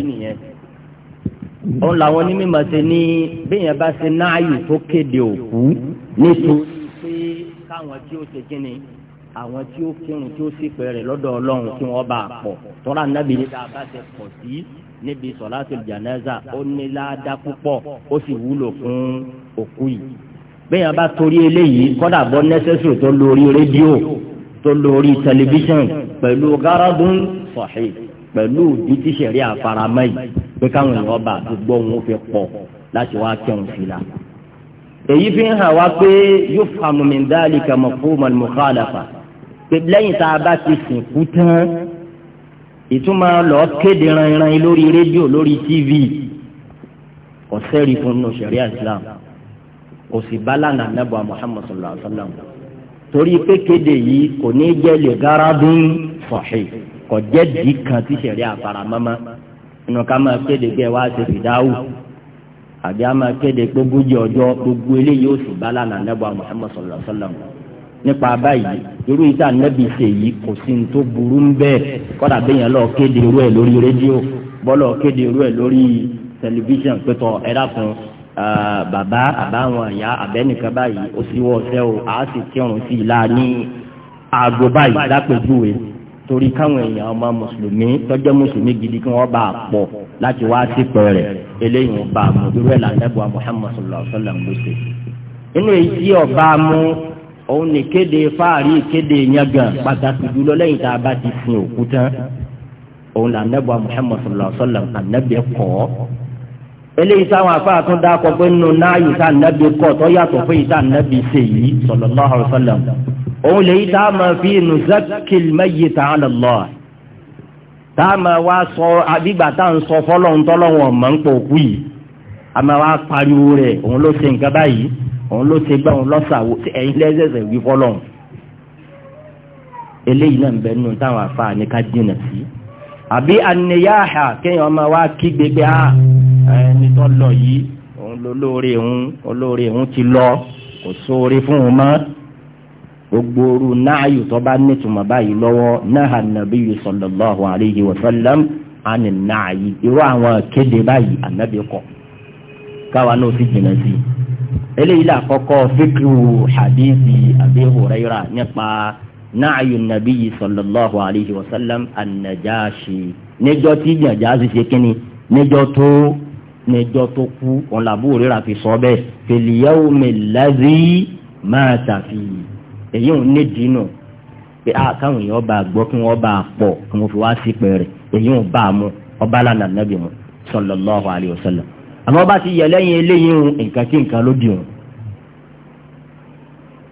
ìdí nìyẹn òun làwọn onímọ̀ ṣe ní bẹ́ẹ̀yẹn bá ṣe náàyè tó kéde òkú nítorí pé káwọn tí ó ṣe kíni àwọn tí ó kírun tí ó sì pẹ̀rẹ̀ lọ́dọ̀ ọlọ́run kí wọ́n bá a pọ̀ tọ́lá nábì ní ká bá ṣe pọ̀ sí níbi sọ̀láṣẹ̀ jánásà ó ní ládàá púpọ̀ ó sì wúlò fún òkú yìí bẹ́ẹ̀yẹn bá torí eléyìí kọ́dà bọ́ nẹ́sẹ̀sì tó lórí rédíò tó lórí tẹlifíṣàn pẹ̀lú gáradùn sahih pẹ̀lú òdi tí sẹ̀rí àfaramọ́ yìí pé káwọn èèyàn bá gbogbo òun fi pọ̀ láti wá kẹun fìlà. èyí fi ń hàn wá pé yufhamu min dhalika mafhum al-mukhalafa pé lẹ́yìn tá a bá ti sìnkú tán ìtumọ̀ lọ kéde ranran lórí rédíò lórí tv kò sẹ́rí fún nù sẹ̀rí islam kò sì bá lànà nàbọ̀ muhammad sallallahu alayhi wa sallam torí pé kéde yìí kò ní jẹ́ lè garabun sahih kọjẹ́ dì kan tí sẹ̀rí àfaramọ́mọ́ inú ká máa kéde pé wá ṣe fìdáwù àbí a máa kéde pé gbójú ọjọ́ gbogbo eléyìí ó sì bá lànà nẹ́bù Muhammad sallallahu alaihi wasallam nípa báyìí irú ìta nẹ́bì ṣe yìí kò sí ní tó burú ń bẹ́ẹ̀ kọ́dà bẹ́yẹn lọ kéde irú ẹ̀ lórí rédíò bọ́lọ̀ kéde irú ẹ̀ lórí tẹlifíṣàn pẹ̀tọ̀ ẹ̀dá fún bàbá àbáwọn àyà àbẹ́nìkan báyìí ó sì wọ́ ọ̀sẹ́ o àá sì kírun sí i láà ní aago báyìí lápẹ̀júwe torí káwọn èèyàn ọmọ mùsùlùmí tọ́jọ́ mùsùlùmí gidi kí wọ́n bá a pọ̀ láti wá sípẹ́ rẹ̀ eléyìí bá a mú irú ẹ̀ lànàbọ̀ Muhammad sallallahu alaihi wasallam gbèsè. inú èyí ọba mú òun ní kéde fáàrí kéde yangàn pàtàkì jùlọ lẹ́yìn tá a bá ti sin òkú tán òun lànàbọ̀ Muhammad sallallahu alaihi wasallam ànàbẹ̀ kọ́ eléyìí táwọn afáà tún dákọ pé nínú náàyè tá nàbí kọ tó yàtọ̀ fún yìí tá nàbí ṣe yìí sallallahu alaihi wasallam òun lèyí tá a máa fi nuzakkil mayyita ala Allah tá a máa wá sọ àbígbà tá à ń sọ fọlọ́hún tọ́lọ́hún ọ̀mọ́ ń pò kú yìí a máa wá pariwo rẹ̀ òun ló ṣe nǹkan báyìí òun ló ṣe gbà lọ́sàwọ́ ẹ̀yin lẹ́sẹ̀sẹ̀ wí fọlọ́hún eléyìí náà àbí àníyáhà kéèyàn máa wá kí gbégbé á ah, ẹni tó lọ yìí òun lolóore òun olóore òun ti lọ kò sóore fún un mọ́ gbogbo oru náàyù tó bá nítumọ̀ báyìí lọ́wọ́ náà nàbíyù sallallahu alayhi wa sallam àní náàyì irú àwọn kéde báyìí ànábì kọ̀ káwa náà fi jìnnà sí i eléyìí là kọ́kọ́ hadithi Abi Huraira nípa na'ayu nabiyyi sallallahu alayhi wa sallam an-najashi níjọ́ tí najashi ṣe kínní níjọ́ tó níjọ́ tó kú wọn làbú òrìrà fi sọ bẹ́ẹ̀ fil yawmi ladhi mata fi èyí ò ní dínà pé a ah, káwọn èèyàn bá gbọ́ kí wọ́n bá pọ̀ kí wọ́n fi wá sí pẹ̀rẹ̀ èyí ò bá mu ọba lànà nàbì mu sallallahu alayhi wa sallam àmọ́ bá ti yẹ lẹ́yìn eléyìí nǹkan kí nǹkan ló dì wọn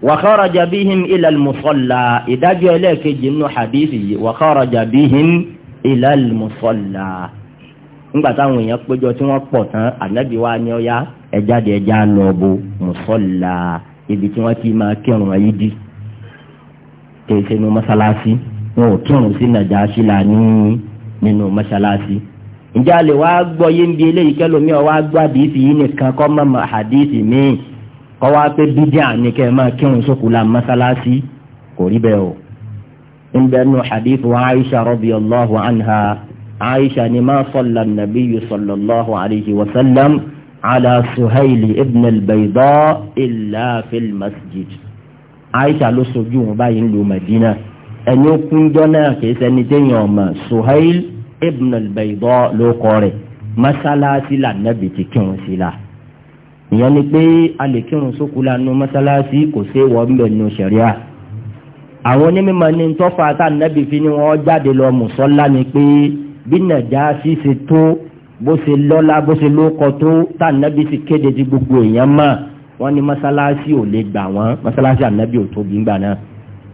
wa kharaja bihim ila al-musalla ìdájọ́ ẹlẹ́ẹ̀kejì nínú hadithi yìí wa kharaja bihim ila al èèyàn péjọ tí wọ́n pọ̀ tán ànábì wa ni ó yá ẹ jáde ẹ ibi tí wọ́n ti máa kírun ayé dí kìí nínú mọ́ṣáláṣí wọn ò kírun sí Nàjáṣì là ní nínú mọ́ṣáláṣí ǹjẹ́ a gbọ́ yé ń bi eléyìí kẹ́lòmíọ́ wá gbọ́ kọ́ wá pé bídíà ni kẹ́ ẹ máa kírun sókùlà mọ́sálásí kò rí bẹ́ẹ̀ o. ń bẹ́ẹ̀ nu hadith wa aisha radiyallahu anha aisha ni ma sọ̀lá nàbíyù sallallahu alayhi wa sallam ala suhaili ibn albayda illa fil masjid. aisha ló sojú wọn báyìí ń lu madina ẹni ó kúnjọ́ náà kìí sẹ́ni téèyàn ọ̀mà suhail ibn albayda ló kọ́ rẹ̀ mọ́sálásí là nàbì kírun sí la ìyẹn ni pé a lè kírun sókú lanu mọ́sálásí kò sí wọ́n ń bẹ̀ nù sẹ̀ríà àwọn onímọ̀ ní tọ́fà tá nẹ́bí fi ni wọ́n jáde lọ mùsọ́lá ni pé bí Nàjáṣì ṣe tó bó ṣe lọ́lá bó ṣe lóko tó tá nẹ́bí sì kéde ti gbogbo èèyàn mọ̀ wọ́n ní mọ́sálásí ò lè gbà wọ́n mọ́sálásí ànábì ò tóbi ńgbà náà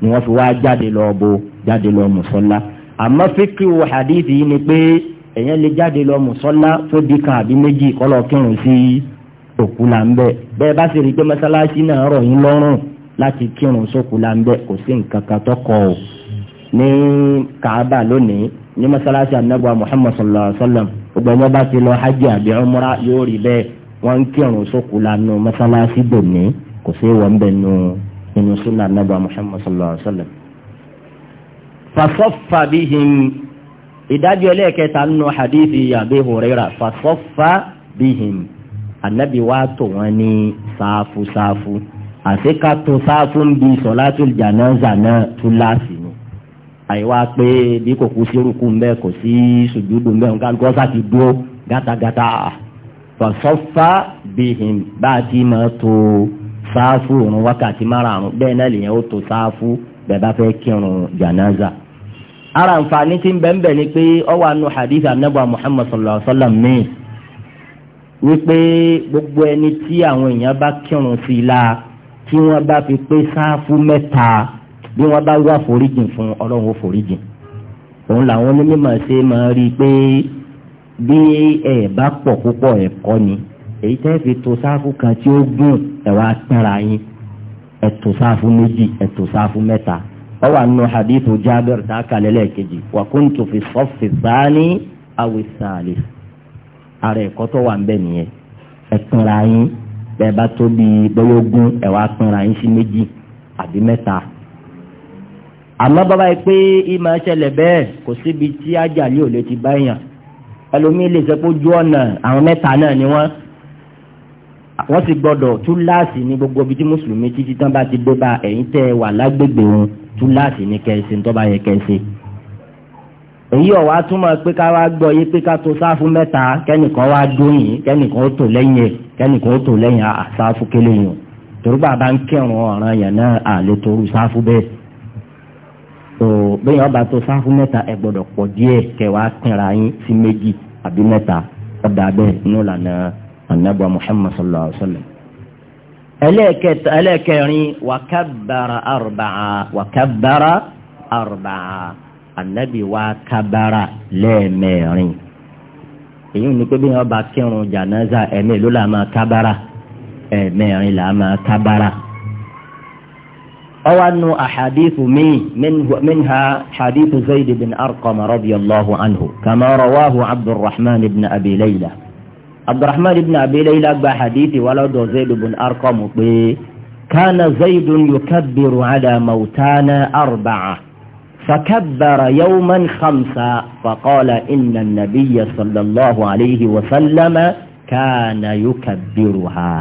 ni wọ́n fi wá jáde lọ bo jáde lọ mùsọ́lá àmọ́ fíkì wò hadithi yìí ni pé èèyàn lè jáde lọ mùsọ́lá fóbi kan àbí méjì kọ́lọ́ kírun sí i òkú là ń bẹ̀ bẹ́ẹ̀ bá sì rí i pé mọ́sálásí náà rọ̀ yín lọ́rùn láti kírun sókú là ń bẹ̀ kò sí nǹkan kan tọkọ o ní kaaba lónìí ní mọ́sálásí anagba muhammad sallallahu alayhi wa sallam gbogbo ẹni bá ti lọ hajj àbí umra yóò rí bẹ́ẹ̀ wọ́n ń kírun sókú là nù mọ́sálásí dòní kò sí wọ́n bẹ̀ nù nínú sunna anagba muhammad sallallahu alayhi wa sallam. fasọ́fà bíhìn ìdájọ́ ẹlẹ́ẹ̀kẹta nù hadithi àbí hùrẹ́rà fasọ́fà bíhìn ànábì wa tò wọ́n ní sáfù sáfù àti ká tó sáfù ń bi sọ̀látùl jánásà náà túláàsì ni àyíwá pé bí kò kú sí rúkú ń bẹ kò sí sùjúdù ń bẹ nǹkan kọ́ sá ti dúró gátagátá fọ̀sọ́fà bihim bá a ti máa tó sáfù òun wákàtí márààrún bẹ́ẹ̀ náà lèyẹn ó tó sáfù bẹ́ẹ̀ bá fẹ́ kírun jánásà ara nfa ní ti bẹ́ẹ̀ bẹ́ẹ̀ ni pé ọwọ́ àánú hadith anábọ̀ muhammad sallallahu alayhi wa sallam mìíràn wípé gbogbo ẹni tí àwọn èèyàn bá kírun sí i la tí wọ́n bá fi pé sáfù mẹ́ta bí wọ́n bá wá foríjìn fún ọlọ́run ó foríjìn òun làwọn onímọ̀ ṣe máa rí i pé bí ẹ bá pọ̀ púpọ̀ ẹ̀kọ́ ni èyí tẹ́ fi tó sáfù kan tí ó gùn ẹ̀wà tẹ́ra yín ẹ̀tò sáfù méjì ẹ̀tò sáfù mẹ́ta wọ́n wà nù hadithu jábẹ̀rẹ̀ tá a kàlẹ́ lẹ́ẹ̀kejì wà kó n tó fi sọ́ọ̀fì sáà ní àwìsàn àlè ara ẹ̀kọ́ tó wà ń bẹ̀ nìyẹn ẹ pinra yín bẹ́ẹ̀ bá tó bí bẹ́ẹ̀ ogún ẹ wá pinra yín sí méjì àbí mẹ́ta àmọ́ bàbá yìí pé ìmọ̀ ẹ̀ṣẹ̀lẹ̀ bẹ́ẹ̀ kò síbi tí ajáàlì ò lè ti bá èèyàn ẹlòmíì lè sọ pé ojú ọ̀nà àwọn mẹ́ta náà ni wọ́n wọ́n sì gbọ́dọ̀ túláàsì ní gbogbo ibi tí mùsùlùmí títí tán bá ti dé bá ẹ̀yìn tẹ́ wà lágbègbè wọn túláàsì ní kẹ́sì tó bá yẹ kẹ́sì. èyí ọ̀wá túmọ̀ pé ká wá gbọ́ yé pé ká tó sáfù mẹ́ta kẹ́nìkan wá dóyìn kẹ́nìkan ó tò lẹ́yìn ẹ̀ kẹ́nìkan ó tò lẹ́yìn àsáfù kélé yìí torí bàbá ń kẹrùn ọ̀ràn yẹn náà àlè torú sáfù bẹ́ẹ̀ tó bẹ́yìn ọba tó sáfù mẹ́ta ẹ̀ gbọ́dọ̀ pọ̀ díẹ̀ kẹwàá pinra yín sí méjì àbí mẹ́ta na bẹ́ẹ̀ nínú ìlànà anábọ̀ Muhammad sallallahu alayhi wa sallam ànábì wa kábàárà lẹ́ẹ̀mẹ́rin èyí ni pé bí wọn bá kírun jànáza ẹ̀mí ló là máa kábàárà ẹ̀mẹ́rin là máa kábàárà. ọwọ́ nu àhàdífù míì minha hadífù zayd bin arqam radiyallahu anhu kama rawahu abdulrahman ibn abi layla abdulrahman ibn abi layla gba hadífì wàlọ́dọ̀ zayd bin arqam pé kánà zaydun yukabbiru ala mawtana arba'a. فكبر يوما خمسا فقال إن النبي صلى الله عليه وسلم كان يكبرها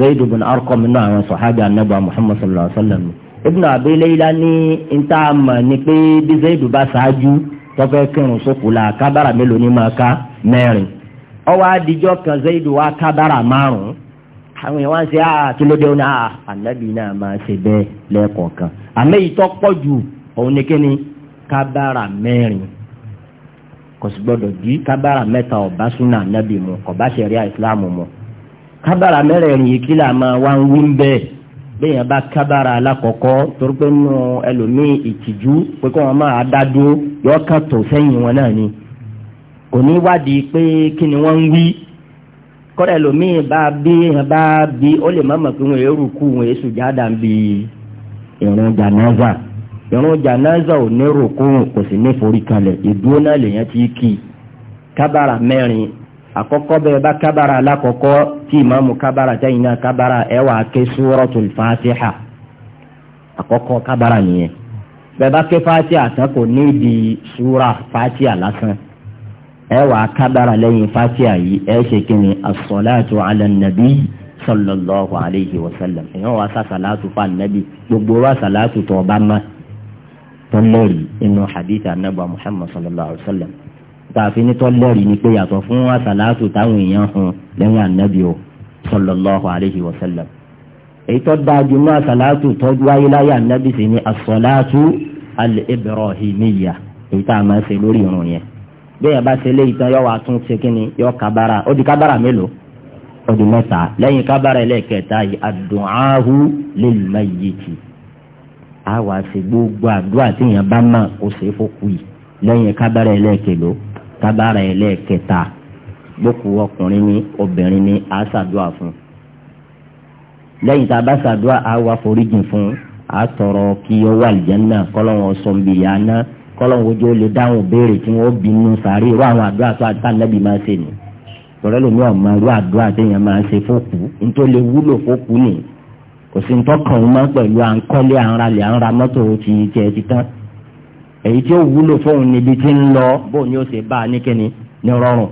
زيد بن أرقم من نوع صحابة النبي محمد صلى الله عليه وسلم ابن أبي ليلى ni nta mọ̀ ni pé bí zayidu bá ṣáájú tọ́fẹ́ kírun sókù la kábàrà mélòó ni máa ká mẹ́rin ọwọ́ adijọ́ kan zayidu wá kábàrà márùn-ún àwọn èèyàn wá ń ṣe àkílódé ọ̀nà ànábì náà máa ṣe bẹ́ẹ̀ lẹ́ẹ̀kọ̀ọ̀kan àmì ìtọ́pọ̀ jù òun ni kíni kábàrà mẹ́rin kò sì gbọ́dọ̀ jí kábàrà mẹ́ta ọ̀bá súnà nábì mu ọ̀bá ṣẹ̀ríà ìsìláàmù mu kábàrà mẹ́rẹ̀ẹ̀rin yìí kí là máa wá ń wí bẹ́ẹ̀ yẹn bá kábàrà alákọ̀ọ́kọ́ torí pé nù ẹlòmíì ìtìjú pé kí wọ́n máa dádó yọ kàn tó sẹ́yìn wọn náà ni kò ní wádìí pé kí ni wọ́n ń wí kọ́dà ẹlòmíì bá bí yẹn bá bí ó lè má mọ̀ ìrun jànáza ò ní rògbòhùn kò sì ní forí kalẹ̀ ìdúró náà lèyàn ti kì í kábàrà mẹ́rin àkọ́kọ́ bẹ́ẹ̀ bá kábàrà alákọ̀ọ́kọ́ tí ìmáàmù kábàrà tẹ́yìn náà kábàrà ẹ̀ wà ké súratul fàtíhà àkọ́kọ́ kábàrà nìyẹn bẹ́ẹ̀ bá ké fàtíhà tán kò ní di súra fàtíhà lásán ẹ̀ kábàrà lẹ́yìn fàtíhà yìí ẹ̀ ṣe kí ni as-salatu ala nabi wa sallam èèyàn wà sàlátù fún anabi gbogbo wa sàlátù tó ọba máa tọ́lẹ́rì inú hadith anabu muhammad sallallahu alayhi wa sallam tààfin ní tọ́lẹ́rì ni pé yàtọ̀ fún asàlátù táwọn èèyàn hun lẹ́yìn anabi o sallallahu alayhi wa sallam èyí tó dájú mọ́ asàlátù tó wáyé láyé anabi sì ni asàlátù al-ibrahimiyya èyí tá a máa ṣe lórí irun yẹn bẹ́ẹ̀ bá ṣe léyìí tán yọ wá tún ṣe kí ni yọ kábàrà ó di kábàrà mélòó ó di mẹ́ta lẹ́yìn kábàrà ẹlẹ́kẹta yìí a wà sí gbogbo àdúrà tí èèyàn bá mọ̀ kó ṣe é fòkù yìí lẹ́yìn kábàárà ẹlẹ́ẹ̀kẹló kábàárà ẹlẹ́ẹ̀kẹta gbókù ọkùnrin ni obìnrin ni a ṣàdúrà fún lẹ́yìn tá a bá ṣàdúrà a wà foríjìn fún a tọrọ kí ó wà lìjẹ́nà kọ́lọ́wọ́n sọ̀nbìyà náà kọ́lọ́wọ́n ojú ó lè dáhùn béèrè tí wọ́n bínú sàárè irú àwọn àdúrà tó àti tànàbí máa ṣe nìyí tọ̀rẹ́ lómi irú àdúrà téèyàn máa ṣe fókù nítorí kò sí ntọ́kàn mọ́ pẹ̀lú à ń kọ́lé à ń ralẹ̀ à ń ra mọ́tò ti tiẹ̀ ti tán èyí tí ó wúlò fóun níbi tí ń lọ bó ni ó ṣe bá a ní kíni ní rọrùn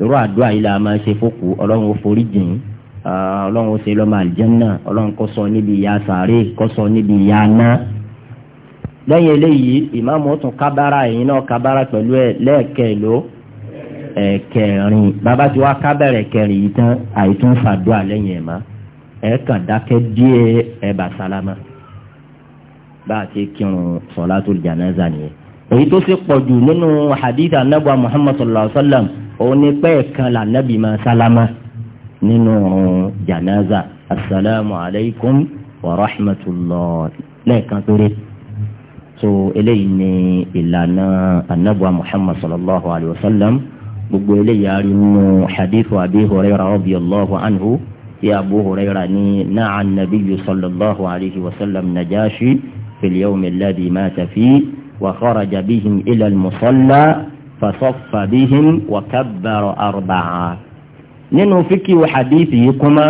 irú àdúrà yìí la máa ṣe fókù ọlọ́run ó forí jìn ọlọ́run ó ṣe lọ́mọ àlìjẹ́nà ọlọ́run kó sọ níbi ìyà sàárè kó sọ níbi ìyà náà lẹ́yìn eléyìí ìmáàmù tún kábára ẹ̀yìn náà kábára pẹ̀lú ẹ̀ lẹ́ẹ̀kẹ́ló ẹ̀kẹrin bàbá tí wàá kábẹ̀rẹ̀ kẹrin yìí tán àìtún fàdúrà lẹ́yìn ẹ̀ máa ẹ kàn dákẹ́ díẹ̀ ẹ bá sálámà bá a ti kírun solatul janaza nìyẹn èyí tó ṣe pọ̀ jù nínú hadith anabu muhammad sallallahu alaihi wa sallam òun ni pé kan là nabi ma sálámà nínú janaza asalaamu alaykum wa rahmatulah lẹ́ẹ̀kan péré so eléyìí ni ìlànà anabu muhammad sallallahu alaihi wa sallam gbogbo eléyìí a rí nínú hadith abi hurairah radiyallahu anhu tí abu huraira ní náà nabiyyu sallallahu alayhi wa sallam najashi fil yawmi alladhi mata fi wa kharaja bihim ila al-musalla fasaffa bihim wa kabbara arba'a nínú fíkì wa hadithi yìí kuma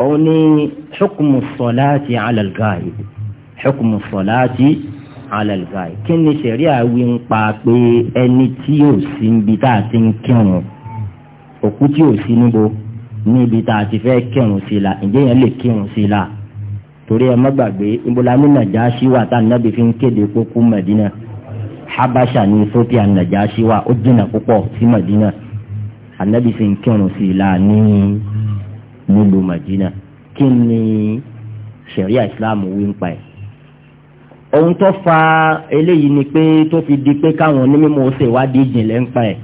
òun ni hukmu salati ala al-ghaib hukmu salati alẹ́lẹ́gàì kí ni sẹ̀rí àwí ń pa pé ẹni tí yóò sí níbi tá a ti ń kírun òkú tí yóò níbi tá a ti fẹ́ kírun sí la ǹjẹ́ yẹn lè kírun sí la torí ẹ má ibola ní nàjàásí wà tá nàbí fi ń kéde kókó Madina Habasha ní Ethiopia nàjàásí wà ó dínà púpọ̀ sí Madina ànábì fi ń kírun sí la ní nílùú Madina kí ni ṣẹ̀ríà Islam wí ń pa ẹ̀ ohun tó fa eléyìí ni pé tó fi di pé káwọn onímọ̀ ọ̀sẹ̀ wádìí ìjìnlẹ̀ ń pa ẹ̀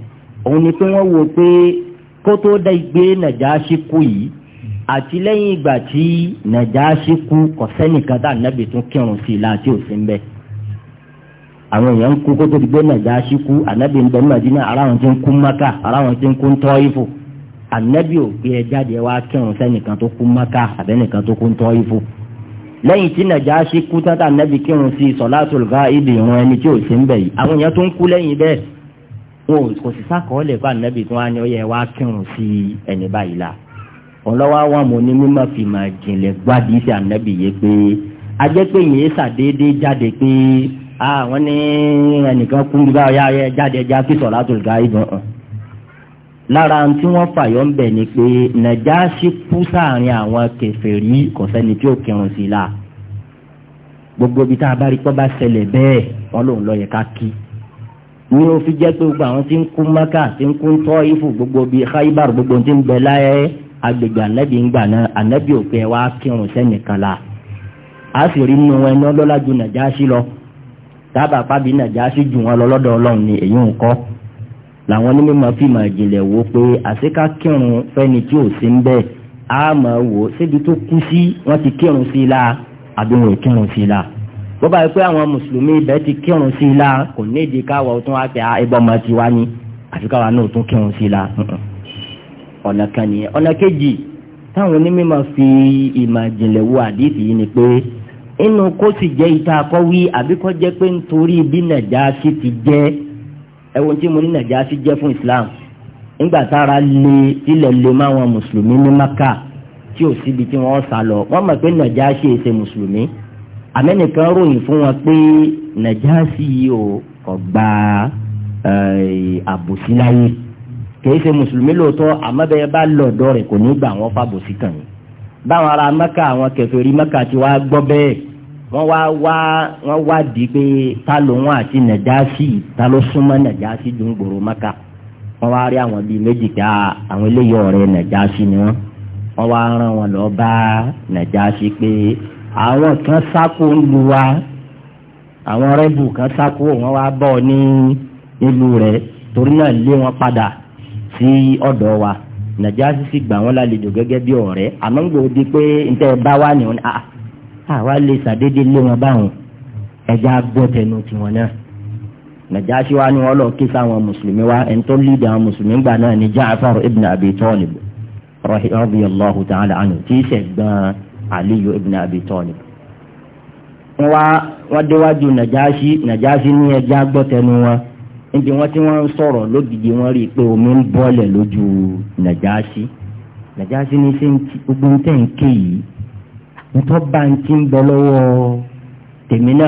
òun ni pé wọ́n wo pé kó tó dá ìgbé nàjàásí kú yìí àti lẹ́yìn ìgbà tí nàjàásí kú kò sẹ́nìkan tá tún kírun sí i láti òsín bẹ́ẹ̀ àwọn èèyàn ń kú kó tó di gbé nàjàásí kú ànábì ń bẹ Mẹdínà ara wọn ti ń kú Mákà ara wọn ti ń kú Tọ́ífù ànábì ò gbé ẹ jáde wá kírun sẹ́nìkan tó kú Mákà àbẹ́nìkan tó kú Tọ́ífù lẹ́yìn tí nàjàásí kú tán tá ànábì kírun sí sọ̀látùl wọn ò kò sì sákọọ́lẹ̀ fún ànábì tí wọ́n á ní ọyẹ wá kírun sí ẹni báyìí la ọlọ́wọ́ àwọn ọmọ onímọ̀ máa fi máa jìnlẹ̀ gbádìí sí ànábì yìí pé ajẹ́pẹ́ yìí ṣàdédé jáde pé àwọn ní ẹnìkan kú nígbà ọ̀yá ẹ jáde ẹja kí sọ̀rọ̀ àtòlùkà ìbọn hàn lára tí wọ́n fàyọ́ ń bẹ̀ ni pé Nàjáṣì kú sáàrin àwọn kèfèrí kò sẹ́ni tí ó kírun sí la gbogbo ibi tá a bá rí pọ́ bá ṣẹlẹ̀ bẹ́ẹ̀ wọ́n lòun lọ yẹ ká kí. Ni o fi jẹ́ pé gbogbo àwọn tí ń kú mẹ́kà tí ń kú tọ́ ifù gbogbo bíi khaibar gbogbo tí ń bẹ láyé agbègbè anabi ń gbà náà anabi ò pé wá kírun sẹ́nìkan la a sì rí nínú ẹni ọlọ́lá ju nàjàásí lọ dábàá pàbí nàjàásí ju wọn lọ lọ́dọ̀ ọlọ́run ni èyí ń kọ́ làwọn onímọ̀ fi máa jìnlẹ̀ wo pé àṣekà kírun fẹ́ni tí ò sí ń bẹ́ẹ̀ á máa wò síbi tó kú sí wọ́n ti kírun sí i la àbí wọn ò kírun sí i la bó bá yẹ pé àwọn mùsùlùmí ibẹ̀ ti kírun sí i la kò nídìí káwọ tún wá pé ẹgbẹ́ ah, ọmọ ti wá ní àfi káwa náà tún kírun sí i la ọ̀nà kan nìyẹn ọ̀nà kejì táwọn onímọ̀ fi ìmọ̀ ìjìnlẹ̀ wo àdìsí yìí ni pé inú kó sì jẹ́ ìta akọ́wí àbí kọ́ jẹ́ pé nítorí bí nàìjásí ti jẹ́ ẹ̀wọ̀n tí mo ní nàìjásí jẹ́ fún Islam nígbà tára lé tilẹ̀ lé máwọn mùsùlùmí ní Maka tí ò síbi tí wọ́n sá lọ wọ́n mọ̀ pé nàìjásí èsè mùsùlùmí amẹ́nìkan ròyìn fún wọn pé nàjàsí yìí ò ọgbà àbòsí láyé kìí ṣe mùsùlùmí lóòótọ́ àmọ́ bẹ́ẹ̀ bá lọ́dọ̀ rẹ̀ kò ní gbà wọ́n fàbòsí kàn yín báwọn ará mẹ́kà àwọn kèfèrí mẹ́kà tí wàá gbọ́ bẹ́ẹ̀ wọ́n wá wá wọ́n wá di pé ta ló wọn àti nàjàsí ta ló súnmọ́ nàjàsí dùn gbòòrò mẹ́kà wọ́n wá rí àwọn bíi méjì ká ah, àwọn eléyìí ọ̀rẹ́ nàjàsí ni wọ́n wọ́n wá rán wọn lọ bá nàjàsí pé àwọn kan sáko ńlu wa àwọn rẹ́bù kan sáko wọn wá bọ̀ ní ìlú rẹ̀ torí náà lé wọn padà sí ọ̀dọ̀ wa nàìjíríà sì gbà wọn lálejò gẹ́gẹ́ bí ọ̀rẹ́ àmọ́ ń gbòdì pé ntẹ́ bá wà ní wọn ni àwa ah, ah, lè sàdédé lé wọn báwọn ẹja gbọ́ tẹnu tiwọn náà wa ni wọn lọ kí sáwọn mùsùlùmí wa ẹni tó lídì àwọn mùsùlùmí gbà náà ni Ja'far ibn Abi Talib radiyallahu ta'ala anhu tí aliyu ibn abi talib wọ́n déwájú nàjáṣí nàjáṣí ní ẹja gbọ́tẹnu wọn níbi wọn tí wọ́n ń sọ̀rọ̀ lógìdì wọn rí pé omi n bọ́lẹ̀ lójú nàjáṣí nàjáṣí ní ṣe gbogbo ń tẹ̀ ń bá ń ti ń bọ lọ́wọ́ tèmi lọ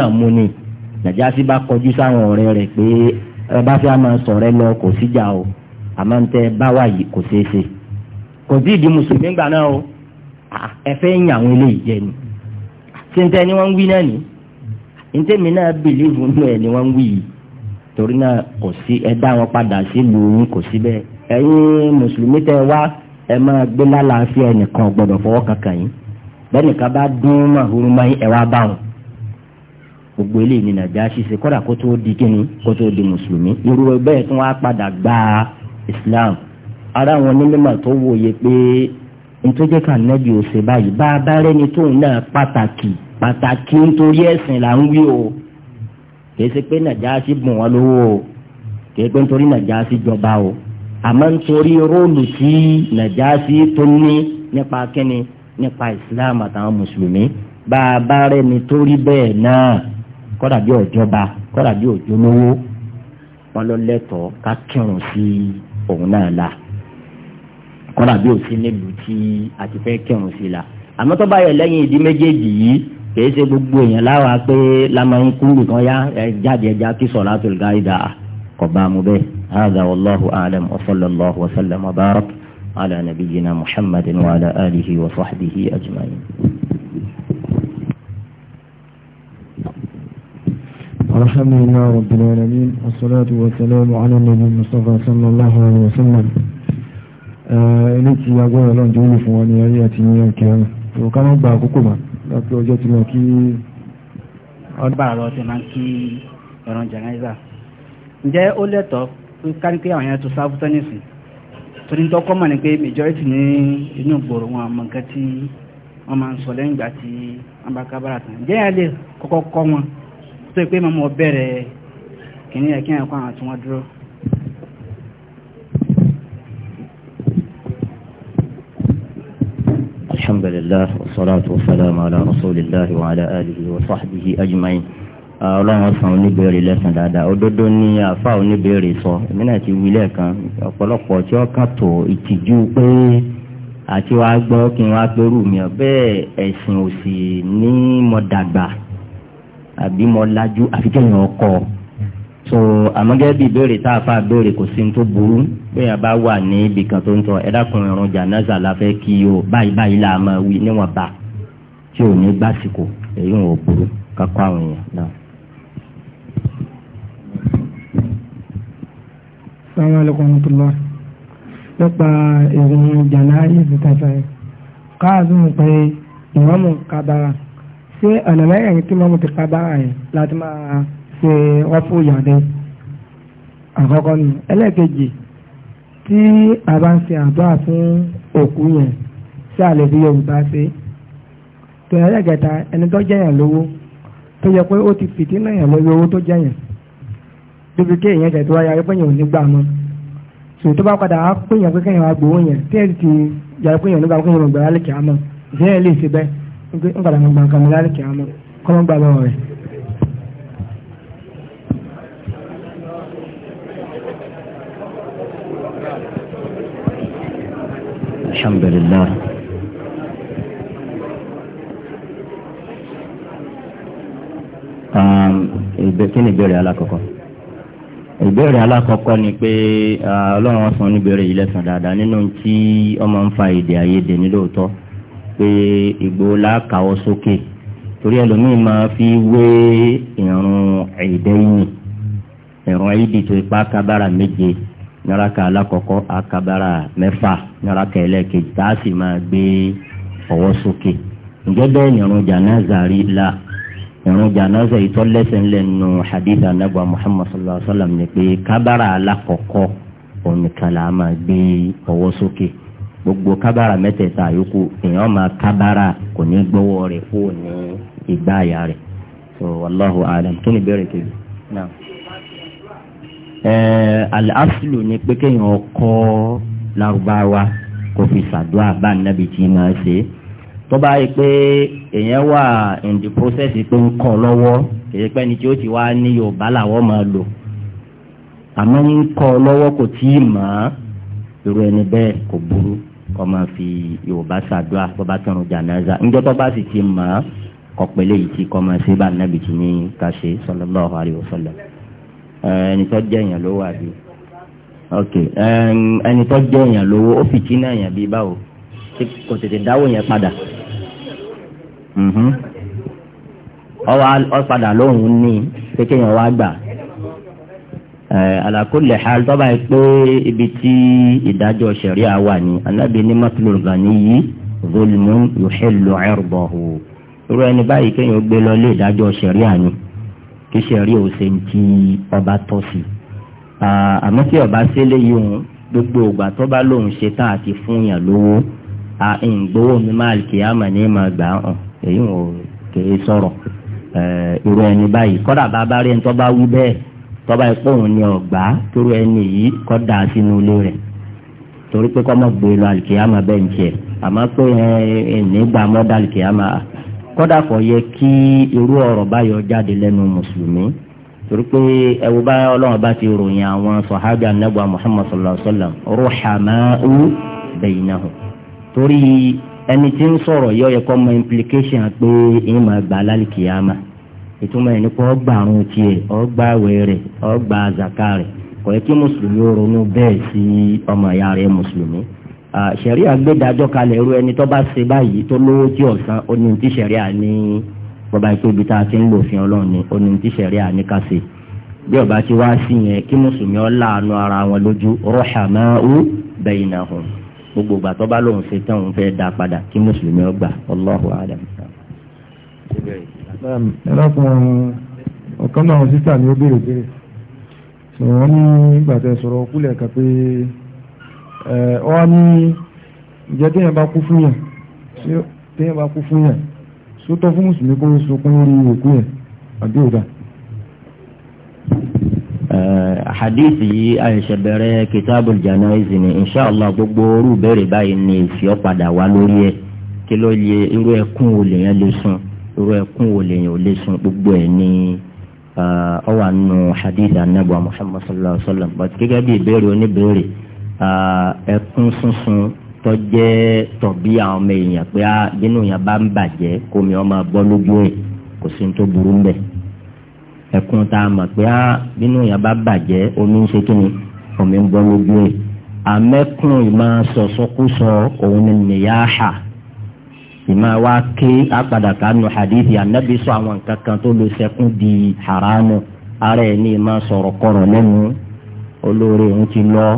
kò o àmọ́ báwa yìí kò ṣeé ṣe o. Ah, ẹ̀fẹ́ ń yàn àwọn eléyìí jẹ ni ṣé n tẹ́ ni wọ́n ń wí náà ni n tẹ́mi náà bìlíìfù nù ẹ̀ ni wọ́n ń wí yìí torí náà kò sí ẹ dá wọn padà sílùú yín kò sí bẹ́ẹ̀ ẹ̀yin mùsùlùmí tẹ wá ẹ máa gbé lálàáfíà ẹnìkan gbọ́dọ̀ fọwọ́ kankan yìí bẹ́ẹ̀nìkan bá dún màhúrú máyín ẹ̀ wá bá wọn gbogbo eléyìí ni nàìjíríà ṣiṣẹ́ kódà kó tó di kíni kó tó di mùsùlùmí irú bẹ́ẹ̀ tí wọ́n á padà gba Islam ara wọn nílẹ̀ mà tó wòye pé nítorí ká nẹ́bí ò ṣe báyìí bá a bá rẹ́ni tóun náà pàtàkì pàtàkì nítorí ẹ̀sìn là ń wí o kì í ṣe pé nàjàásí bùn wọn lówó o kì í pé nítorí nàjàásí jọba o àmọ́ nítorí róòlù tí nàjàásí tó ní nípa kíni nípa Islam àtàwọn mùsùlùmí bá a bá rẹ́ni tó rí bẹ́ẹ̀ náà kọ́dà bí òjọba kọ́dà bí òjolówó wọn lọ lẹ́tọ̀ọ́ ká kírun sí òun náà la kọ́ra bí òsín nílùú tí a ti fẹ́ kírun sí la àmọ́ tó bá yẹ lẹ́yìn ìdí méjèèjì yìí kìí ṣe gbogbo èèyàn láwa pé lamankuru kan yá jáde ẹja kí sọ̀rọ̀ àti olùgáyìdá kọ̀bá mu bẹ́ẹ̀ hàdà wàlláhu alam wa sallallahu barak ala nabiyyina muhammadin wa ala alihi wa sahbihi ajma'in. الحمد لله رب العالمين والصلاة والسلام على النبي المصطفى صلى الله عليه وسلم Eh, ilé tí agbára ọlọ́run jẹ́ olú fún wọn ní ayé àti ní ọkẹ́ ọ̀run tó ká mọ́ gba àkókò mà láti ọjọ́ tí wọ́n kí. ọdún bàrà lọ máa ń kí ẹran ǹjẹ́ ó àwọn yẹn tó sáfù tẹ́nìsì ni pé majority ní inú ìgboro wọn àmọ́ nǹkan tí wọ́n máa ń sọ lẹ́yìn ìgbà tí wọ́n bá kábàrà tán ǹjẹ́ yẹn lè kọ́kọ́ kọ́ wọn tó yẹ pé alhamdulillah wasalaatu wasalaamu ala rasulillah wa ala alihi wa sahbihi ajmain ah, ọlọ́run san oníbèrè lẹ́sìn dáadáa òdodo ni àfa oníbèrè sọ èmi náà ti wí lẹ́ẹ̀kan ọ̀pọ̀lọpọ̀ tí ó kàn tó ìtìjú pé àti wàá gbọ́ kí n wá pẹ́rù mi ọ̀ bẹ́ẹ̀ ẹ̀sìn òsì ní mo dàgbà àbí mo lajú àfikẹ́yìn ọkọ̀ ọ̀ so àmọ́gẹ́ bí ìbéèrè tá a fa béèrè kò sí ní tó burú pé yàrá bá wà ní ibì kan tó ń tọ ẹ̀dàkùnrin ọ̀run jàǹdàzà la fẹ́ kí o báyìí báyìí la máa wí níwọ̀n bá tí ò ní gbàsìkò èyí ò burú kakọ́ àwọn èèyàn náà. sàmú alẹ́kùn tó lọ nípa ìròyìn jàǹdàzà ìfìtàfà káàdùn pé ìwọ́n mú kábàrà ṣé ọ̀nà mẹ́rin tí wọ́n mú ti kábàrà yẹn láti máa. ee wọ́n fún ìyàdẹ àkọ́kọ́ ni ẹlẹ́ẹ̀kejì tí a bá ń ṣe àdúrà fún òkú yẹn sí àlẹ́ bí yorùbá ṣe tó ẹlẹ́ẹ̀kẹta ẹni tó jẹ́yàn lówó tó yẹ pé ó ti fìdínà yàn lórí owó tó jẹ́yàn débi kí èèyàn tẹ̀tọ́ ayé ò ní gbà mọ́ bá padà á pé wá gbowó yẹn tí ti gbà lálẹ́ kìá mọ́ lè ṣe bẹ́ẹ̀ ń padà mọ́ lálẹ́ kìá mọ́ kọ́ gbà lọ́wọ́ rẹ̀. الحمد لله um, kíni ìbéèrè alákọ̀ọ́kọ́ ìbéèrè alákọ̀ọ́kọ́ ni pé uh, ọlọ́run ọ̀sán oníbèrè yìí lẹ́sàn dáadáa nínú tí ọmọ ń fa èdè àìyedè nílòótọ́ pé Ìgbòho lákàwọ́ sókè torí ẹlòmíín máa fi wé ìrùn ẹ̀ẹ́dẹ́yìn ìrùn ẹ̀ẹ́dì tó ipá kábàrà méje níraka alákọ̀ọ́kọ́ akabara mẹ́fà níraka ẹlẹ́ẹ̀kejì tá a sì máa gbé ọwọ́ sókè ǹjẹ́ bẹ́ẹ̀ nìrun jànáza rí la nìrun jànáza ìtọ́lẹ́sẹ̀ ńlẹ̀ nù hadith anagba muhammad sallallahu alayhi wa sallam ni pé kabara alákọ̀ọ́kọ́ ònìkan là á máa gbé ọwọ́ sókè gbogbo kabara mẹ́tẹ̀ẹ̀ta yòókù èèyàn máa kabara kò ní gbọ́wọ́ rẹ̀ fóònù ìgbáàyà rẹ̀ so wallahu alam kí ni bẹ́ẹ̀rẹ̀ kejì náà. al-aslu ni pé kéèyàn kọ́ lárúbáwá kò fi ṣàdúrà bá nàbì tí máa ṣe tó bá yẹ pé èèyàn wà in the process pé ń kọ́ lọ́wọ́ kìí pẹ́ ni tí ó ti wá ní yorùbá làwọ́ máa lò àmọ́ ń kọ́ lọ́wọ́ kò tí ì bẹ́ẹ̀ kò burú kọ́ máa fi yorùbá ṣàdúrà tó bá tó bá sì ti mọ̀ ọ́ yìí ní ẹni tó jẹ́ èèyàn lówó àbí ok ẹni tó jẹ́ èèyàn lówó ó fìtínà èèyàn bíi báwo kò tètè dáwó yẹn padà ọ mhm. padà lóhùn ní pé kéèyàn wá gbà alakule hal tọ́ba yìí pé ibi tí ìdájọ́ sẹ̀ríà wà ní anábì ní matlul ganiyi zulmun yuhillu irdahu irú ẹni báyìí kéèyàn gbé lọ lé ìdájọ́ sẹ̀ríà ni kí sẹ̀rí òsè ń ti ọba tọ́ sí i àmọ́ tí ọba sílé yìí òun gbogbo ògbà tó bá lóun ṣe tán àti fún yàn lówó à ń gbowó mi máa kì í àmọ̀ ní ìmọ̀ gbà hàn èyí ò kéré sọ̀rọ̀ irú ẹni báyìí kọ́dà bá bá rí ẹni tó bá wú bẹ́ẹ̀ tó bá ipò òun ni ọ̀gbá tóró ẹni yìí kọ́ da sínú ilé rẹ̀ torí pé kọ́ mọ̀ gbé lọ àlìkìyàmọ̀ bẹ́ẹ̀ ń tiẹ̀ àmọ́ pé ẹ̀ ẹ̀ nígbà mọ́ dá àlìkìyàmọ̀ à. kódà kò yẹ kí irú ọ̀rọ̀ báyọ̀ jáde lẹ́nu mùsùlùmí torí pé ẹwù bá ọlọ́run bá ti ròyìn àwọn sọ̀hábì anábọ̀ muhammad sallallahu alayhi wa sallam ruhamau bainahum torí ẹni tí ń sọ̀rọ̀ yọ yẹ kọ́ mọ implication pé ìmọ̀ ẹgbà lálìkìyàmà ìtumọ̀ ẹ̀ nípa ọgbà àrùn tiẹ̀ ọgbà àwẹ̀ rẹ̀ ọgbà àzàkà rẹ̀ yẹ kí mùsùlùmí ronú bẹ́ẹ̀ sí ọmọ ìyá rẹ̀ mùsùlùmí. ṣẹ̀rí àgbédájọ́ kalẹ̀ irú ẹni tó bá ṣe báyìí tó lówó tí ọ̀sán ó ní ti ṣẹ̀rí àní bọ́ba ètò ibi tá a ti ń lò fi ọlọ́run ni ó ní ti ṣẹ̀rí àní kásì bí ọba ti wá sí yẹn kí mùsùlùmí ọ láàánú ara wọn lójú rọ́ṣàmáú bainahum gbogbo ìgbà tó bá lóun ṣe tán òun fẹ́ dá padà kí mùsùlùmí ọ gbà Allahu a'lam. ẹ lọ́kùnrin ọ̀kan náà sísà ni ó béèrè béèrè sọ̀rọ̀ ní ìgbà tẹ̀ sọ̀rọ̀ kúlẹ̀ kan wọ́n ní ìjẹ́ téèyàn bá kú fún yàn téèyàn bá kú fún yàn sótọ́ fún mùsùlùmí kó sunkún lórí òkú yẹn àbí òdà. hadith yìí àìṣe bẹ̀rẹ̀ gbogbo orú bẹ̀rẹ̀ báyìí ni lórí ẹ̀ kí ló irú ẹkún wo lè irú gbogbo ẹ̀ ọwà nù hadith anabu sallallahu wa sallam ẹkún sísun tọ́jẹ́ tọ̀bí àwọn ọmọ èèyàn pé ah, bínú yẹn bá ń bàjẹ́ kómi ọmọ bọ́ lójú ẹ̀ kò sí ní tó burú mbẹ̀ ẹkún tá a mọ̀ pé ah, bínú yẹn bá bàjẹ́ omi ń ṣe kí ni omi ń bọ́ lójú ẹ̀ amẹ́kùn ìmọ̀ sọ̀sọ́kúsọ òun ni nìyáhà ìmọ̀ wa ké apàdà kanu hadithi anabi sọ àwọn nǹkan kan tó lè sẹ́kún di haramu ara ẹ̀ ní ìmọ̀ sọ̀rọ̀ kọ̀rọ̀ lẹ́nu olóore ti lọ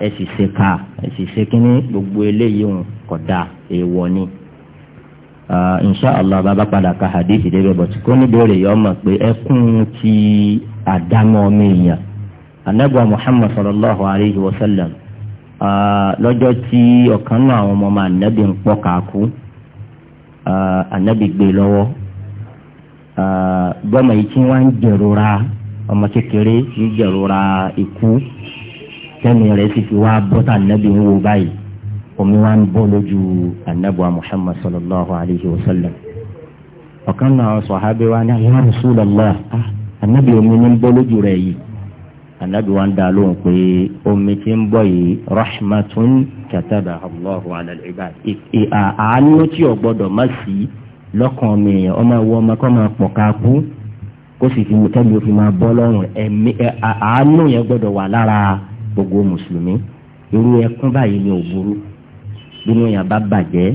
ẹ sì ṣe ká ẹ sì ṣe kínní gbogbo eléyìí ń kọ̀dà èèwọ̀ ni. insha allah bàbá padà ka hadith débẹ̀ bọ̀tí kó níbèrè yọ ọmọ pé ẹkún ti àdámọ́ ọmọ èèyàn anagba muhammad sallallahu alayhi wa sallam lọ́jọ́ tí ọ̀kan náà àwọn ọmọ ọmọ anabi ń pọ̀ káàkú anabi gbé lọ́wọ́ yìí tí wọ́n ń jẹ̀rora ọmọ kékeré ń tẹ́mi rẹ̀ sì fi wá bọ́tà ànábì ń wo báyìí omi wá ń bọ́ lójú ànábì wa muhammad sallallahu alayhi wa sallam ọ̀kan náà sọ̀hábẹ́ wa ní ya Rasulullah ànábì omi ní ń bọ́ lójú rẹ̀ yìí ànábì wa ń dá lóhùn pé omi tí ń bọ́ yìí rahmatun kataba allahu ala al-ibad àánú tí ò gbọ́dọ̀ má sí lọ́kàn mi ọmọ ìwọ ọmọ kọ́ máa pọ̀ ká kú kó sì fi tẹ́mi òfin máa bọ́ lọ́rùn ẹ̀mí àánú yẹn gbọ́dọ̀ wà lára gbogbo mùsùlùmí irú ẹkún báyìí ni ò burú bínú yàn bá bàjẹ́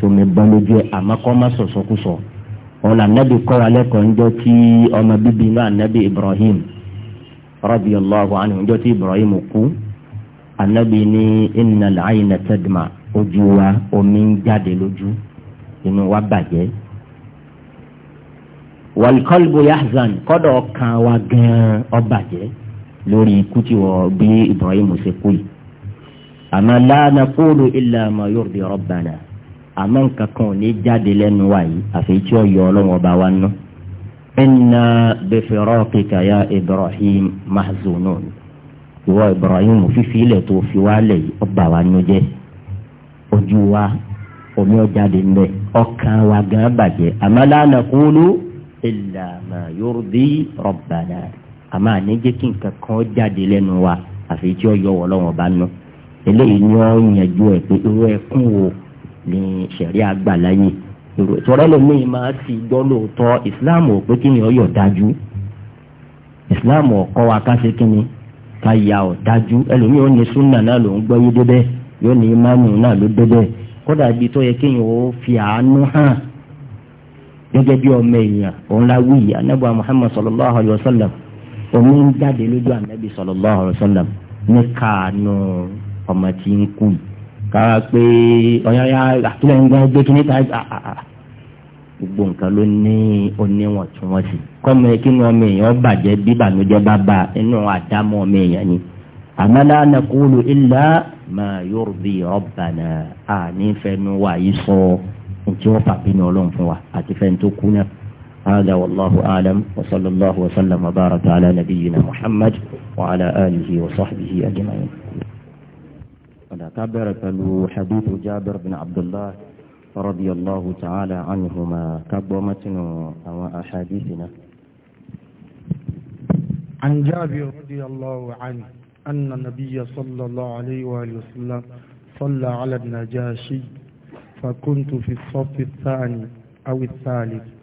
tómi bọ́n lójú ẹ àmọ́ kọ́ má sọ̀sọ́kùsọ ọ̀nà anábì kọ́ alẹ́ ń jọ Ibrahim radiyallahu anhu ń jọ ti Ibrahim kú anábì ní wa omi ń jáde lójú inú wa bàjẹ́ wal qalbu yahzan kọ́dọ̀ kan wa lórí ikú tí wọ́n bí ibrahim ṣe kú yìí àmọ́ láàánà kóòlù ilà àmọ́ yóò di rọ́bànà àmọ́ nǹkan kan ò ní jáde lẹ́nu wa yìí àfi tí ó yọ ọlọ́wọ́n bá wa nú. ẹnna bẹfẹrọ kíkà ya ibrahim mahzunun ìwọ ibrahim fífi ilẹ̀ tó fi wá lẹ̀ yìí ọba wa nú jẹ́ ojú wa omi ọ̀jáde ń bẹ̀ ọkàn wa gan bàjẹ́ àmọ́ láàánà kóòlù ilà àmọ́ yóò di rọ́bànà àmọ́ àní jẹ́ kí nǹkan kan jáde lẹ́nu wa àfi tí ó yọ wọ́ lọ́wọ́ bá nù eléyìí ni ó yànjú ẹ̀ pé irú ẹkún wo ni sẹ̀rí àgbà láyè tọ́rọ́ lómi máa ti gbọ́ lóòótọ́ ìsìláàmù ò pé kí ni ọyọ̀ dájú ìsìláàmù ọ̀kọ́ wa ká ṣe kí ni ká ya ọ̀dájú ẹlòmíì ó ní súnà náà ló ń gbọ́ yé débẹ̀ yóò ní imáàmù náà ló débẹ̀ kódà ibi tó yẹ kéèyàn ó fi àánú hàn gẹ́gẹ́ bí ọmọ èèyàn òun la anábọ̀ Muhammad sallallahu alayhi wa sallam omi ń jáde lójú ànábì sallallahu alaihi wasallam ní kàánú ọmọ tí ń kú yìí kára pé ọ̀yáyá àtúnyẹ̀ ń gbọ́n gbé kíní ta gbogbo nǹkan ló ní oníwọ̀ntúnwọ̀nsì kọ́mọ kíni ọmọ èèyàn bàjẹ́ bí bànújẹ́ bá bá inú àdámọ́ ọmọ èèyàn ni àmọ́ la naqulu illa ma yurdi rabbana àní fẹnu wa yìí sọ ní tí wọ́n fà bínú ọlọ́run fún wa àti fẹ́ni tó kú náà. هذا والله أعلم وصلى الله وسلم وبارك على نبينا محمد وعلى آله وصحبه أجمعين كبر فلو حديث جابر بن عبد الله رضي الله تعالى عنهما كبومتنا أو أحاديثنا عن جابر رضي الله عنه أن النبي صلى الله عليه وآله وسلم صلى على النجاشي فكنت في الصف الثاني أو الثالث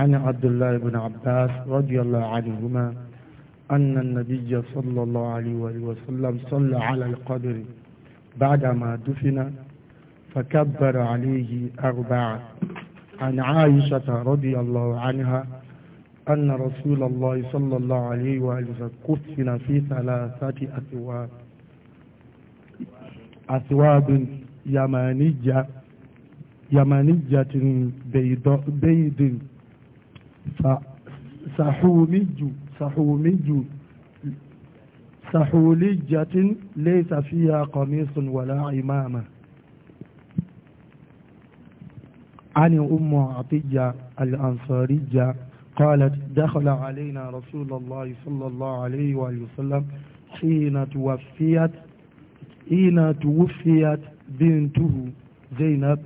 عن عبد الله بن عباس رضي الله عنهما أن النبي صلى الله عليه وسلم صلى على القدر بعدما دفن فكبر عليه أربعة عن عائشة رضي الله عنها أن رسول الله صلى الله عليه وسلم كفن في ثلاثة أثواب أثواب يمانية يمانية بيض, بيض سحومي سحومي سحولجة ليس فيها قميص ولا عمامة عن أم عطية الأنصارية قالت دخل علينا رسول الله صلى الله عليه وآله وسلم حين توفيت حين توفيت بنته زينب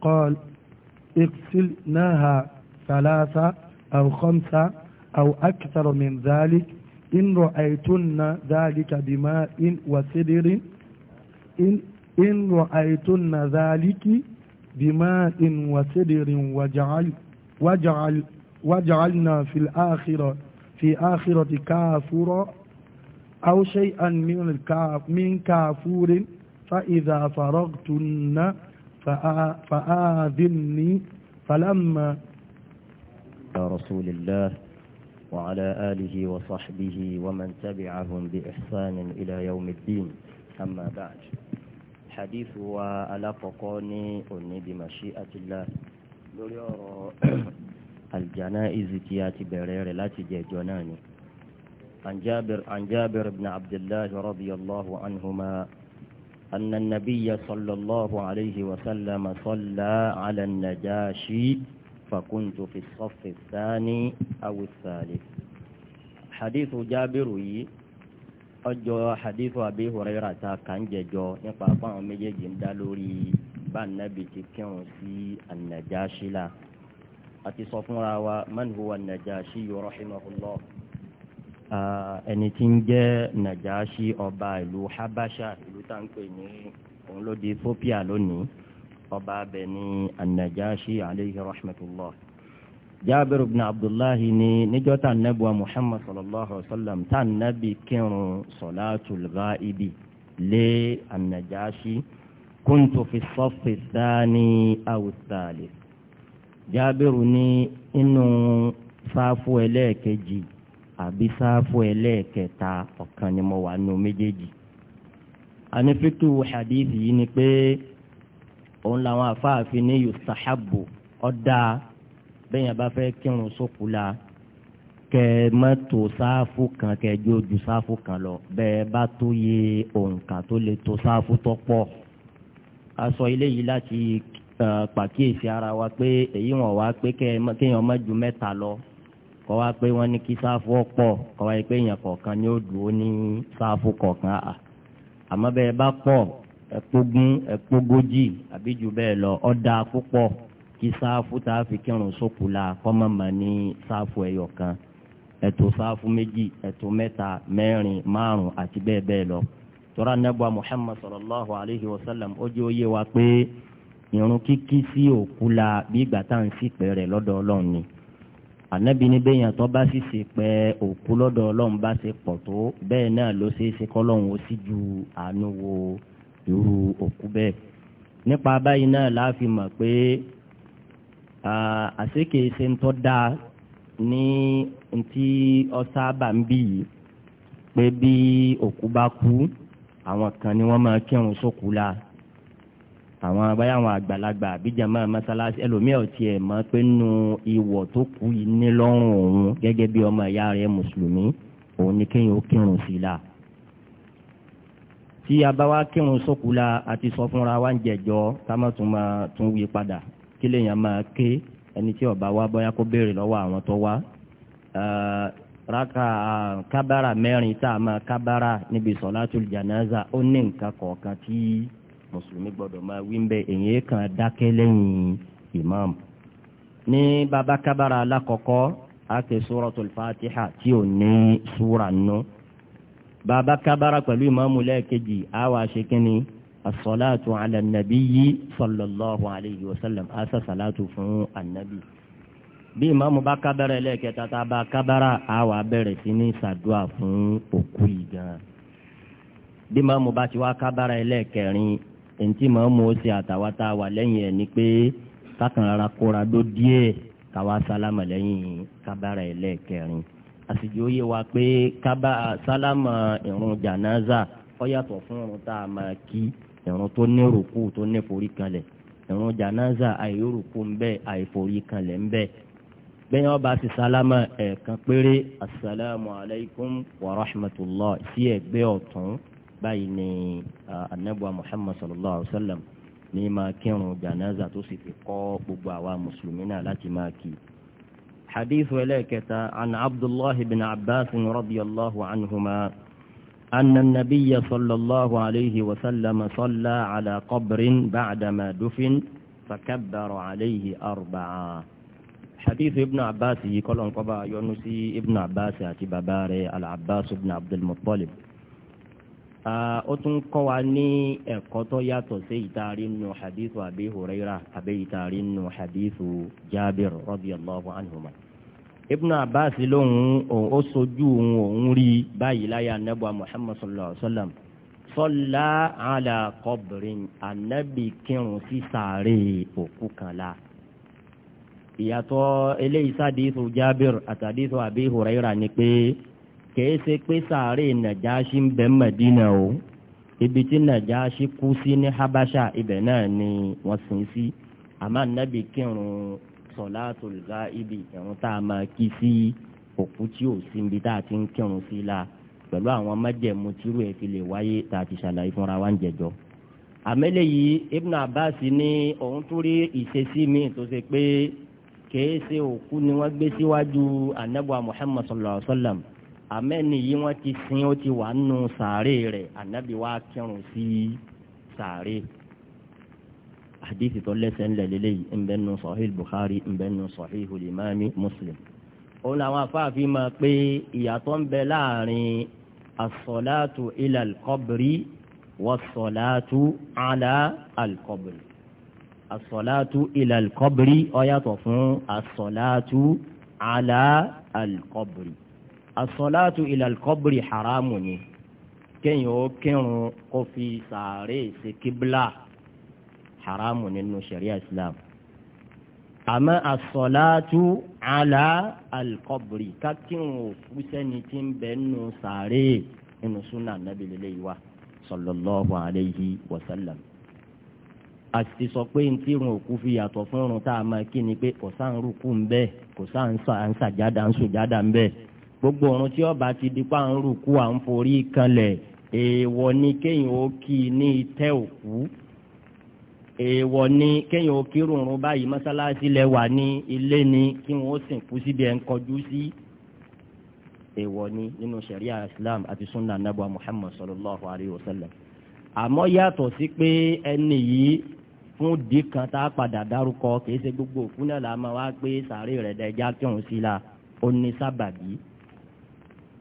قال اغسلناها ثلاثة أو خمسة أو أكثر من ذلك إن رأيتن ذلك بماء وسدر إن, إن رأيتن ذلك بماء وسدر وجعل وجعل وجعلنا في الآخرة في آخرة كافرة أو شيئا من الكاف من كافور فإذا فرغتن فآذني فلما رسول الله وعلى آله وصحبه ومن تبعهم بإحسان إلى يوم الدين أما بعد حديث فقوني أني بمشيئة الله الجنائز تياتي برير لا تجي جناني عن جابر, عن جابر بن عبد الله رضي الله عنهما أن النبي صلى الله عليه وسلم صلى على النجاشي فكنت في الصف الثاني أو الثالث حديث جابر يي ọjọ́ hadith abi huraira ta kàn jẹjọ nípa apá àwọn méjèèjì ń dá lórí bá nàbì ti kírun sí ànàjáṣí la a ti sọ fúnra wa man huwa ànàjáṣí rahimahullah ẹni tí ń jẹ́ ànàjáṣí ọba ìlú habasha ìlú tá ń pè ní òun ló di ethiopia lónìí ọba abẹ ní anajashi aleyhi rahmatulah jaabir ibn abdullahi ni níjọ́ tá nabi wa muhammad sallallahu alaihi wa sallam tá nabi kírun solatul ghaibi lé anajashi kuntu fi sọfì sáni awusali jaabiru ni inú sáfù ẹlẹ́ẹ̀kejì àbí sáfù ẹlẹ́ẹ̀kẹta ọ̀kan ni mo wà nù méjèèjì anifitu hadithi yìí ni pé òun làwọn afáàfin ní yustahabu ọ̀dà bẹ́ẹ̀ yẹn bá fẹ́ kírun sókù la kẹ mọ́tò sáfù kan kẹ jó ju sáfù kan lọ bẹ́ẹ̀ bá tó yẹ òǹkà tó lè tó sáfù tó pọ̀ a sọ ilé yìí láti pàkíyèsí ara wa pé èyí wọn wá pé kéèyàn má ju mẹ́ta lọ kọ́ wá pé wọ́n ní kí sáfù ọ̀pọ̀ kọ́ wá pé èèyàn kọ̀ọ̀kan ni ó dùn ó ní sáfù kọ̀ọ̀kan àmọ́ bẹ́ẹ̀ bá pọ̀ ẹ̀kpógún ẹ̀kpógójì àbí jù bẹ́ẹ̀ lọ ọ̀dà púpọ̀ kí sáfù tá a fi kírun sókù la kọ́mọ̀mọ̀ ní sáfù ẹ̀yọ̀ kan ẹ̀tọ́ sáfù méjì ẹ̀tọ́ mẹ́ta mẹ́rin márùn àti bẹ́ẹ̀ bẹ́ẹ̀ lọ tọ́ra nẹ́bùa Muhammad sallallahu alayhi wa sallam ó jẹ́ òye wa pé irun kíkí sí òkú la bí ìgbà tá à ń sì pẹ́ rẹ̀ lọ́dọ̀ ọlọ́run ni ànábì ní bẹ́yìn àtọ́ bá sì ṣe pé òkú lọ́dọ̀ ọlọ́run bá ṣe pọ̀ tó bẹ́ẹ̀ náà ló ṣe é ṣe ó sì ju àánú wo irú òkú bẹ́ẹ̀ nípa báyìí náà láàfin mọ̀ pé àṣekè ṣe ń tọ́ da ní ti ọ̀sáàbà ń bì yìí pé bí òkú bá kú àwọn kan ni wọ́n máa kírun sókú la àwọn abáyá àwọn àgbàlagbà àbíjàmá mọ́sálásí ẹlòmíì ọ̀tí ẹ̀ mọ́ pé nu ìwọ̀ tó kú yìí ní lọ́rùn òun gẹ́gẹ́ bí ọmọ ìyá rẹ̀ mùsùlùmí òun ni kéèyàn ó kírun sí i la tí a bá wá kírun sókù la àti sọ fúnra wa ń jẹjọ ká má tún máa tún wí padà kí lèèyàn máa ké ẹni tí ó bá wá kó béèrè lọ́wọ́ àwọn tó wá raka kábàrà mẹ́rin tá a máa kábàrà níbi sọ̀látùl jànáza ó ní nǹkan kọ̀ọ̀kan tí mùsùlùmí gbọ́dọ̀ máa wí ń bẹ èyí kan dákẹ́ lẹ́yìn ìmáàmù ní baba kábàrà alákọ̀ọ́kọ́ a ké suratul fatiha tí ò ní súra nù. No bàbá kábàrà pẹ̀lú ìmáàmù lẹ́ẹ̀kejì àwa ṣèkínní asọ́láàtù ala nabiyyi sallallahu alayhi wa sallam asa salatu fún anabi. bí ìmáàmù bá kábàrà lẹ́ẹ̀kẹta tá a bá kábàrà àwa bẹ̀rẹ̀ sí ní sàdúà fún òkú yìí gan. bí ìmáàmù bá ti wá kábàrà lẹ́ẹ̀kẹrin èntì ìmáàmù ó ṣe àtàwátà wà lẹ́yìn ẹ̀ ni pé àsìjò yé wa pé kábà sálámà ìrun jànáza ó yàtọ̀ fún ìrun tá a máa kí ìrun tó ní rùkú tó ní forí kanlẹ̀ ìrun jànáza àìrùkú ń bẹ àìforí kanlẹ̀ ń bẹ bẹ́ẹ̀ wọ́n bá ti sálámà ẹ̀ẹ̀kan péré asalaamu alaykum wa rahmatulah sí ẹ̀gbẹ́ ọ̀tún báyìí ni anabuwa muhammad sallallahu alayhi wa sallam ní máa kírun jànáza tó sì fi kọ́ gbogbo àwa mùsùlùmí náà láti máa kí i. حديث ولاكة عن عبد الله بن عباس رضي الله عنهما أن النبي صلى الله عليه وسلم صلى على قبر بعدما دفن فكبر عليه أربعة حديث ابن عباس يقول أن قبا يونسي ابن عباس أتي بباري العباس بن عبد المطلب ó tún kọ́ wa ní ẹ̀kọ́ tó yàtọ̀ sí تارين nù جابر رضي الله عنهما Ibn Abbas lóhun òun ó sojú òun òun rí báyìí láyé anábọ̀ Muhammad sallallahu alaihi wa sallam sọ́lá àlà kọbìrin anábì kírun sí sàárè òkú kan la ìyàtọ̀ eléyìí sádìísù Jábìr àtàdìísù Abi Huraira ni pé kìí ṣe pé sàárè Nàjáṣí ń bẹ Mẹ̀dínà o ibi tí Nàjáṣí kú sí ní Habasha ibẹ̀ náà ni wọ́n sin sí àmọ́ anábì kírun sọ̀láàtò lùgá ibi ìrun tá a máa kí sí òkú tí ò sí ibi tá a ti ń kírun sí la pẹ̀lú àwọn májẹ̀mú tírú ẹ̀ fi lè wáyé tá a ti ṣàlàyé fúnra wa ń jẹjọ́. àmẹ́lẹ̀ yìí Ibn Abbas ní òun tún rí ìṣesí mi tó ṣe pé kèé òkú ni wọ́n gbé síwájú anábùa Muhammad sallallahu alayhi wa sallam àmẹ́ni yìí wọ́n ti sin ó ti wà nù sàárè rẹ̀ anábì kírun sí sàárè àdìsí tó lẹ́sẹ̀ ńlẹ̀ lélẹ́yìí ńbẹ́nu sọ̀hí Bukhari ńbẹ́nu sọ̀hí hulimami Muslim. òun làwọn afáàfin máa pé ìyàtọ̀ ń bẹ láàrin asọ̀láàtù ilà alkọ́bìrì wọ́sọ̀láàtù àlà alkọ́bìrì. asọ̀láàtù ilà alkọ́bìrì ó yàtọ̀ fún asọ̀láàtù àlà alkọ́bìrì. asọ̀láàtù ilà alkọ́bìrì haramu ni kéèyàn ó kírun kó fi sàárè ṣe kíbla. حرام من sharia islam أما الصلاة على القبر kákíhùn òkú sẹ́ni tí ń bẹ nù sàárè nínú súnà nàbí lélẹ́yìí wa sallallahu alayhi wa sallam. a ti sọ pé ní tí irun òkú fi yàtọ̀ fún irun tá a máa kí ni pé kò sáà ń ń bẹ́ẹ̀ kò sáà ń sàjádà ń bẹ́ẹ̀ gbogbo ọ̀run tí ọba ti di pa ń rúkú à ń forí kanlẹ̀ èèwọ̀ ni kéèyàn ó kí ní ìtẹ́ òkú èèwọ̀ ni kéèyàn kírun rún báyìí mọ́sálásí lẹ́wà ní ilé ni kí wọ́n sìnkú síbi ẹ̀ ń kọjú sí èèwọ̀ ni nínú sẹ̀ríà islam àti sunna nabuwa muhammad sallallahu alayhi wa sallam àmọ́ yàtọ̀ sí pé ẹni yìí fún di kan tá a padà dárúkọ kìí ṣe gbogbo òfin náà la máa wá pé sàárè rẹ̀ dẹja kírun sí la ó ní sábàbí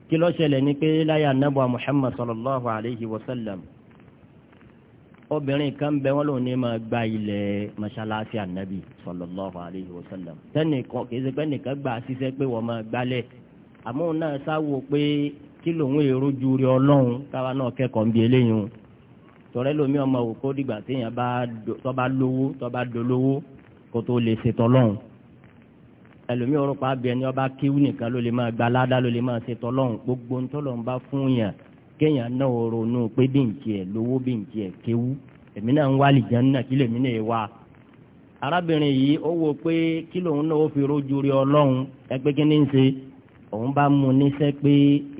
kí ló ṣẹlẹ̀ ni pé láyà nabuwa muhammad sallallahu alayhi wa sallam obìnrin kan bẹ wọn lòun ní máa gba ilẹ̀ mọ́ṣáláṣí ànábì sallallahu alayhi wa sallam tẹ́nìkan kì í ṣe pé nìkan gbà ṣiṣẹ́ pé wọ́n máa gbalẹ̀ àmọ́ òun náà sáwò pé kí lòun èrò ju rí ọlọ́run káwa náà kẹ́kọ̀ọ́ ń bi eléyìí o tọ́rẹ́ lomi ọmọ wò kó dìgbà téèyàn bá tọ́ba lówó tọ́ba dolówó kó tó lè ṣe ẹlòmí ọ̀rọ̀ pa abẹ́ni ọba kíw nìkan ló lè máa gbalada ló lè máa ṣe gbogbo ntọ́lọ́run bá fún yàn kéèyàn náà ronú pé bí n tiẹ̀ lówó bí n tiẹ̀ kéwú èmi náà ń wá àlìjánnà kí lèmi náà arábìnrin yìí ó wo pé kí lòun náà ó fi rójú rí ọlọ́run ẹgbẹ́ kí ní ṣe òun bá mú níṣẹ́ pé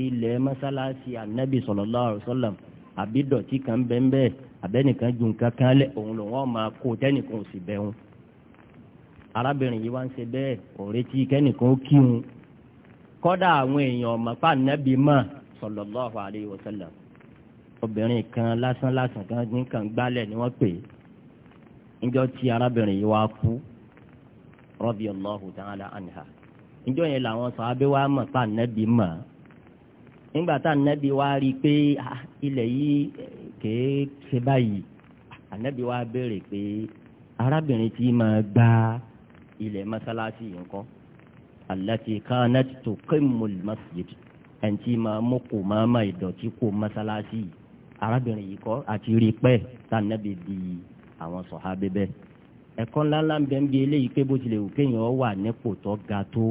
ilẹ̀ kan bẹ́ẹ̀ ju nǹkan kan lẹ̀ òun lòun ọ̀ máa kó tẹ́nìkan ò sì wọn. arábìnrin yìí wá ń ṣe bẹ́ẹ̀ òretí kẹ́nìkan ó kí wọn kọ́dà àwọn èèyàn sallallahu alayhi wa sallam obìnrin kan lásán lásán kan nìkan gbálẹ̀ ni wọ́n pè é níjọ́ tí arábìnrin yìí wá kú radiyallahu ta'ala anha níjọ́ yẹn làwọn sàábé wa mọ̀ pa nẹ́bí mọ̀ nígbà tá nẹ́bí wa rí i pé ah, ilẹ̀ yìí kèé ṣe báyìí ànẹ́bí wa béèrè pé arábìnrin tí máa gba ilẹ̀ mọ́sálásí yìí ńkọ́ allati kanat tuqimmul masjid ẹ̀ǹtí máa mú kò máa má ìdọ̀tí kò mọ́sálásí arábìnrin yìí kọ́ àti rí pẹ́ tànàbí di àwọn sọ̀hábẹ́ bẹ́ẹ̀. ẹ̀kọ́ ńláńlá ń bẹ ń bi eléyìí pé bó tilẹ̀ wù kéèyàn wà nípò tó ga tó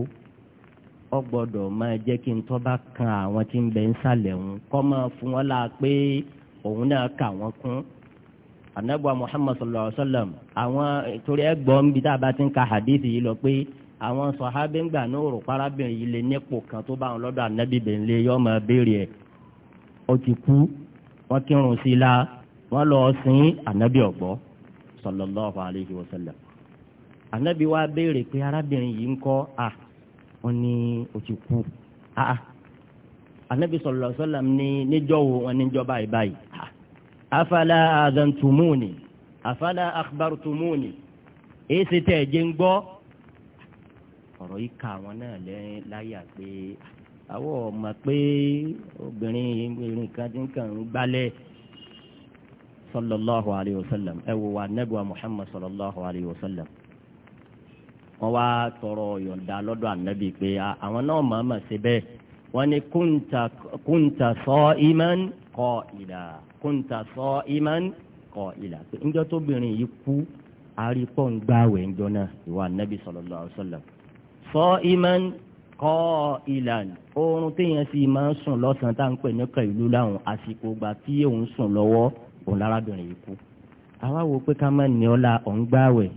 ọ gbọ́dọ̀ máa jẹ́ kí n tó bá kan àwọn tí ń bẹ ń sàlẹ̀ ń kọ́ máa fún wọn la pé òun náà kà wọ́n kún anabuwa muhammad sallallahu alaihi wa sallam àwọn torí ẹ gbọ́ tá a bá ti ń ka hadith yìí lọ pé àwọn sọ̀hábẹ́ ń gbà náà rò parábìnrin yìí lè nípò kan tó bá wọn lọ́dọ̀ ànábì bẹ̀ńlẹ̀ yọ ọmọ béèrè ẹ̀ ó ti kú wọ́n kírun sí i la wọ́n lọ sin ànábì ọ̀gbọ́ sallallahu alayhi wa sallam ànábì wa béèrè pé arábìnrin yìí ń kọ́ à wọ́n ní ó ti kú àà ànábì sallallahu alayhi sallam ní níjọ́ wo wọn níjọ́ báyìí báyìí afala adantumuni afala akhbartumuni èyí ṣe tẹ̀ ẹ̀ ọ̀rọ̀ yìí ka àwọn náà láyà pé àwọn ọmọ pé obìnrin ìrìn kan ti ń kàn ń gbálẹ̀ sallallahu alayhi wa sallam ẹ wo wa nẹ́gbà muhammad sallallahu alayhi wa sallam wọ́n wá tọrọ yọ̀ǹda lọ́dọ̀ ànábì pé àwọn náà máa ma ṣe bẹ́ẹ̀ wọ́n ní kúńtà sọ iman kọ ìlà kúńtà sọ iman kọ ìlà pé ńjọ́ tóbìnrin yìí kú arípọ̀ ń gbáwẹ̀ ńjọ́ náà ìwà ànábì sallallahu alayhi wa sallam sọ iman kọ́ ìlànà oorun téèyàn sì máa ń sùn lọ́sàn-án tá à ń pè ní kẹ̀lú láwọn àsìkò ìgbà tí òun sùn lọ́wọ́ òun lárábìnrin yìí kú. àwa wo pé ká má ní ọlá ọ̀ǹgbàwẹ̀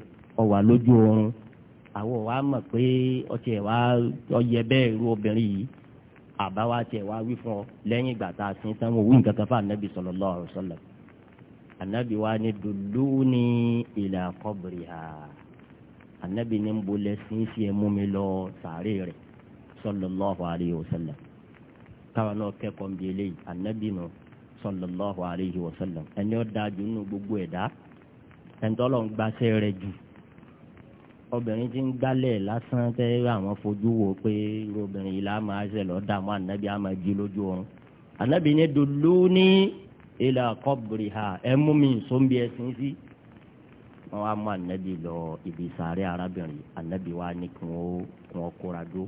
ọ̀wà lójú oorun àwọn wa mọ̀ pé ọtí ẹ̀ wá ọyẹ bẹ́ẹ̀ irú obìnrin yìí àbá wa tiẹ̀ wá wí fún ọ lẹ́yìn ìgbà tá a sin tán wọ́n wí nǹkan kan fún anabi sallallahu alaihi wasallam anabi wa ni dùlú ní ila qabriha anabi ní n bolẹ sin fi ẹ mú mi lọ sàárè rẹ̀ sallallahu alayhi wa sallam káwọn náà kẹ́kọ̀ọ́ nbí eléyìí anabi nù sallallahu alayhi wa sallam ẹni ó dájú nù gbogbo ẹ̀dá ẹnitọ́lọ́ ń gbaṣẹ́ rẹ̀ jù obìnrin tí ń gbálẹ̀ lásán tẹ́ àwọn fojú wo pé obìnrin yìí láà máa ṣe anabi á jí lójú oorun anabi ní dolóní ila qabriha ẹ mú mi sóńbi ẹ sin wọn wá mú anabi lọ ibi sàárẹ̀ arábìnrin anabi wa ní kí wọn kí wọn kóra dó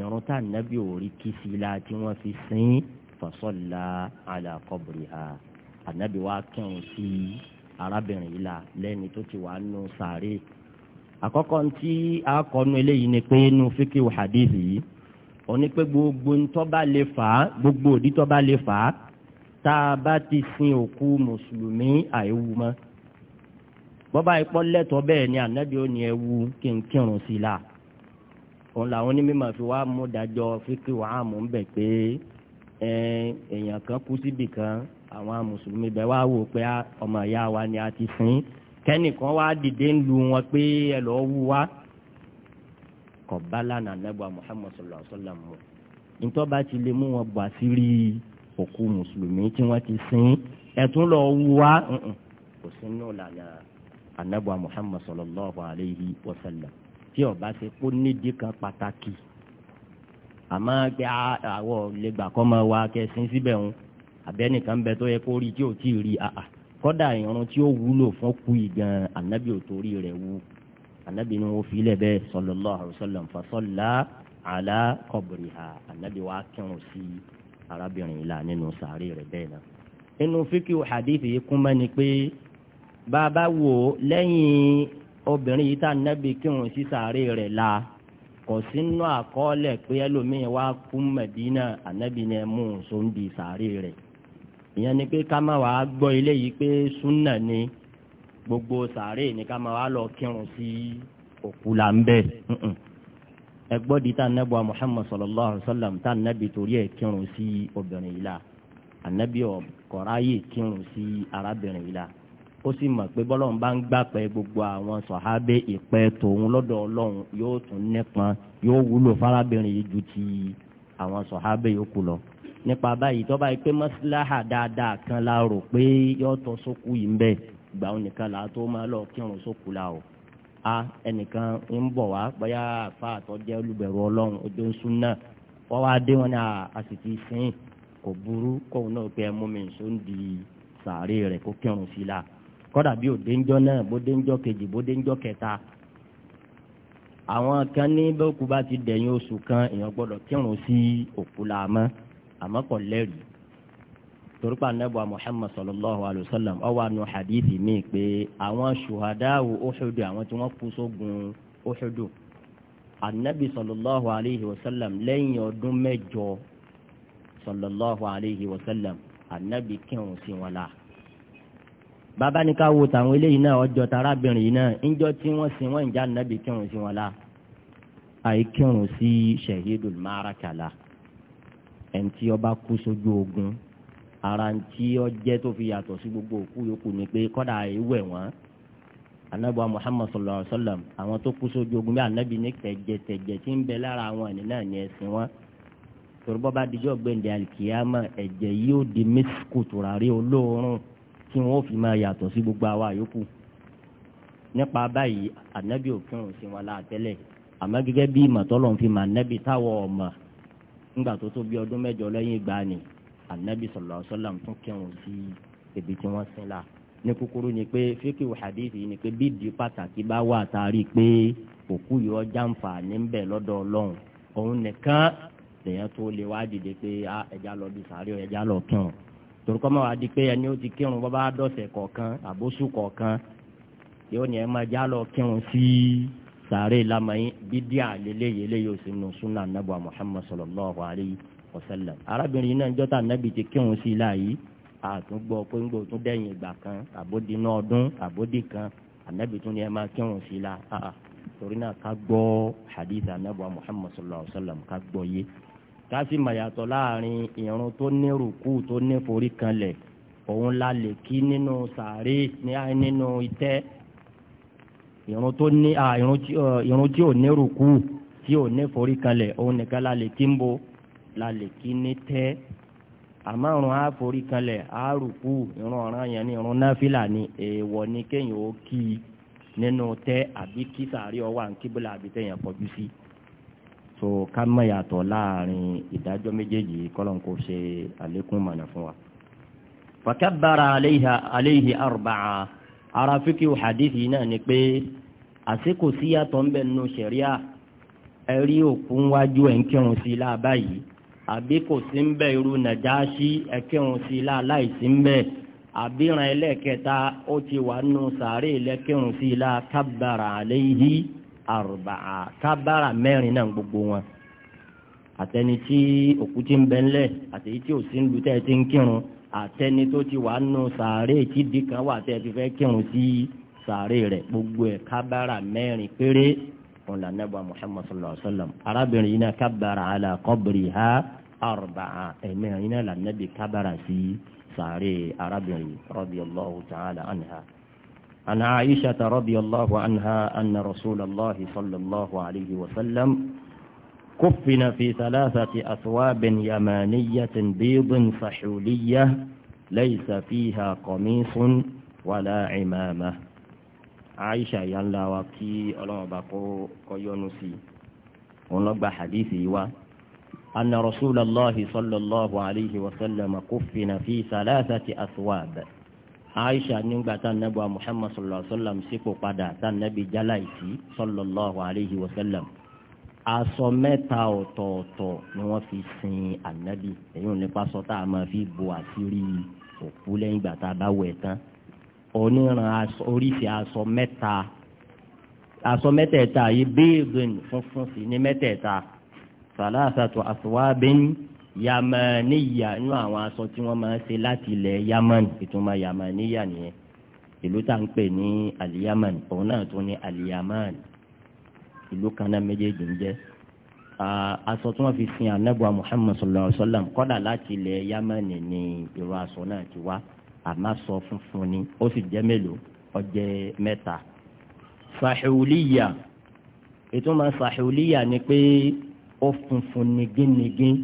irun tá anabi ò rí kí sí la tí wọn fi sin fasọlá ala qabriha anabi wa kírun sí arábìnrin yìí la lẹ́ni tó ti wà nù sàárẹ̀ àkọ́kọ́ ntí akọnu eléyìí ni pé nu fíkì hadith yìí òní pé gbogbo ntọ́ba lè fà á gbogbo òdì tọ́ba lè fà á tá a bá ti sin òkú mùsùlùmí àìwú mọ́ bọ́bá ipọ́ lẹ́tọ̀ọ́ bẹ́ẹ̀ ni ànábì ó ní ẹwu kí sí la òun làwọn onímọ̀ fi wá mú dájọ́ fíkì wàá mú un bẹ̀ pé èèyàn kan kú síbì kan àwọn mùsùlùmí bẹ́ẹ̀ wá wò pé ah, ọmọ ìyá wa ni a ti sin kẹ́nìkan wá dìde ń lu wọn pé ẹ lọ́ọ́ wú wa kọ̀ bá lánàá nẹ́bà Muhammad sallallahu alaihi wasallam mọ́ ntọ́ bá ti lè mú wọn bọ̀ àṣírí òkú mùsùlùmí tí wọ́n ti sin ẹ̀tún lọ́ọ́ wú wa kò sínú làlẹ́ rẹ̀ anabuwa muhammad sallallahu alayhi wa sallam tí ó bá ṣe kó nídìí kan pàtàkì àmọ́ pé àwọ̀ lè gbà kọ́ máa wá kẹsìn síbẹ̀ ń abẹ́nìkan bẹ tó yẹ kó rí tí ò tí ì rí àà kọ́dà irun tí ó wúlò fún kú ìgan anabi ò torí rẹ̀ wú anabi ni wọ́n fi bẹ́ẹ̀ sallallahu alayhi wa sallam fasọ́lá àlá qabriha anabi wa kírun sí arábìnrin ìlà nínú sàárè rẹ̀ bẹ́ẹ̀ náà. inú fíkì hadith yìí kún mẹ́ni pé bàbá wo lẹ́yìn obìnrin yìí tá nẹ́bi kírun sí sàárè rẹ̀ la kò sínú àkọọ́lẹ̀ pé ẹlòmíín wá kú mẹ̀dínà ànẹ́bi ni ẹ mú un sóńdì sàárè rẹ̀ ìyẹn ni pé ká má wàá gbọ́ ilé yìí pé súnà ni gbogbo sàárè ni ká má wàá lọ kírun sí òkú là ń bẹ̀ ẹgbọ́n di tá nẹ́bù Muhammad sallallahu alayhi wa sallam tá nẹ́bi torí ẹ̀ kírun sí obìnrin yìí la ànẹ́bi ọ̀kọ̀ráyè kírun sí arábìnrin yìí la ó sì mọ̀ pé bọ́lọ́run bá ń gbàpẹ́ gbogbo àwọn sọ̀hábẹ́ ìpẹ́ tòun lọ́dọ̀ ọlọ́run yóò tún nípọn yóò wúlò fárábìnrin yìí ju ti àwọn sọ̀hábẹ́ yòókù lọ. nípa báyìí tọ́ba yìí pé mọ́síláhà dáadáa kan la rò pé yóò tọ́ sókù yìí ń bẹ̀ gbà ó nìkan là á tó máa lọ kírun sókù la o. a ẹnìkan ń bọ̀ wá bóyá àfa àtọ́jẹ́ olùbẹ̀rù ọlọ́run ojú ń sún náà wọ́n wá dé wọn ní àsìkò ìsìn kò burú kóun náà kọ́dà bí òdéńjọ́ náà bódéńjọ́ kejì bódéńjọ́ kẹta àwọn kan ní bẹ́ẹ̀kú bá ti dẹ̀yìn oṣù kan èèyàn gbọ́dọ̀ kírun sí òkú la mọ́ àmọ́ kò lẹ́rìí torípa anábọ̀ Muhammad sallallahu alayhi wa sallam ọwọ́ àánú hadithi mi pé àwọn ṣùhàdáwò Uhudu àwọn tí wọ́n kú sógun Uhudu anabi sallallahu alayhi wa sallam lẹ́yìn ọdún mẹ́jọ sallallahu alayhi wa sallam anabi kírun sí wọn láà bàbá ní ká wo tàwọn eléyìí náà ọjọ́ tarábìnrin yìí náà ńjọ́ tí wọ́n sin wọ́n ìjà nàbì kírun sí wọn la àìkírun sí shahidul marakala ẹni tí ó bá kú sójú ogun ara ń tí ó jẹ́ tó fi yàtọ̀ sí gbogbo òkú yòókù ni pé kọ́dà ìwẹ̀ wọ́n anabuwa muhammad sallallahu alaihi wa sallam àwọn tó kú sójú ogun bí anabi ní tẹ̀jẹ̀tẹ̀jẹ̀ tí ń bẹ lára àwọn ẹni náà ní ẹ̀sìn wọn torúbọ́ bá dijọ́ gbẹ̀ǹdẹ̀ alikiyama ẹ̀jẹ̀ yóò di mísíkù tùràrí olóòórùn tí wọ́n fi máa yàtọ̀ sí gbogbo àwa yòókù nípa báyìí ànábì òkèrùn sí wọn láàtẹ́lẹ̀ àmọ́ gẹ́gẹ́ bí ìmọ̀tọ́lọ́ fi mà ànábì táwọn ọmọ ńgbà tó tó bí ọdún mẹ́jọ lẹ́yìn ìgbà ni ànábì sallallahu alaihi wasallam tún kírun sí ibi tí wọ́n sin la ní kúkúrú ni pé fíkì hadith ni pé bí di pàtàkì bá wà tàrí pé òkú yìí ọjà ń fà ní bẹ̀ lọ́dọ̀ ọlọ́run òun nìkan lèyàn tó lè wá dìde pé ah, ẹja lọ bí sàárẹ̀ ẹja lọ kírun torúkọ máa wá di pé ẹni ó ti kírun bọ́ bá dọ̀sẹ̀ kọ̀ọ̀kan àbóṣù kọ̀ọ̀kan yóò ní ẹ máa já lọ kírun sí sàárè lamẹ́yìn bídí àlélẹ́yẹ lẹ́yìn òsínú sunnah anabu muhammad sallallahu alayhi wa sallam arábìnrin yìí náà jọ́ta anabi ti kírun sí láàyè àtúngbọ́ pé ń gbòó tún dẹ́yìn ìgbà kan àbódínà ọdún àbódì kan anabi tún ní ẹ máa kírun sí la torí náà ká gbọ́ hadith anabu muhammad sallallahu alayhi wa sallam ká gbọ́ yé kásì màyàtọ̀ láàrin ìrun tó ní rùkú tó ní forí kanlẹ̀ òun la lè kí nínú sàárè nínú itẹ́ ìrun tó ní ìrun tí ò ní rùkú tí ò ní forí kanlẹ̀ òun nìkan la lè kí ń bo la lè kí ní tẹ́ àmọ́ ìrun á forí kanlẹ̀ á rùkú ìrun ọ̀ràn yẹn ní ìrun náfìlà ni èèwọ̀ ni kéèyàn ó kí nínú tẹ́ àbí kí sàárè ọwọ́ à ń kíbọ̀là àbí tẹ̀yàn kọjú sí. Si so ká mọ̀ yàtọ̀ láàrin ìdájọ́ méjèèjì kọ́lọ́n kò ṣe àlékún mọ̀nà fún wa. fakabbara alayhi arba'a ara fíkì hadith yìí náà ni pé àsìkò síyàtọ̀ ń bẹ̀ nínú ṣẹ̀ríà ẹ̀rí òkú wájú ẹ̀ ń kírun sí ilá báyìí àbí kò sí ń bẹ̀ irú nàjáṣí ẹ̀ kírun sí ilá ń bẹ̀ àbíran ẹlẹ́ẹ̀kẹta ó ti wà nínú sàárè lẹ́kírun sí ilá kabbara àrùbàá kábàrà mẹ́rin náà gbogbo wọn àtẹni tí òkú ti ń bẹ ńlẹ̀ àtẹni tí òsì ń lu tẹ́ ẹ ti ń kírun àtẹni tó ti wà nù sàárè tí di kan wà tẹ́ ẹ ti fẹ́ kírun sí sàárè rẹ̀ gbogbo ẹ̀ kábàrà mẹ́rin péré òun là nẹ́bà sallallahu alayhi wa sallam arábìnrin yìí náà kábàrà àlà qabriha àrùbàá ẹ̀mẹ́rin náà là kábàrà sí sàárè arábìnrin radiyallahu ta'ala anha. عن عائشة رضي الله عنها أن رسول الله صلى الله عليه وسلم كفن في ثلاثة أثواب يمانية بيض فحولية ليس فيها قميص ولا عمامة عائشة يلا وكي ألم بقو كيونسي ونبع حديثي و أن رسول الله صلى الله عليه وسلم كفن في ثلاثة أثواب aisha nígbà tá nàbí wa muhammad sallallahu alayhi wa sallam sípò padà tá nàbí jalaisi sallallahu alayhi wa sallam aṣọ mẹ́ta ọ̀tọ̀ọ̀tọ̀ ni wọ́n fi sin ànábì èyí ò nípa sọ tá a máa fi bo àṣírí òkú lẹ́yìn ìgbà tá a bá wẹ̀ tán oníran oríṣi aṣọ mẹ́ta aṣọ mẹ́tẹ̀ẹ̀ta yìí béèbìn funfun sí ní mẹ́tẹ̀ẹ̀ta sàlásàtò àṣùwábìn yamaniya inú àwọn aṣọ tí wọ́n máa ń ṣe láti ilẹ̀ yaman ìtumọ̀ yamaniya nìyẹn ìlú tá ń pè ní aliyaman òun náà tún ní aliyaman ìlú kan náà méjèèjì ń jẹ́ aṣọ tí wọ́n fi sin anabu muhammad sallallahu alaihi wa sallam kọ́dà láti ilẹ̀ yaman ní irú aṣọ náà ti wá àmọ́ aṣọ funfun ni ó sì jẹ́ mélòó ó mẹ́ta sahuliya ìtumọ̀ sahuliya ni pé ó funfun nigínigín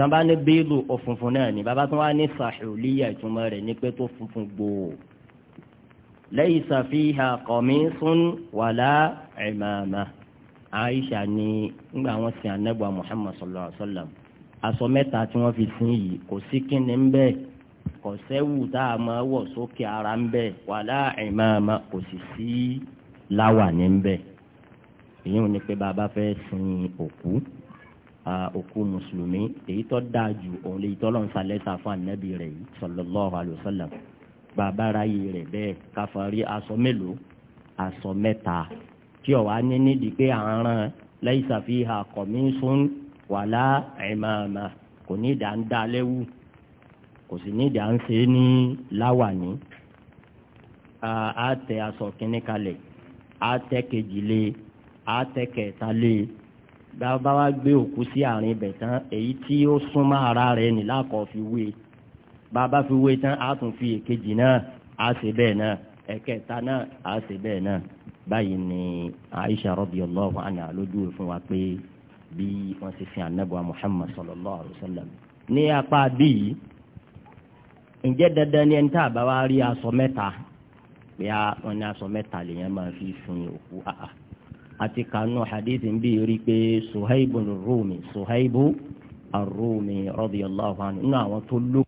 tí wọ́n bá ní bílù òfunfun náà ni bàbá tí wọ́n ní sàhùlíyà ìtumọ̀ rẹ̀ ní pé tó funfun gbòò laysa fiha qamisun wala imama Aisha ni ńgbà wọn sin anagba Muhammad sallallahu alaihi wa sallam aṣọ mẹ́ta tí wọ́n fi sin yìí kò sí kíni ń bẹ́ẹ̀ kò sẹ́wù tá a máa wọ̀ sókè ara ń bẹ́ẹ̀ wala imama kò sì sí láwà ní ń bẹ́ẹ̀ èyí ò ní pé bàbá fẹ́ sin òkú òkú mùsùlùmí èyí tó dáa jù òun lè tọ́lọ́ ń fa lẹ́tà fún ànábì rẹ̀ yìí sallallahu alaihi wasallam bàbá ráyè rẹ̀ bẹ́ẹ̀ káfọ́rí aṣọ mélòó aṣọ mẹ́ta tí ọ̀wá ní nídìí pé àárán laysa fiha qamisun wala imama kò ní ìdá ń dá lẹ́wù kò sì ní ìdá ń ṣe ní láwàní a aṣọ kínní kalẹ̀ a kejì lé a kẹta lé bá wá gbé òkú sí àárín ibẹ̀ tán èyí tí ó súnmọ́ ara rẹ̀ ní lákọ̀ọ́ fi wé bàbá fi wé tán á tún fi èkejì náà á ṣe bẹ́ẹ̀ náà ẹ̀kẹta náà á ṣe bẹ́ẹ̀ náà báyìí ni Aisha radiyallahu anha lójú fún wa pé bí wọ́n ti sin anábọ̀ Muhammad sallallahu alayhi wa sallam ní apá bíi ǹjẹ́ dandan ni ẹni tá a bá wá rí aṣọ mẹ́ta pé wọ́n ní aṣọ mẹ́ta lèèyàn máa fi sin òkú àà àti kanu hadith ń bí rí pé suhaibu rumi suhaibu arumi radiyallahu anhu nínú àwọn tó lókè.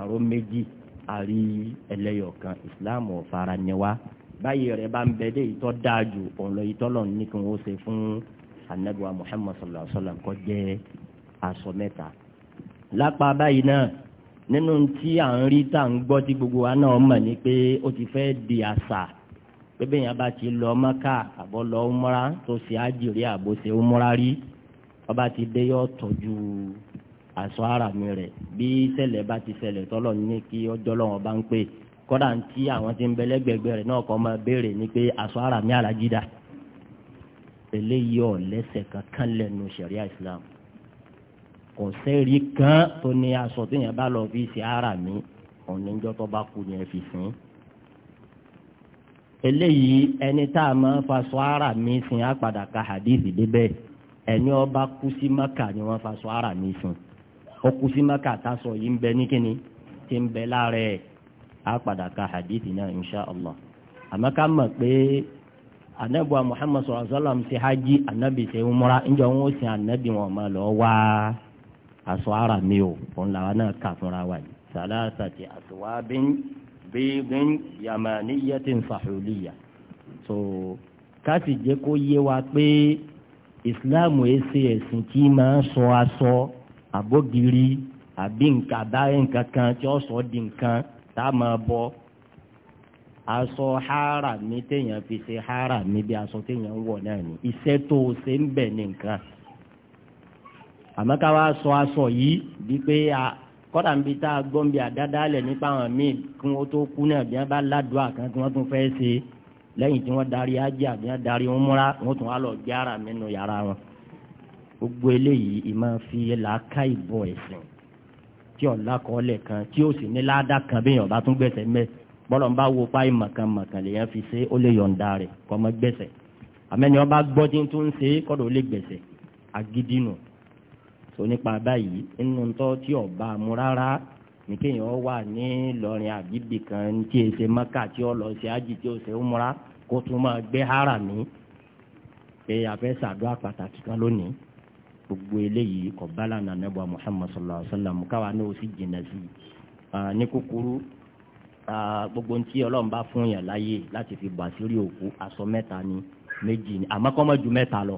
àrò méjì àrí ẹlẹ́yọ̀kan ìsìláàmù ọ̀fara ni wá báyìí rẹ̀ bá ń bẹ dé ìtọ́ dáa ju ọ̀lọ́ ìtọ́ lọ ní kí wọ́n ṣe fún anabiwa muhammad sallallahu alaihi wa sallam kọ́ jẹ́ aṣọ mẹ́ta. lápá báyìí náà nínú tí à ń rí tá à ń gbọ́ tí gbogbo wa náà mọ̀ ni pé ó ti fẹ́ di àṣà pé bẹ́ẹ̀ yẹn bá ti lọ mọ́kà àbọ̀ lọ múra tó ṣe àjèrè àbò ṣe ó múra rí ọba ti dé yọ tọ́jú aṣọ ara mi rẹ̀ bí ṣẹlẹ̀ bá ti ṣẹlẹ̀ tọ́lọ̀ ní kí ọjọ́ lọ́wọ́ bá ń pè é kọ́dà ń tí àwọn ti ń bẹ lẹ́gbẹ̀gbẹ̀ rẹ̀ náà kọ́ máa béèrè ni pé aṣọ ara mi alájídá eléyìí ọ̀ lẹ́sẹ̀ kankan lẹ́nu sẹ̀ríà islam kò sẹ́rí kan tó ní aṣọ tó yẹn bá lọ fi ṣe ara mi òníjọ́ tó bá kú yẹn fi sìn. eléyìí ẹni tá a máa faṣọ ara mi sìn á padà ka hadithi débẹ̀ ẹni ọba kú sí maka ni wọ́n faṣọ ara mi sìn ó kú sí maka tá a sọ yìí ń bẹ ní kíni tí ń bẹ lára ẹ̀ á padà ka hadithi náà insha allah àmọ́ ká mọ̀ pé anabiwa muhammad sọ̀rọ̀ sọ́lọ́m ti hajj anabi ṣe umra ǹjọ́ wọn ó sin anabi wọn ma lọ wá aṣọ ara mi o òun làwọn náà kà fúnra wa yìí salasati aswabin biidin yamaniyatin fahuliya so káàsì jẹ́ kó yé wa pé ìsìláàmù ẹsẹ̀ ẹ̀sìn tí máa ń sọ aṣọ àbógiri àbí nǹkan àbáyé nǹkan kan tí ó sọ di nǹkan tá a máa bọ́ aṣọ hara mi téèyàn fi ṣe hara mi bí aṣọ téèyàn ń wọ̀ náà ni iṣẹ́ tó o ṣe ń bẹ̀ ní nǹkan àmọ́ ká wá sọ aṣọ yìí bí pé a kọ́dà ń bi tá a gbọ́n bí àdádálẹ̀ nípa àwọn míì kí wọ́n tó kú náà bí wọ́n bá ládùá kan kí wọ́n tún fẹ́ ṣe lẹ́yìn tí wọ́n darí ajé àbí wọ́n darí wọn múra wọ́n tún wá lọ gbé ara mi nù yàrá wọn gbogbo eléyìí ìmọ̀ fi làákà ìbọ̀ ẹ̀sìn tí ọ̀la kọ́ọ̀lẹ̀ kan tí ó sì ní ládà kan bí èèyàn bá tún gbẹ̀sẹ̀ mẹ́ bọ́lọ̀ ń bá wo páì mọ̀kan mọ̀kan lèèyàn fi ṣe ó lè yọ̀ǹda rẹ̀ kọ́ mọ́ gbẹ̀sẹ̀ àmẹ́ni ọba gbọ́ tí ń tún ń ṣe kọ́dọ̀ ó lè gbẹ̀sẹ̀ agídínù tó nípa báyìí nínú tọ́ tí ọba mu rárá ní kéèyàn wà ní lọrin àbíbì kan tí èsè mọ́kà tí ó lọ sí ájì tí ó ṣe ń múra kó tún máa gbé hárà pé àfẹ́ sàdúrà kan lónìí gbogbo eléyìí kò bá lànà nàbà muhammad sallallahu alaihi wa sallam káwa náà ó sì jìnnà sí i ní kúkúrú gbogbo ntí ọlọ́run bá fún yàn láyè láti fi bọ̀ àṣírí òkú aṣọ mẹ́ta ni méjì ni àmọ́ kọ́ ju mẹ́ta lọ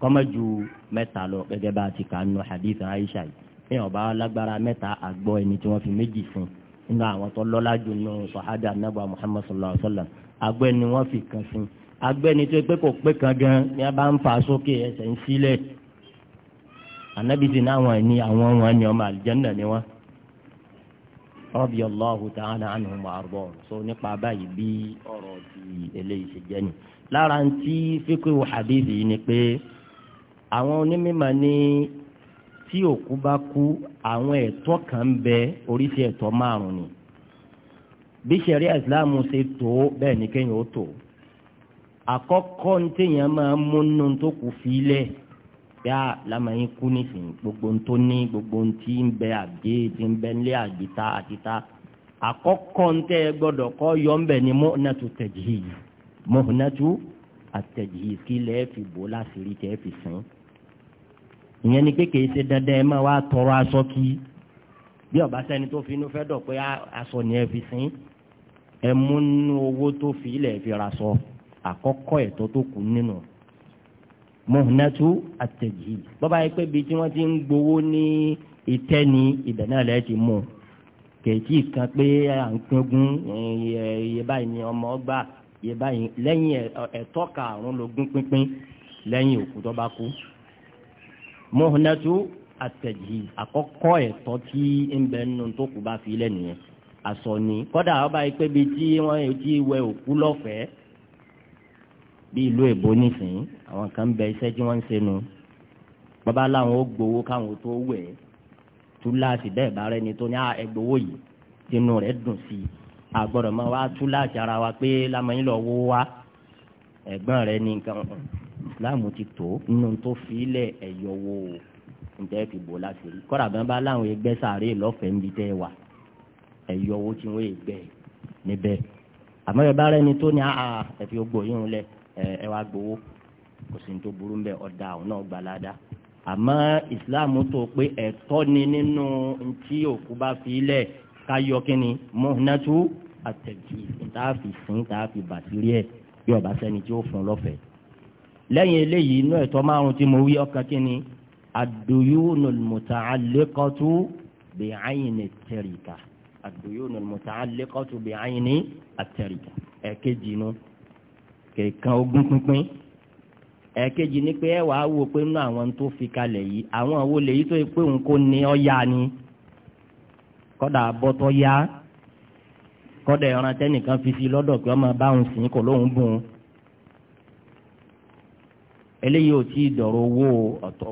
kọ́ ju mẹ́ta lọ gẹ́gẹ́ bá a ti kà ń nu hadith aisha yìí ní ọba lágbára mẹ́ta àgbọ̀ ẹni tí wọ́n fi méjì fún nínú àwọn tó lọ́lá jù nù sọ̀hádà nàbà muhammad sallallahu alaihi wa sallam àgbẹ̀ ni wọ́n fi kan fún àgbẹ̀ ni tó pé kò pé kan gan ni a bá ń fa sókè ẹsẹ̀ ń sílẹ̀ anabi sì náà wọn ni àwọn wọn ni ọmọ àlìjẹ́nà ni wọn radiyallahu ta'ala anhum wa arda so nípa báyìí bí ọ̀rọ̀ ti eléyìí ṣe jẹ́ ni lára ń tí fíkúwò hadith yìí ni pé àwọn onímọ̀ ní tí òkú bá kú àwọn ẹ̀tọ́ kan ń bẹ oríṣi ẹ̀tọ́ márùn ni bí sẹ̀rí ìsìláàmù ṣe tó bẹ́ẹ̀ ni kéèyàn ó tó àkọ́kọ́ ní téèyàn máa ń múnú tó kù fi pé à ah, lámàyín kú nísìnyí gbogbo ń tó ní gbogbo ń tí ń bẹ àgbé tí ń bẹ nílé àgbéta àtìta àkọ́kọ́ ń tẹ́ ẹ gbọ́dọ̀ kọ́ yọ ń bẹ̀ ni mọ́nàtú tẹ̀jìhì mọ́nàtú àtẹ̀jìhì kí lẹ́ẹ̀ fi bò láṣìírí tẹ́ fi sìn. ìyẹn ni pé kìí ṣe dandan ẹ máa wá tọrọ aṣọ kí bí ọba sẹni tó fi inú fẹ́ dọ̀ pé ah, aṣọ ni ẹ fi sìn ẹ mú owó tó fi ilẹ̀ fi ra àkọ́kọ́ ẹ̀tọ́ tó kù nínú. No muhnatu at-tajhil bọ́bá yẹ pé bí tí wọ́n ti ń gbowó ní ìtẹ́ ni ibẹ̀ náà lẹ́ẹ̀ ti mú un kèétí kan pé à ń pínkún iye báyìí ni ọmọ ọgbà iye báyìí lẹ́yìn ẹ̀tọ́ karùn-ún lógún pínpín lẹ́yìn òkú tó bá kú muhnatu àtẹ̀jì àkọ́kọ́ ẹ̀tọ́ tí ń bẹ nínú tó kù bá fi lẹ́nu yẹn àsọ ni kọ́dà ọba yìí pé bíi tí wọ́n ti wẹ òkú lọ́fẹ̀ẹ́ bí ìlú èbó nísìnyí àwọn kan bẹ iṣẹ́ tí wọ́n ń ṣe nu bàbá làwọn ó gbowó káwọn tó wẹ̀ túláàsì bẹ́ẹ̀ bá rẹ ni tó ní ẹgbowó yìí tinú rẹ̀ dùn sí i àgbọ̀dọ̀ máa wá túláàsì ara wa pé lamẹ́yìn lọ wó wá ẹ̀gbọ́n rẹ ní nǹkan láàmú ti tó nínú tó fi lẹ̀ ẹ̀yọ̀ wò ó fi bò láṣìírí kọ́ra bẹ́ẹ̀ bá ẹgbẹ́ sàárè lọ́fẹ̀ẹ́ ń bi tẹ́ wà ẹ̀yọ̀ owó tí wọ́n gbẹ níbẹ̀ àmọ́ ẹ bá rẹ ni tó ní àà ẹ fi lẹ̀ ẹ wá gbowó kò sí ní tó burú mbẹ ọ̀dà àwọn náà gbà ládàá àmọ́ ìsìláàmù tó pé ẹ̀tọ́ ni nínú tí òkú bá fi lẹ̀ káyọ kínní mọ́nàtú àtẹ̀jì ìtààfì sìn ìtààfì bàtírí ẹ̀ bí ọba sẹ́ni tí ó fún lọ́fẹ̀ẹ́. lẹ́yìn eléyìí inú ẹ̀tọ́ márùn tí mo wí ọkàn kínní ad-duyunul muta'alliqatu bi'ayni at-tarika ad-duyunul muta'alliqatu bi'ayni at-tarika ẹ̀kejì inú. No kẹ̀kan ogún pínpín ni pé ẹ wò pé nínú àwọn tó fi kalẹ̀ yìí àwọn lè yìí tó pé òun kò ní ni kọ́dà bọ́tọ̀ yá kọ́dà ẹran tẹ́nìkan fi si lọ́dọ̀ pé ọmọ báwọn sìn kò lóun bùn eléyìí ò tí ì dọ̀rọ̀ owó ọ̀tọ̀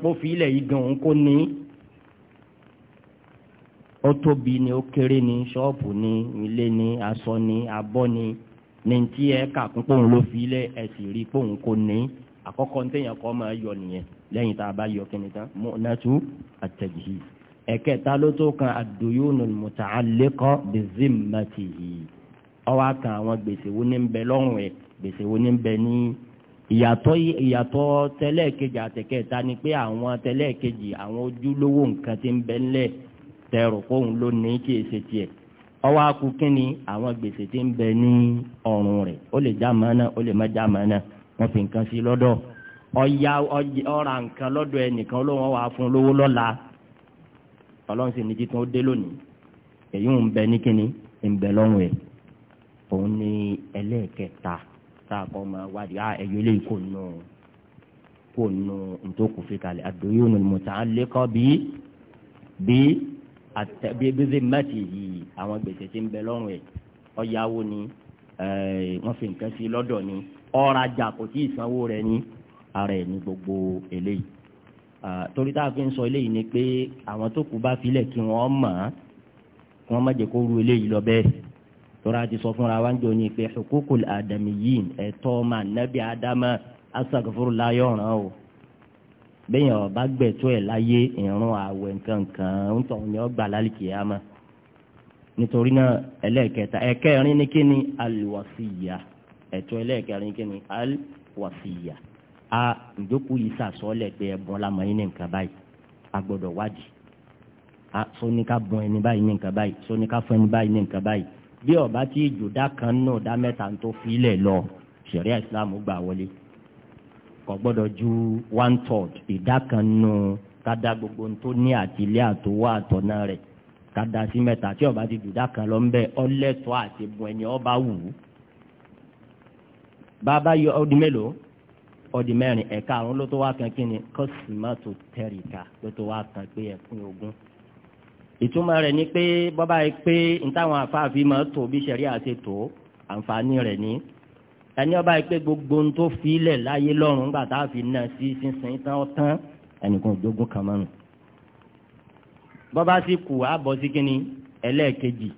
owó fi ilẹ̀ yìí gan ó tóbi ni ó kéré ni ṣọ́ọ̀bù ni ilé ni aṣọ ni abọ́ ni ní tí ẹ kà kún pòun ló fi ilé ẹ sì rí pòun kò ní àkọ́kọ́ ní téèyàn kọ́ máa yọ nìyẹn lẹ́yìn tá a bá yọ kíni tán mọ́nàtú àtẹ̀jì ẹ̀kẹta ló tó kan ad-duyunul muta'alliqa bizimmatihi ọwọ́ kan àwọn gbèsè wo ní bẹ lọ́rùn ẹ̀ gbèsè wo ní bẹ ní ìyàtọ̀ ìyàtọ̀ tẹ́lẹ̀kejì àtẹ̀kẹta ni pé àwọn tẹ́lẹ̀kejì àwọn ojúlówó nǹkan tí ń bẹ ńlẹ̀ tẹ́rù fóun ló kí èsè tiẹ̀ ọwọ́ akú àwọn gbèsè ti ń bẹ ní ọrùn rẹ̀ ó lè já mọ́nà ó lè má já mọ́nà wọ́n fi nǹkan sí lọ́dọ̀ ọ̀ya ọ̀ra nǹkan lọ́dọ̀ ẹnìkan olóhùn wà fún lówó lọ́la sì ní títún ó dé lónìí èyí ń bẹ ní ń bẹ a kọ́ wádìí á ah, ẹ̀yọ́ nù nù ntòkùnfin kalẹ̀ àdóyún ni àtẹ̀bíyébíyé mẹ́tì yìí àwọn gbèsè tí ń bẹ lọ́rùn ẹ̀ ọ̀yàwó ni eh, wọ́n fi nǹkan sí lọ́dọ̀ ni ọ̀rajà kò tí ì sanwó rẹ̀ ní ara ẹ̀ ní gbogbo eléyìí torí tá a fi ń sọ eléyìí ni pé àwọn tó kù bá filẹ̀ kí wọ́n mọ̀ kí wọ́n má jẹ́ kó ru eléyìí lọ bẹ́ẹ̀ torí a ti sọ fúnra wa ń jọ ní pé hukukul adamiyin ẹ̀tọ́ ọmọ anabi adama asagafuru la o bẹ́yìn ọba gbẹ̀tọ́ ẹ̀ láyé ìrún àwẹ̀ nkankan ń tọ̀ ní ọgbà lálìkì àmà nítorí náà ẹlẹ́ẹ̀kẹta ẹ̀kẹrin ní kíni alùwàsíyà ẹ̀tọ́ ẹlẹ́ẹ̀kẹrin ní kíni alùwàsíyà a ìjókòó yìí sàsọ́ọ́lẹ̀ pé ẹ̀bùn ọlámọ yín ní nǹkan báyìí a gbọ́dọ̀ wádìí a sóníkà bùn ẹni báyìí ní nǹkan báyìí sóníkà fún ẹni báyìí ní nǹkan báyìí bí ọba tí ìjòdá kan náà dá mẹ́ta tó fi ilẹ̀ lọ ṣẹ̀ríà ìsìlámù gbà wọlé kò gbọ́dọ̀ ju one third ìdá kan nù kádà gbogbo tó ní àtìlé àtòwọ́ àtọ̀nà rẹ̀ kádà sí mẹ́ta tí ó bá ti dùdá kan lọ ń bẹ ọlẹ́tọ̀ àti bùn ẹni ó bá wù ú. bàbá yọ ọdún mélòó ọdún mẹ́rin ẹ̀ka àrùn ló tó wá kan kíni kọ́sìmọ́tò tẹ̀ríkà ló tó wá kan pé ẹ̀kún ogún. ìtumọ̀ rẹ̀ ni pé bọ́bá yìí pé ní táwọn afáàfin máa tó bí sẹ̀rí àti tó àǹfààní rẹ̀ ní ẹni ọba yìí pé gbogbo ohun tó fi ilẹ̀ láyé lọ́rùn nígbà tá a fi nà sí sísìn tán tán ẹnìkan òjogún kan mọ́nu. bọ́bá sì kù àbọ̀ sí kínní ẹlẹ́ẹ̀kejì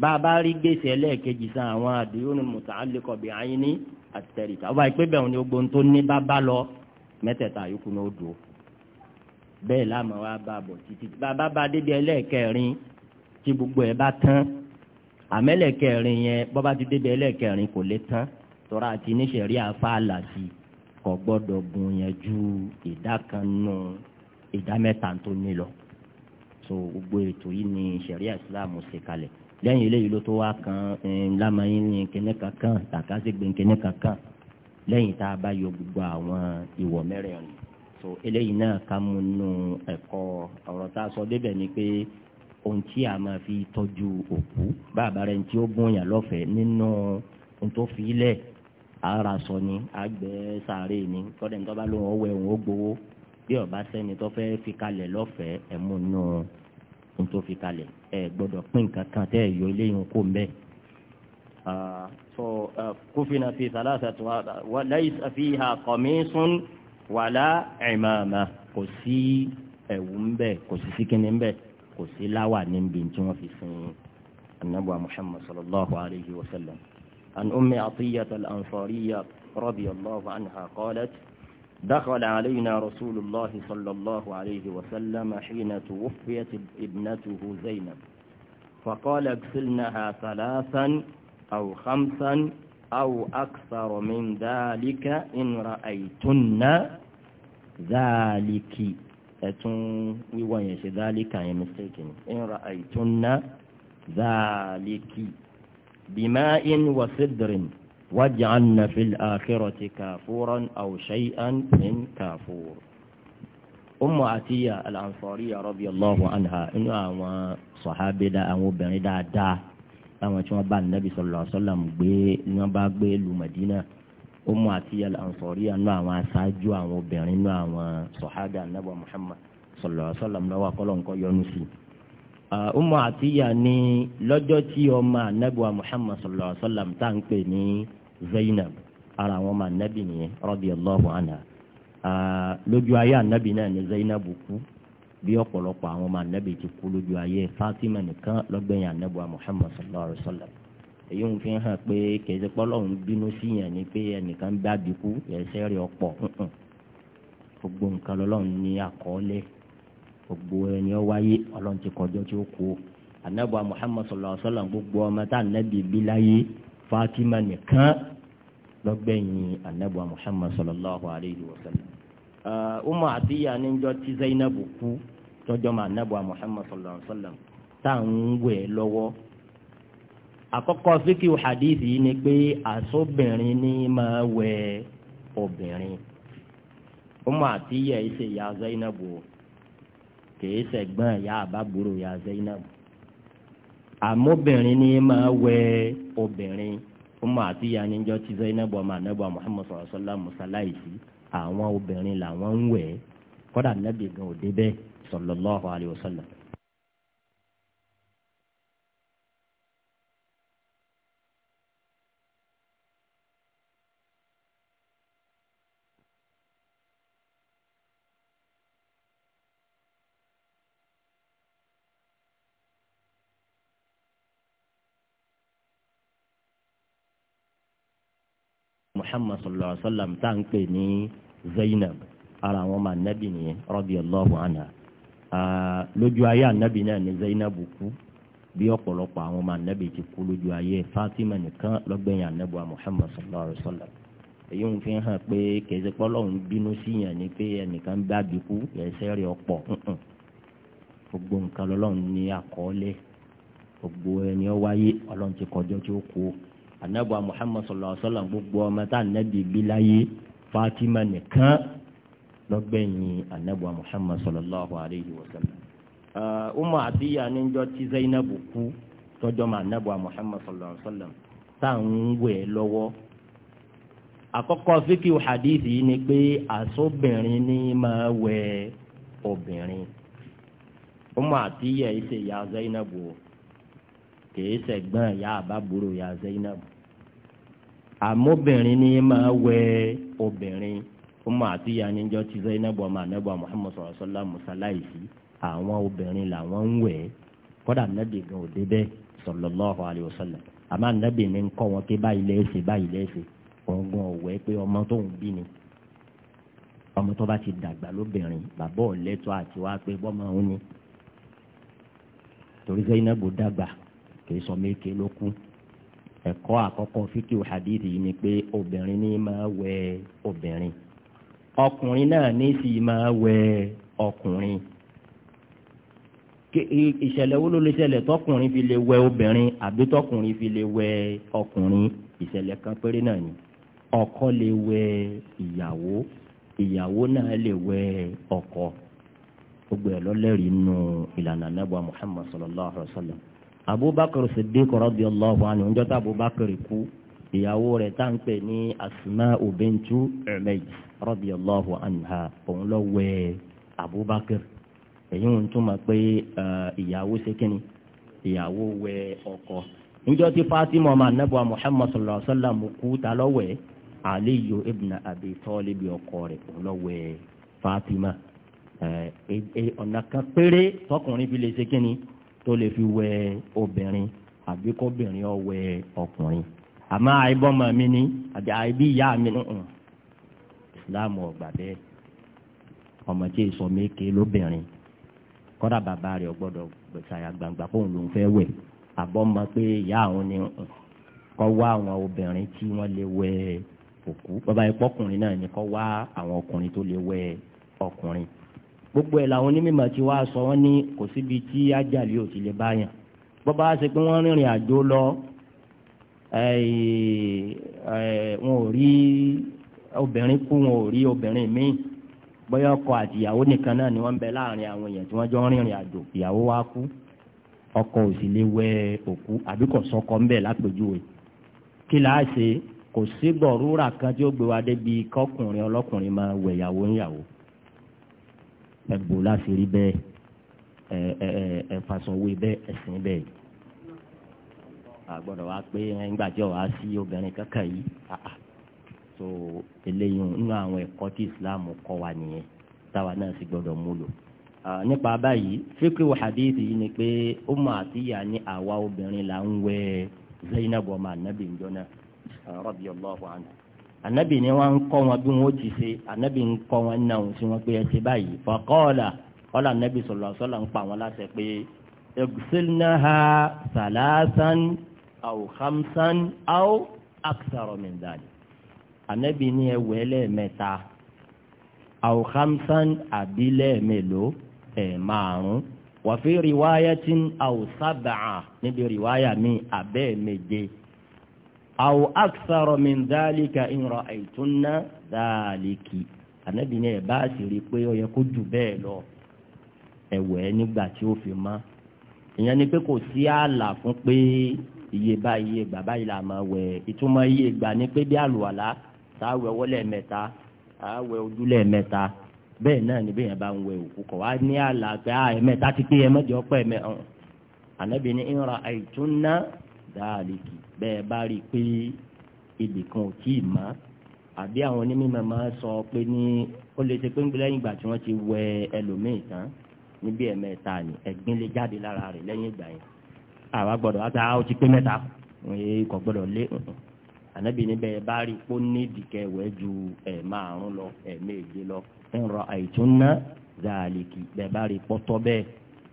bá a bá rí gbèsè ẹlẹ́ẹ̀kejì san àwọn àdéhùn mùtàlẹ́kọ̀ bí ayé ní àtẹ̀rìtà ọba yìí pé bẹ́ẹ̀ òun ni gbogbo ohun tó ní bá bá lọ mẹ́tẹ̀ẹ̀ta yòókù ní ó bẹ́ẹ̀ láàmú wa bá a bọ̀ títí bàbá bá a débi ẹlẹ́ẹ̀kẹrin tí gbogbo ẹ̀ bá tán àmẹ́lẹ̀kẹrin yẹn bọ́bá ti débi ẹlẹ́ẹ̀kẹrin kò lè tán tọ́ra àti níṣẹ̀rí àfààlà sí kò gbọ́dọ̀ bùnyàn ju ìdá kan nù ìdá mẹ́ta tó ní lọ so gbogbo ètò yìí ni ṣẹ̀ríà islam ṣe kalẹ̀ lẹ́yìn eléyìí ló tó wá kan ńlámàyín eh, ní kíní kankan tàkásígbè kíní kankan lẹ́yìn tá a bá yọ gbogbo àwọn ìwọ̀ mẹ́rẹ̀ẹ̀rin so eléyìí náà ká mú nínú ẹ̀kọ́ ọ̀rọ̀ tá a sọ débẹ̀ ni pé ohun tí a máa fi tọ́jú òkú bàbá rẹ̀ tí ó gún yàn lọ́fẹ̀ẹ́ nínú ohun tó fi lẹ̀ àràsọ ni àgbẹ̀ sàárè ni kọ́dẹ̀ nítorí bá lóun ọwọ́ ẹ̀hún ó gbowó bí ọba sẹ́ni tó fẹ́ fi kalẹ̀ lọ́fẹ̀ẹ́ ẹ̀mú nù ń tó fi kalẹ̀ ẹ̀ gbọ́dọ̀ pín nǹkan kan tẹ́ ẹ̀yọ eléyìí kó ń bẹ́ẹ̀. so kófìnà fi sàlásà tó wà láì sàfihà kọ̀mísùn wàlá ìmàmà kò sí ẹ̀wù ń bẹ̀ kò sí síkínní ń bẹ̀ kò sí láwà níbi tí wọ́n fi sin anábọ̀ Muhammad sallallahu alayhi wa sallam. عن أم عطية الأنصارية رضي الله عنها قالت دخل علينا رسول الله صلى الله عليه وسلم حين توفيت ابنته زينب فقال اغسلنها ثلاثا أو خمسا أو أكثر من ذلك إن رأيتن ذلك ذلك يعني يعني. إن رأيتن ذلك بماء وصدر واجعلنا في الآخرة كافورا أو شيئا من كافور أم عتية الأنصارية رضي الله عنها إنه أما صحابي دا أمو بني دا دا أما النبي صلى الله عليه وسلم بي نبا بي لمدينة أم عتية الأنصارية إنه أما ساجو أمو بني إنه أما صحابي النبي محمد صلى الله عليه وسلم لو أقول أنكو يونسي Ah, Ummu Atiyya ní lọ́jọ́ tí ọmọ anabiwa Muhammad sallallahu alaihi wa sallam tá à ń pè ní Zainab ara àwọn ọmọ anabi nìyẹn radiyallahu anha ah, lójú ayé anabi náà ní Zainab kú bí ọ̀pọ̀lọpọ̀ àwọn ọmọ anabi ti kú lójú ayé Fatima nìkan lọ́gbẹ̀yìn anabiwa Muhammad sallallahu alaihi wa sallam èyí ń fi hàn pé kèsì pọ́lọ́hún bínú sí yẹn ni pé ẹnìkan bá bí kú ẹ̀ṣẹ̀ rẹ̀ ọ̀pọ̀ gbogbo nǹkan lọ́lọ́run ní àkọọ́lẹ̀ gbogbo ẹni ọ wáyé ọlọ́run ti kọjọ́ tí ó kú o anabuwa muhammad sallallahu alaihi wa sallam gbogbo ọmọ tá anabi bí láyé fatima nìkan lọ́gbẹ̀yìn anabuwa muhammad sallallahu alaihi wa sallam. umu atiya níjọ tí zainabu kú tọjọ́ ma anabuwa muhammad sallallahu alaihi wa sallam tá à ń wẹ̀ lọ́wọ́ àkọ́kọ́ fíkì hadithi ni pé àsóbìnrin ní máa wẹ̀ obìnrin umu atiya ìṣe ya zainabu kìí sẹ̀gbọ́n ìyá àbábúrò ya Zainab àmóbìnrin ni máa wẹ obìnrin ọmọ ati ìyá níjọ tí Zainab ọmọ anábọ Muhammad sallallahu alaihi wasallam mùsàláìsì àwọn obìnrin làwọn ń wẹ kódà gan òde muhammad sallallahu alaihi wa sallam tá à ń pè ní zainab ara àwọn ọmọ anabi nìyẹn radiyallahu anha lójú ayé anabi náà ni zainab kú bí ọ̀pọ̀lọpọ̀ àwọn ọmọ anabi ti kú lójú ayé fatima nìkan lọ́gbẹ̀yìn anabi wa muhammad sallallahu alaihi wa sallam èyí ń fi hàn pé kèsì pọ́lọ́hún bínú sí yàn ni pé ẹnìkan ń bá bíkú ẹ̀ṣẹ̀ rẹ̀ ọ̀pọ̀ gbogbo nǹkan lọ́lọ́run ní àkọọ́lẹ̀ gbogbo ẹni ọ wáyé ọlọ́run ti kọjọ́ tí ó kú o anabuwa muhammad sallallahu alaihi wa sallam gbogbo ọmọ tá anabi bí láyé fatima nìkan lọ́gbẹ̀yìn anabuwa muhammad sallallahu alaihi wa sallam. umu atiya níjọ tí zainabu kú tọjọ́ ma anabuwa muhammad sallallahu alaihi wa sallam tá à ń wẹ̀ lọ́wọ́ àkọ́kọ́ fíkì hadithi ni pé àsóbìnrin ní máa wẹ̀ obìnrin umu atiya ìṣe ya zainabu kìí sẹ̀gbọ́n ìyá àbábúrò ìyá Zainab àmóbìnrin ni máa wẹ obìnrin ọmọ àti ìyá níjọ ti Zainab ọmọ anábọ Muhammad sọlá sọlá musalaisi àwọn obìnrin làwọn ń wẹ kódà nàbì gan òde bẹ sallallahu alaihi wasallam àmọ́ nàbì ní ń kọ wọn pé báyìí lẹsẹ báyìí lẹsẹ ọgbọn ọwẹ pé ọmọ tó ń bí ni ọmọ tó bá ti dàgbà lóbìnrin bàbá ọ̀lẹ́tọ̀ àti wá pé bọ́mọ òun ni torí Zainab dàgbà kìí sọ méke ló kú ẹ̀kọ́ àkọ́kọ́ fíkìú hadith yìí ni pé obìnrin ní máa wẹ obìnrin ọkùnrin náà ní sì máa wẹ ọkùnrin ìṣẹ̀lẹ̀ wo ló lè ṣẹlẹ̀ tọkùnrin fi lè wẹ obìnrin àbí tọkùnrin fi lè wẹ ọkùnrin ìṣẹ̀lẹ̀ kan péré náà ni ọkọ lè wẹ ìyàwó ìyàwó náà lè wẹ ọkọ gbogbo ẹ̀ lọ́lẹ́rìí nù ìlànà anábọ̀ Muhammad sallallahu alayhi wa sallam abubakar siddiq radiyallahu anhu ń jọ́tà abubakar kú ìyàwó rẹ̀ tá à ń pè ní asma'u bintu umayyah radiyallahu anha òun lọ wẹ abubakar èyí ń túmọ̀ pé ìyàwó ṣe kínni ìyàwó wẹ ọkọ níjọ́ tí fatima ọmọ anabuwa muhammad sallallahu alaihi wa sallam kú ta lọ́wẹ̀ aliyu ibn abi tọ́lẹ̀ bí ọkọ rẹ̀ òun lọ́wẹ̀ fatima ọ̀nà kan péré tọkùnrin fi lè ṣe tó lè fi wẹ obìnrin àbí kóbìnrin ó wẹ ọkùnrin àmọ́ àìbọ́mọ mi ni àbí àìbí ìyá mi ni ìsìláàmù ọ̀gbà bẹ́ẹ̀ ọmọ tí èso méke lóbìnrin kọ́dà bàbá rẹ̀ gbọ́dọ̀ gbèsàyà gbangba kó òun ló ń fẹ́ wẹ̀ àbọ́mọ pé ìyá àwọn ni kọ́ wá àwọn obìnrin tí wọ́n lè wẹ òkú bàbá ẹ̀pọ́kùnrin náà ni kọ́ wá àwọn ọkùnrin tó lè wẹ ọkùnrin gbogbo ẹ̀ làwọn onímọ̀ tí wàá sọ wọ́n ní kò síbi tí ajáde ò ti lè báyàn bọ́ bá ṣe pé wọ́n rìnrìn àjò lọ wọn ò rí obìnrin kú wọn ò rí obìnrin míì bóyá ọkọ àti ìyàwó nìkan náà ni wọ́n ń bẹ láàrin àwọn èèyàn tí wọ́n jọ ń rìnrìn àjò ìyàwó wa kú ọkọ ò sì lè wẹ òkú àbí kò sọkọ ń bẹ lápèjúwe kí láà ṣe kò sí gbọ̀rúra kan tí ó gbé wa débi kọkùnrin ọlọ́kùnrin máa wẹ̀ ìyàwó ń yàwó ẹgbò láti rí bẹ́ẹ̀ ẹ̀fàsọ̀wé bẹ́ẹ̀ ẹ̀sìn bẹ́ẹ̀ àgbọ̀dọ̀ wa pé ńgbà tí ọ̀ wá sí obìnrin kankan yìí so eléyìí nínú àwọn ẹ̀kọ́ tí Islam kọ́ wa nìyẹn táwa náà sì gbọ́dọ̀ mú lò nípa báyìí fíkì hadith yìí ni pé Ummu Atiyya ní àwa obìnrin là ń wẹ Zainab ọmọ anabi njọ náà radiyallahu anha anabi ni wọn ń kọ́ wọn bí wọn ó ti ṣe anabi ń kọ́ wọn náà sí wọn pé ẹ ti báyìí fọkọọlà ọlà anabi sọlọ sọlọ ń pa wọn láṣẹ pé egsilnaha salasan aw khamsan aw aksaro min dhalik anabi ni ẹ wẹ̀ lẹ́ẹ̀mẹ́ta aw khamsan àbí lẹ́ẹ̀mélòó ẹ̀ márùn wàfi riwaayatin aw sab'a níbi riwaaya mi abẹ́ẹ̀ aw akthara min dhalika in ra'aytunna dhaliki ànábì ní ẹ̀ bá sì rí i pé ó yẹ kó jù bẹ́ẹ̀ lọ ẹ̀wẹ̀ nígbà tí ó fi mọ́ ìyẹn ni pé kò sí ààlà fún pé iye bá iye gbà báyìí là máa wẹ̀ ìtumọ̀ iye gbà ni pé bí àlùwàlá tá a wẹ̀ wọlé mẹ́ta tá a wẹ̀ ojúlé mẹ́ta bẹ́ẹ̀ náà ni bẹ́ẹ̀ bá ń wẹ̀ òkú kọ̀ wá ní ààlà pé a ah, ẹ̀mẹ́ta ti pé ẹ̀mẹ́jọ pẹ́ ẹ̀mẹ́ bẹ́ẹ̀ bá rí i pé ibìkan ò tí ì mọ́ àbí àwọn onímọ̀ máa sọ pé ní ó lè ṣe pé ń gbé lẹ́yìn ìgbà tí wọ́n ti wẹ ẹlòmíì tán níbi ẹ̀mẹ́ta ni ẹ̀gbin lè jáde lára rẹ̀ lẹ́yìn ìgbà yẹn àwa gbọ́dọ̀ àti àwọn ti pé mẹ́ta kò gbọ́dọ̀ lé ànábì níbẹ̀ bá rí i pé ní ìdìkẹ́ wẹ́ ju ẹ̀ márùn lọ ẹ̀ lọ ń rọ àìtúnná zaaliki bẹ́ẹ̀ bá rí i pọ́tọ́ bẹ́ẹ̀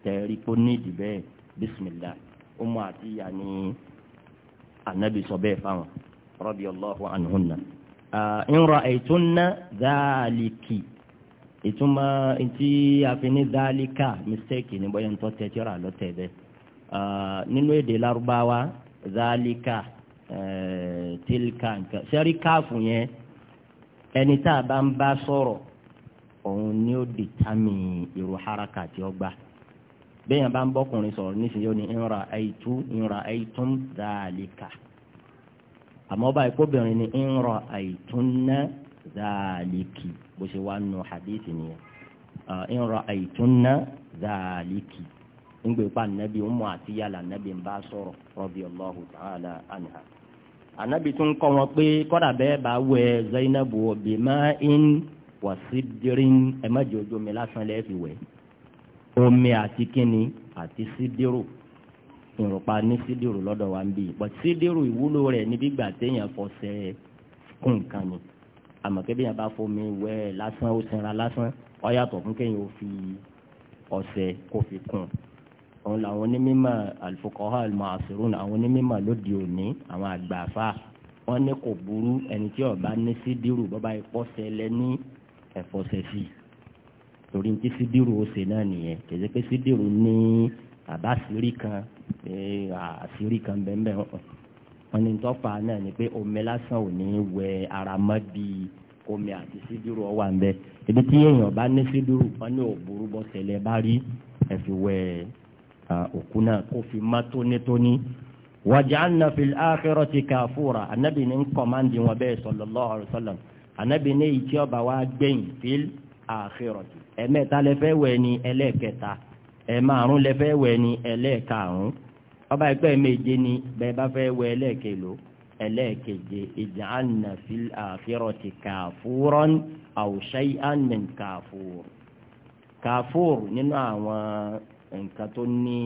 tẹ̀ i pé ní ìdì bísímìlá ó mú àtìyà ní anabi sọ bẹ́ẹ̀ fáwọn radiyallahu anhunna in ra'aytunna dhaliki ìtumọ̀ tí a fi ní dhalika mistake ni bóyá ń tọ́ tẹ́ tíra lọ́tẹ̀ bẹ́ẹ̀ nínú èdè Lárúbáwá dhalika tilka nǹkan sẹ́rí káàfù yẹn ẹni tá a bá ń bá sọ̀rọ̀ òun ni ó dìtámì irú haraka tí ó gbà bẹ́yàn bá ń bọ́kùnrin sọ̀rọ̀ nísìnyí ó ní ìnra àìtú ìnra àìtún dáàlíkà àmọ́ báyìí kóbìnrin ní ìnra àìtún ná dáàlíkì bó ṣe wá nù hadith nìyẹn ìnra ah, àìtún ná dáàlíkì ńgbè pa nàbí ọmọ àti yàrá nàbí ń bá sọ̀rọ̀ radiyallahu ta'ala anha ànábì tún kọ́ wọn pé kọ́dà bẹ́ẹ̀ bá wẹ Zainabu bima in wàsídìrín ẹ̀ má jẹ́ ojú mi lásán lẹ́ẹ̀fi wẹ̀ omi àti kíni àti sídìrò ìrùpa ní sídìrò lọ́dọ̀ wa ń bì bọ́ sídìrò ìwúlò rẹ̀ níbi ìgbà téèyàn fọṣẹ kún nǹkan ni àmọ́ kébí yẹn bá fomi wẹ̀ lásán ó sinra lásán ó yàtọ̀ fún kéèyàn ó fi ọṣẹ kó fi kún òun làwọn onímọ̀ al-fuqaha al-mu'asirun àwọn onímọ̀ lóde òní àwọn àgbààfà wọn ní kò burú ẹni tí ó bá ní sídìrò bọ́ba ìpọ́sẹ̀ lẹ́ni ẹ̀fọ́sẹ̀ sí i torí ní sídìrú ose náà nìyẹn kèsì pé sídìrú ní àbá sírí kan àṣírí kan bẹ́ẹ̀ wọ́n ní tọ́fà náà ni pé omi lásán ò ní wẹ ara mọ́ bíi omi àti sídìrú ọwà ń bẹ ibi tí èèyàn bá ní sídìrú wọn ní òbúrú bọ́ tẹ̀lé bá rí ẹ wẹ òkú náà kó fi má tónítóní waj'alna fil akhirati kafura anabi ní ń kọ́mándì wọn bẹ́ẹ̀ sallallahu alaihi wasallam anabi ní ìtí ọba wa gbẹ̀yìn fíl àkèrọ̀tì ẹ̀mẹ́ta lẹ́fẹ́ wẹ̀ ni ẹlẹ́ẹ̀kẹta ẹ̀márùn lẹ́fẹ́ wẹ̀ ni ẹlẹ́ẹ̀karùn ọba ẹgbẹ́ méje ni bẹ́ẹ̀ bá fẹ́ wẹ̀ ẹlẹ́ẹ̀kẹlò ẹlẹ́ẹ̀keje ìjàánà fi àkèrọ̀tì kàfúrọ́n àwùṣẹ́ ànà kàfúr kàfúr nínú àwọn nǹkan tó ní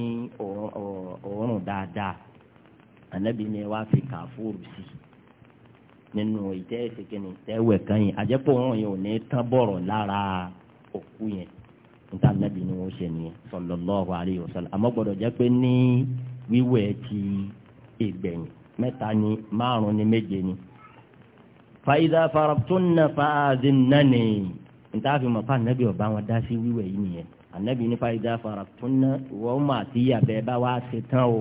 òórùn dáadáa ànábì ni fi kàfúr sí i nínú ìtẹ́ ìsèkéni ìtẹ́wẹ̀ kan yìí àjẹpọ̀ òun yìí ò ní tán bọ̀rọ̀ lára òkú yẹn níta nàbì ni wọ́n ṣe nìyẹn sallallahu alaihi wasallam àmọ́ gbọ́dọ̀ jẹ́ pé ní wíwẹ̀ ti ìgbẹ̀yìn mẹ́ta ni márùn ni méje ni. fa idha farabtunna fa'adhinnani níta fi mọ̀ fún anabi ọba wọn dá sí wíwẹ̀ yìí nìyẹn anabi ní fa idha wọ́n mọ̀ àti yàbẹ̀ bá wá ṣe tán o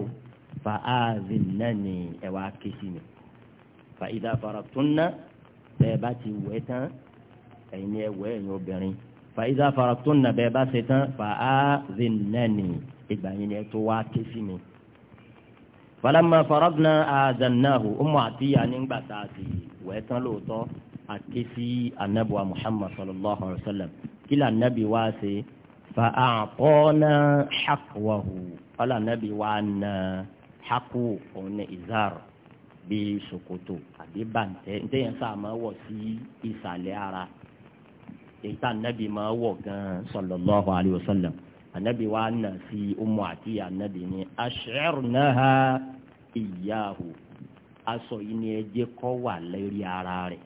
fa'adhinnani ẹ̀ wá ké sí fàyídà faratunna bẹ́ẹ̀ bá ti wẹ̀ tán ẹ̀yin ni ẹ wẹ̀ ẹ̀yin obìnrin fàyídà faratunna bẹ́ẹ̀ bá ṣe tán fà á zinnani ìgbà yẹn ni ẹ tó wá ké sí mi. falamma faradna àdánnáhù ọmọ àtìyà nígbà tá a ti wẹ̀ tán lóòótọ́ àti sí anabuwa muhammad sallallahu alayhi wa sallam kí anabi wá ṣe fa àkọ́nà xakuwahu ọ̀là anabi wá na xaku òun ni àbí ṣòkòtò àbí bàǹtẹ́ ntẹ́yẹn sáà máa wọ̀ sí ìsàlẹ̀ ara èyí tá ànábì máa wọ̀ gan-an sallallahu alayhi wa sallam ànábì wa nà sí Ummu Atiyya ànábì ní ash'arnaha iyyahu aṣọ yìí ni ẹ jẹ́ wà lórí ara rẹ̀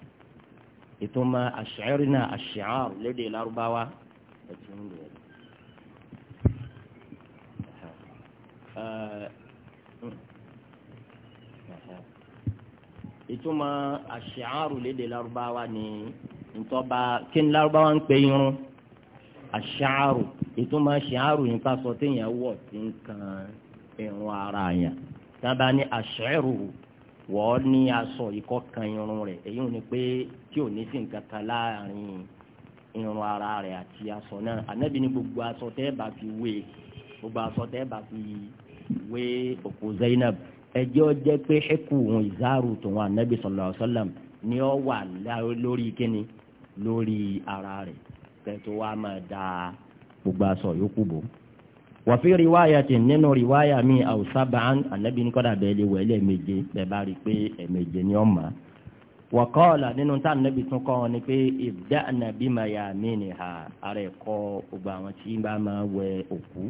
ìtumọ̀ ash'arna ash-shi'ar lédè lárúbáwá ẹ̀tún lè rẹ̀ ìtumọ̀ àṣìárù léde lárúbáwá ni ntọ́ba kí ni lárúbáwá ń pe irun àṣìárù ìtumọ̀ àṣìárù yìí ká sọ téèyàn wọ̀ sí nǹkan irun ara yẹn tábà ní àṣìárù wọ́ọ́ ní aṣọ ìkọ́ kan irun rẹ̀ èyí ò ní pé tí ò ní sí nǹkan kan láàrin irun ara rẹ̀ àti aṣọ náà ànábì ní gbogbo aṣọ tẹ́ bá fi wé gbogbo aṣọ tẹ́ bá fi wé òkú Zainab ẹjọ́ jẹ́ pé ṣẹ́kù òun ìzáàrù tòun ànábì sallallahu alaihi wasallam ni ó wà lórí kíni lórí ara rẹ̀ kẹtù wa máa da gbogbo aṣọ yòókù bò. wa fi riwayatin nínú riwaya mi aw sab'an ànábì ní kọ́dà bẹ́ẹ̀ lè wẹ̀ lẹ́ẹ̀méje bẹ́ẹ̀ bá rí i pé ẹ̀ẹ̀méje ni ó máa wàkọ́ọ̀là nínú tá nàbì tún kọ́ ni pé ìdá nàbì màyà mí ni ha ara ẹ̀kọ́ gbogbo àwọn tí bá máa wẹ òkú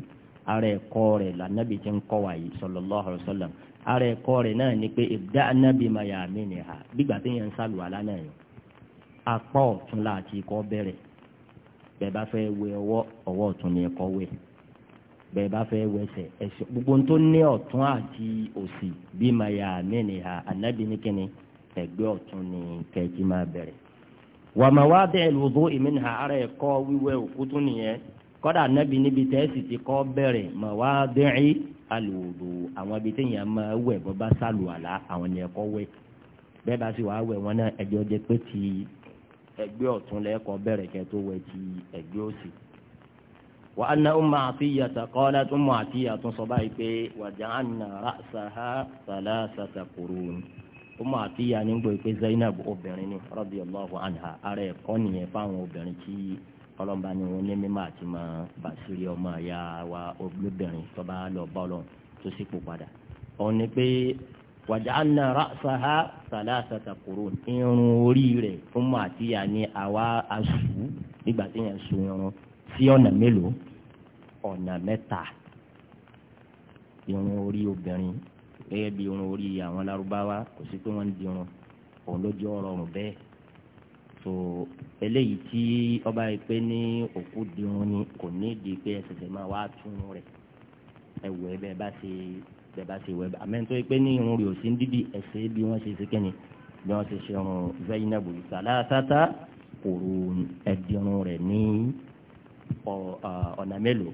ara ẹ̀kọ́ rẹ̀ là nàbì tí ń kọ́ wáyé sallallahu alaihi wasallam ara ẹ̀kọ́ rẹ̀ náà ni pé ìdá anábì maya mìíní ha gbígbà tí yẹn ń sàlùwàlá náà yẹn apá ọ̀tún láti ikọ́ bẹ̀rẹ̀ bẹ́ẹ̀ bá fẹ́ wẹ ọwọ́ ọwọ́ ọ̀tún ni ẹ̀kọ́ wẹ̀ bẹ́ẹ̀ bá fẹ́ wẹsẹ̀ ẹ̀sìn gbogbo tó ní ọ̀tún àti òsì bí alòòdò àwọn ibi tí èèyàn máa wẹ̀ bọ́ bá sálù àlá àwọn ni ẹ̀kọ́ wẹ̀ bẹ́ẹ̀ bá sì wàá wẹ̀ wọn náà pé ti ẹgbẹ ọ̀tún lẹ́ẹ̀kọ́ bẹ̀rẹ̀ kẹ́ tó wẹ̀ ti ẹgbẹ́ òsì. wà á ná ọmọ àfihàn kọ́lá tó mọ àfihàn tó sọ báyìí pé wàjà á nà nígbà pé ara ẹ̀kọ́ nìyẹn fáwọn obìnrin kọlọmba ni wọn ní mímọ àti mọ basiri ọmọ ya wa olóbìnrin tọba lọ bọlọ tó sì kó padà òun ni pé wàjàánà ràṣàhà sàlàsàtà kúrò irun orí rẹ̀ fún mọ àti yà ni àwa asù nígbà tí yẹn sun irun sí ọ̀nà mélòó ọ̀nà mẹ́ta irun orí obìnrin gẹ́gẹ́ bí irun orí àwọn Lárúbáwá kò sí pé wọ́n ń dirun òun ló jẹ́ ọ̀rọ̀ ọ̀rùn bẹ́ẹ̀ so eléyìí tí ọba yìí pé ní òkú dirun ni kò ní di pé ẹsẹsẹ máa wá tún rẹ ẹwẹ bẹ́ẹ̀ bá ṣe bẹ́ẹ̀ bá ṣe wẹ bẹ́ẹ̀ àmẹtọ yìí pé ní irun rẹ ò sí dídì ẹsẹ bí wọn ṣe ṣe kẹni bí wọn ṣe ṣe irun zainabu salasata kòrò ẹdirun rẹ ní ọ̀nà mélòó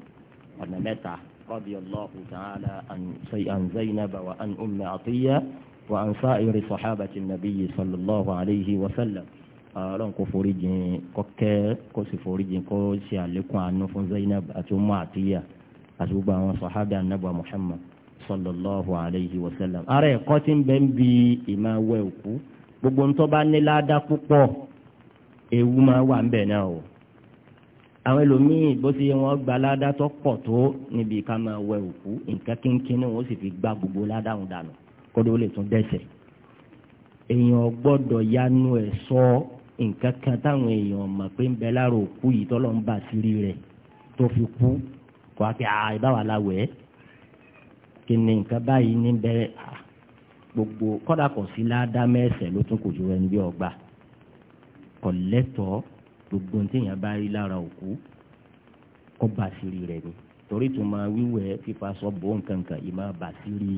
ọ̀nà mẹ́ta radiyallahu ta'ala an zainaba wa an ummi atiya wa an sa'iri sahabati nabiyyi sallallahu alayhi ọlọ́run kò foríjìn kọ́ kẹ́ kó sì foríjìn kó ṣe àlékún àánú fún Zainab àti umu àtiyà àti gbogbo àwọn sọ̀hábì anábà Muhammad sallallahu alayhi wa sallam. ara ẹ̀kọ́ tí ń bẹ ń bi ìmọ̀ awẹ́ òkú gbogbo ń tó bá ní ládá púpọ̀ ewu máa wà ń bẹ̀ náà o. àwọn ẹlòmíì bó ti wọn gba ládá tó pọ̀ tó níbi ká máa wẹ òkú nǹkan kínkín ni wọ́n sì fi gbá gbogbo ládá òun dànù kó ló lè tún dẹ́sẹ̀ nǹkan kan táwọn èèyàn mọ̀ pé ń bẹ lára òkú yìí tọ́lọ́ ń bà sírí rẹ̀ tó fi kú kó a kì á ìbáwá la wẹ̀ ẹ́ kí ni nǹkan báyìí ní bẹ́ẹ̀ gbogbo kọ́dà kò sí ládàá mẹ́sẹ̀ ló tún kò ju ẹni bí ọgbà kò lẹ́tọ̀ọ́ gbogbo nítìyàn bá rí lára òkú kó bà sírí rẹ̀ ni torí tó máa wíwẹ̀ fífa sọ bò nǹkan kan yìí máa bà sírí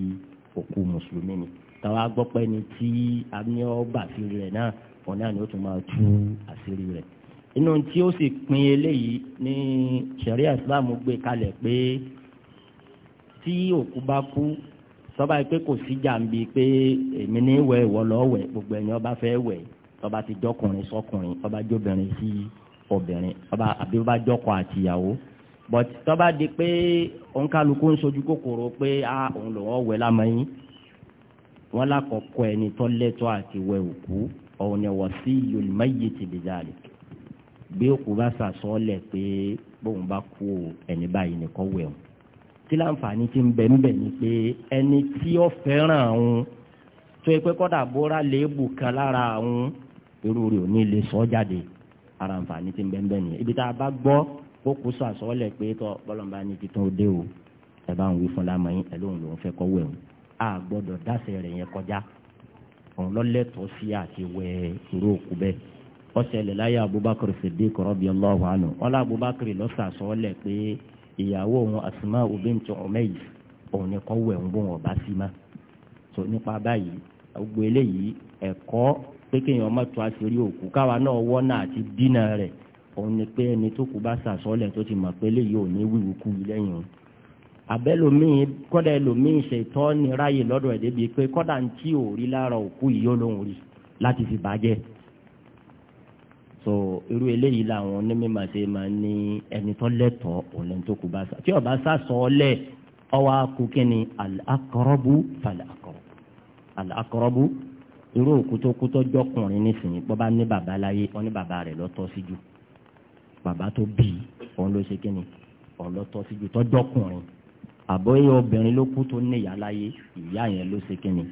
òkú mùsùlùmí ni táwa gbọ́ pé tí a ní ọ bà sírí rẹ̀ náà òun náà ni ó tún máa tú hmm. àṣírí rẹ̀ inú tí ó sì pin eléyìí ní ṣẹ̀ríà Islam gbé kalẹ̀ pé tí òkú bá kú tọ́ba yìí pé kò sí jàǹbi pé èmi ní wẹ̀ ìwọ lọ́ọ́ wẹ̀ gbogbo ẹni ọba fẹ́ wẹ̀ tọ́ba ti jọkùnrin sọkùnrin tọ́ba jóbìnrin sí obìnrin tọ́ba àbí bá jọkọ àtìyàwó but tọ́ba di pé òǹkàlùkù ń sojú kòkòrò pé a òun lòun ọ̀wẹ̀ lámọ́ yín wọ́n lákọ̀ọ́kọ́ ẹni tó àti wẹ̀ òkú ọ̀nà wasilul mayyiti bizalik bí òkú bá sàsọ́ọ̀lẹ̀ pé bóun bá kú ẹni báyìí nìkan wẹ̀ ọ́n tí láǹfààní ti ń bẹ níbẹ̀ ni pé ẹni tí ó fẹ́ràn òun tó yẹ kọ́dà bóra léèbù kan lára òun irú rẹ̀ ò ní lè sọ jáde ara àǹfààní ti ń bẹ níbẹ̀ nìyẹn ibi tá a bá gbọ́ òkú sàsọ́ọ̀lẹ̀ pé tọ́ bọ́lọ̀mbá ni ti tó dé o ẹ bá ń wí fún lámọ́ yín ẹ lóun lòún fẹ́ kọ́ wẹ̀ ọ́n a gbọ́dọ̀ dáṣẹ́ rẹ̀ yẹn kọjá kan lọ́lẹ́tọ̀ọ́ sí àti wẹ irú òkú bẹ́ẹ̀ ọ̀sẹ̀lẹ̀ láyé abubakar siddiq radiyallahu anhu ọlá abubakar lọ́sàsọ́ọ́lẹ̀ pé ìyàwó òun asma'u bint umayr òun ni kọ́ wẹ̀ ń bọ̀ wọ́n bá sí ma so nípa báyìí gbogbo eléyìí ẹ̀kọ́ pé kéèyàn má tó àṣírí òkú káwa náà wọ́nà àti dínà rẹ̀ òun ni pé ẹni tó kú bá sàsọ́ọ́lẹ̀ tó ti mọ̀ pé eléyìí ò ní wíwú kú lẹ́yìn òun àbẹ́lòmíì kọ́dà ẹlòmíì ṣètọ́ ni ráyè lọ́dọ̀ ẹ̀ débi pé kọ́dà ń tí ò rí lára òkú yìí ó lóun rí láti fi bàjẹ́ so irú eléyìí làwọn onímọ̀ ṣe máa ní ẹni tó lẹ́tọ̀ọ́ òun ẹni tó kú bá sá tí ọba sá sọ ọ lẹ̀ ọwọ́ akú kínní àkọ́rọ́bù falẹ̀ àkọ́rọ́bù àkọ́rọ́bù irú òkú tó kú tó jọkùnrin nísìnyí bọ́ bá ní bàbá láyé wọ́n ní bàbá rẹ̀ lọ́tọ́ sí jù bàbá tó bí òun ló ṣe kínní òun lọ́tọ́ sí jù tó jọkùnrin àbọ̀yẹ obìnrin ló kú tó ní ìyá láyé ìyá yẹn ló ṣe kíni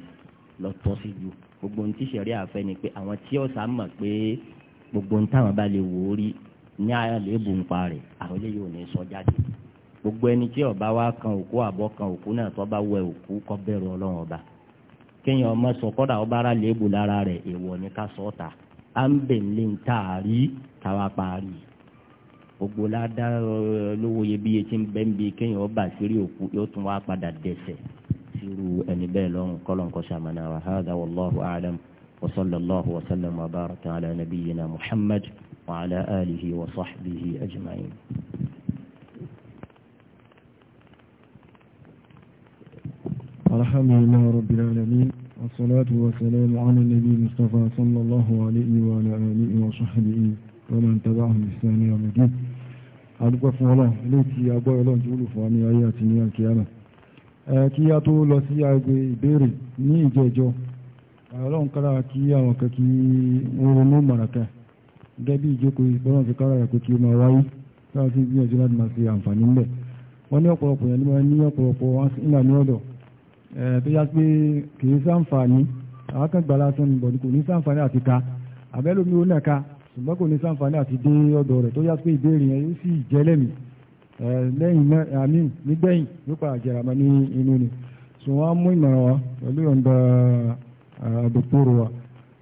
lọ tọ́ sí ju gbogbo ohun tí àfẹ́ ni pé àwọn tí ọ̀sà mọ̀ pé gbogbo ohun táwọn bá lè wò ó rí ní àlébù ń pa rẹ̀ àwọn eléyìí ò ní sọ jáde gbogbo ẹni tí ọba wa kan òkú àbọ̀ kan òkú náà tó bá wẹ òkú kọ́ bẹ̀rù ọlọ́run ọba kéèyàn ọmọ sọ kọ́dà ọba ara lèébù lára rẹ̀ èèwọ̀ ní ká sọ ọ́ ta à ń bè ní ta gbogbo ládá lówó iyebíye tí ń bẹ́ ń bi kéèyàn ọba sírí òkú yóò tún wá padà dẹ̀sẹ̀ sírú ẹni bẹ́ẹ̀ lọ́rùn kọ́lọ́nkọ́ sàmánà wa hàdà wàlláhu àlàm وصلى الله وسلم وبارك على نبينا محمد وعلى آله وصحبه أجمعين الحمد لله رب العالمين والصلاة والسلام على النبي المصطفى صلى الله عليه وعلى آله وصحبه ومن تبعهم بإحسان يوم الدين àdúgbò fún ọlọ́run ilé tí agbọ́rọ̀ ọlọ́run tí ó lù fún wa ní ayé àti ní àkíyàmà kí a tó lọ sí agbe ìbéèrè ní ìjẹjọ ọlọ́run kára kí àwọn kan kí wọ́n ronú màràkà gẹ́bí ìjókòó ìbọ́nà ti kára ẹ̀kọ́ kí ó máa wáyé kára sí gbìyànjú láti máa ṣe àǹfààní ńlẹ̀ wọ́n ní ọ̀pọ̀lọpọ̀ yẹn ní ọ̀pọ̀lọpọ̀ ńlá ní ọ̀dọ̀ tó yá pé kì í sáǹfààní àwọn kan lásán ní bọ̀dí kò ní sáǹfààní àti ka àbẹ́lómi ó náà ka ṣùgbọ́n kò ní sáǹfààní àti dé ọ̀dọ̀ rẹ̀ tó yá pé ìbéèrè yẹn yóò sì jẹ́ lẹ́mí lẹ́yìn àmì nígbẹ̀yìn ló pa àjẹràmọ́ ní inú ni sùn wọ́n á mú ìmọ̀ràn wa pẹ̀lú ọ̀ǹda àdòkòrò wa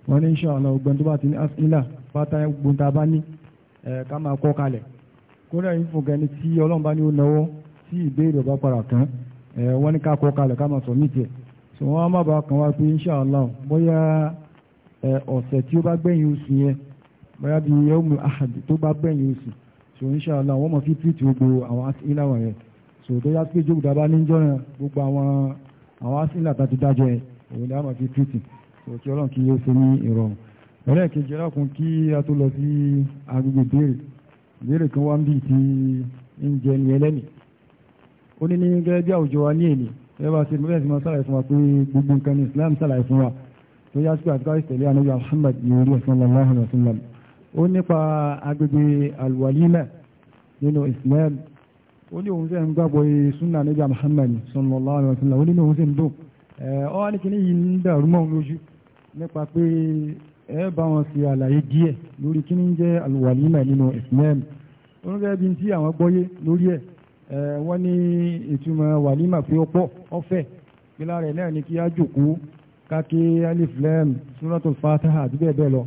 wọ́n ní insha Allah ọgbọ́n tó bá ti ní asílà pátá gbogbo tá a bá ní ká máa kọ́ kalẹ̀ kódà yìí fún gani tí ọlọ́run bá ní ó náwó tí ìbéèrè ọba bóyá bí yẹ́wùmù àhàdì tó bá gbẹ̀yìn oṣù so inṣàlá wọ́n mọ̀ fi tìrìtì gbogbo àwọn asílà wọ̀nyẹn so tó yá pé jókòó dábàá ní jọ́nà gbogbo àwọn àwọn asílà tá dájọ́ ẹ̀ òun dáhùn fi tìrìtì so kí ọlọ́run kí yóò ṣe ní ìrọ̀rùn ọ̀rẹ́ kejì ẹlọ́kun kí a tó lọ sí agbègbè béèrè béèrè kan wá ń bì tí ń jẹ ní ẹlẹ́nì ó ní ní gẹ́gẹ́ bí àwùjọ wa ní èlé ẹ bá ṣe bẹ́ẹ̀ sì máa ṣàlàyé fún wa pé gbogbo nǹkan ní Islam ṣàlàyé fún wa tó yá sí pé àtúkọ́ ìtẹ̀lé ànábì Muhammad ní orí ọ̀sán lọ́wọ́ ó nípa agbègbè alwalima nínú islam ó ní òun sì ń gbàgbọ́ sunna níbi muhammad sallallahu alaihi wa sallam ó ní òun sì ń dùn ọ wá ní kíní yìí ń dàrú mọ́ òun lójú nípa pé ẹ bá wọn ṣe àlàyé díẹ̀ lórí kíní ń jẹ́ alwalima nínú islam ó ní bí tí àwọn gbọ́yé lórí ẹ̀ wọ́n ní ìtumọ̀ wàlímà pé ó pọ̀ ọ̀fẹ́ pílá rẹ̀ náà ni kí á jòkó káàkiri alif lam suratul fatiha àti bẹ́ẹ̀ bẹ́ẹ̀ lọ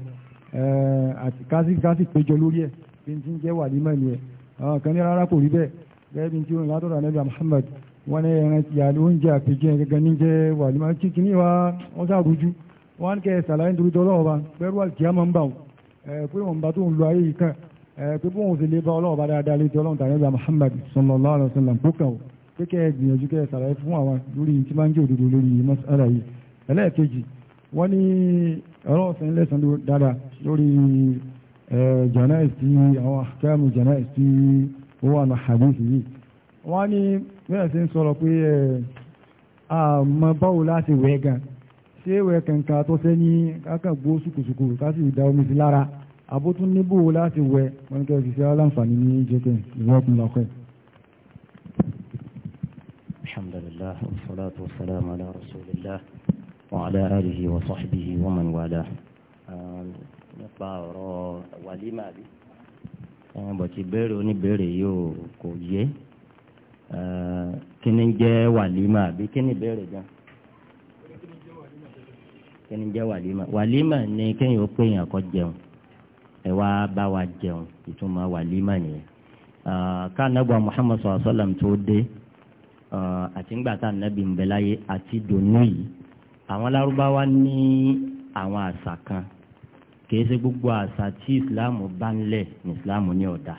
àti kásìkásì péjọ lórí ẹ̀ bí n ti ń jẹ́ wà nímọ̀ ni ẹ̀ àwọn kan ní rárá kò rí bẹ́ẹ̀ gẹ́gẹ́ bí n ti rìn látọ̀dọ̀ anábìà Muhammad wọ́n ní ẹran ti yàrá oúnjẹ àpèjẹ gẹ́gẹ́ ní jẹ́ wà nímọ̀ kíkì ní wa wọ́n sàrújú wọ́n kẹ́ sàlàyé nítorí tọ́lọ́wọ́ bá pẹ́rú àkíyá máa ń bà wọ́n pé wọ́n bá tó ń lo ayé yìí kan pé bóun sì lè bá ọlọ́wọ́ bá dáadáa lé tọ́lọ́wọ́ tàbí anábìà Muhammad sallallahu alaihi wasallam kó kàn ó pé kẹ́ ẹ gbìyànjú kẹ́ ẹ sàlàyé fún àwọn lórí tí máa ń jẹ́ òdodo lórí mọ́sálà yìí ẹlẹ́ẹ̀kejì wọ́n ọlọ́wọ́ sẹ́yìn lẹ́sàn dáadáa lórí janaiz tí àwọn akáàmù janaiz tí ó wà ní hadith yìí wọ́n ní bẹ́ẹ̀ sí ń sọ̀rọ̀ pé àmọ́ báwo láti wẹ̀ gan ṣé wẹ̀ kankan tó sẹ́ ní kákan gbó sùkùsùkù ká sì da omi sí lára àbótún níbò láti wẹ̀ wọn kẹ́ fi ṣe aláǹfààní ní jẹ́kẹ̀ ìwọ́pin lọ́kẹ́. alhamdulillah wa salatu wa salam ala rasulillah. وعلى آله وصحبه ومن والاه nípa ọ̀rọ̀ wàlímà bí bọ̀tí béèrè oníbèrè yóò kò yé kí ni jẹ́ wàlímà bí kí ni béèrè gan kí ni jẹ́ wàlímà wàlímà ni kéèyàn ó pè yàn kó jẹun ẹ wá bá wa jẹun ìtumọ̀ wàlímà nìyẹn ká nàgbà Muhammad Sallam alaihi wasallam tó dé àti ńgbà tá nàbì ń bẹ láyé àti dòní yìí. àwọn lárúbáwá ní àwọn àṣà kan kìí ṣe gbogbo àṣà tí ìsìláàmù bá ń lẹ̀ ní ìsìláàmù ní ọ̀dà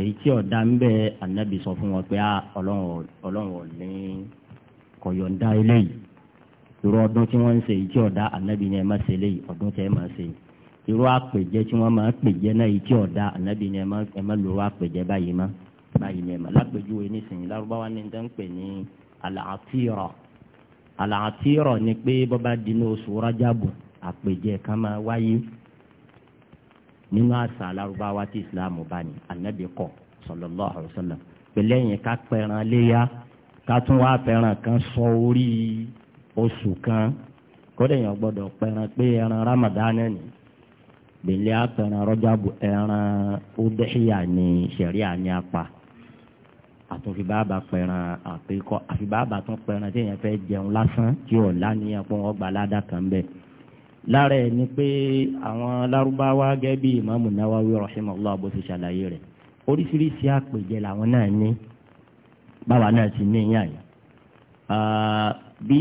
èyí tí ọ̀dà ń bẹ ànábì sọ fún wọn pé ah, ọlọ́run ọ̀lẹ́ kọ̀yọ̀ǹda eléyìí irú ọdún tí wọ́n ń ṣe èyí tí ọ̀dà ànábì ni ẹ má ṣe eléyìí ọdún tí ẹ má ṣe irú àpèjẹ tí wọ́n máa pèjẹ náà èyí tí ọ̀dà ànábì ni ẹ ni ẹ lápèjúwe nísìnyí àlàátírọ̀ ni pé bọ́bá dínú oṣù rájàbù àpèjẹ kan máa wáyé nínú àṣà alárúbáwá tí ìsìláàmù bá ní ànábì kọ sallallahu alaihi wasallam pẹ̀lẹ́ yẹn ká pẹran léyà ká tún wá pẹran kan sọ orí oṣù kan kódà èèyàn gbọ́dọ̀ pẹran pé ẹran ramadan ni pẹ̀lẹ́ àpẹran rajabu ẹran ó dẹ́ṣíyà ní ṣẹ̀ríà apá àtúnfi bàbà pẹ̀ràn àpékọ́ àfi bàbà tún pẹ̀ràn tí èèyàn fẹ́ jẹun lásán tí ò lánìyàn pé wọ́n gba aládà kan bẹ́ẹ̀. lára ẹ̀ ni pé àwọn lárúbáwá gẹ́gẹ́ bí ìmáàmù Nawawi rahimahullah bó ti ṣàlàyé rẹ̀ oríṣiríṣi àpèjẹ làwọn náà ní báwa náà ti ní ìyá yìí. bí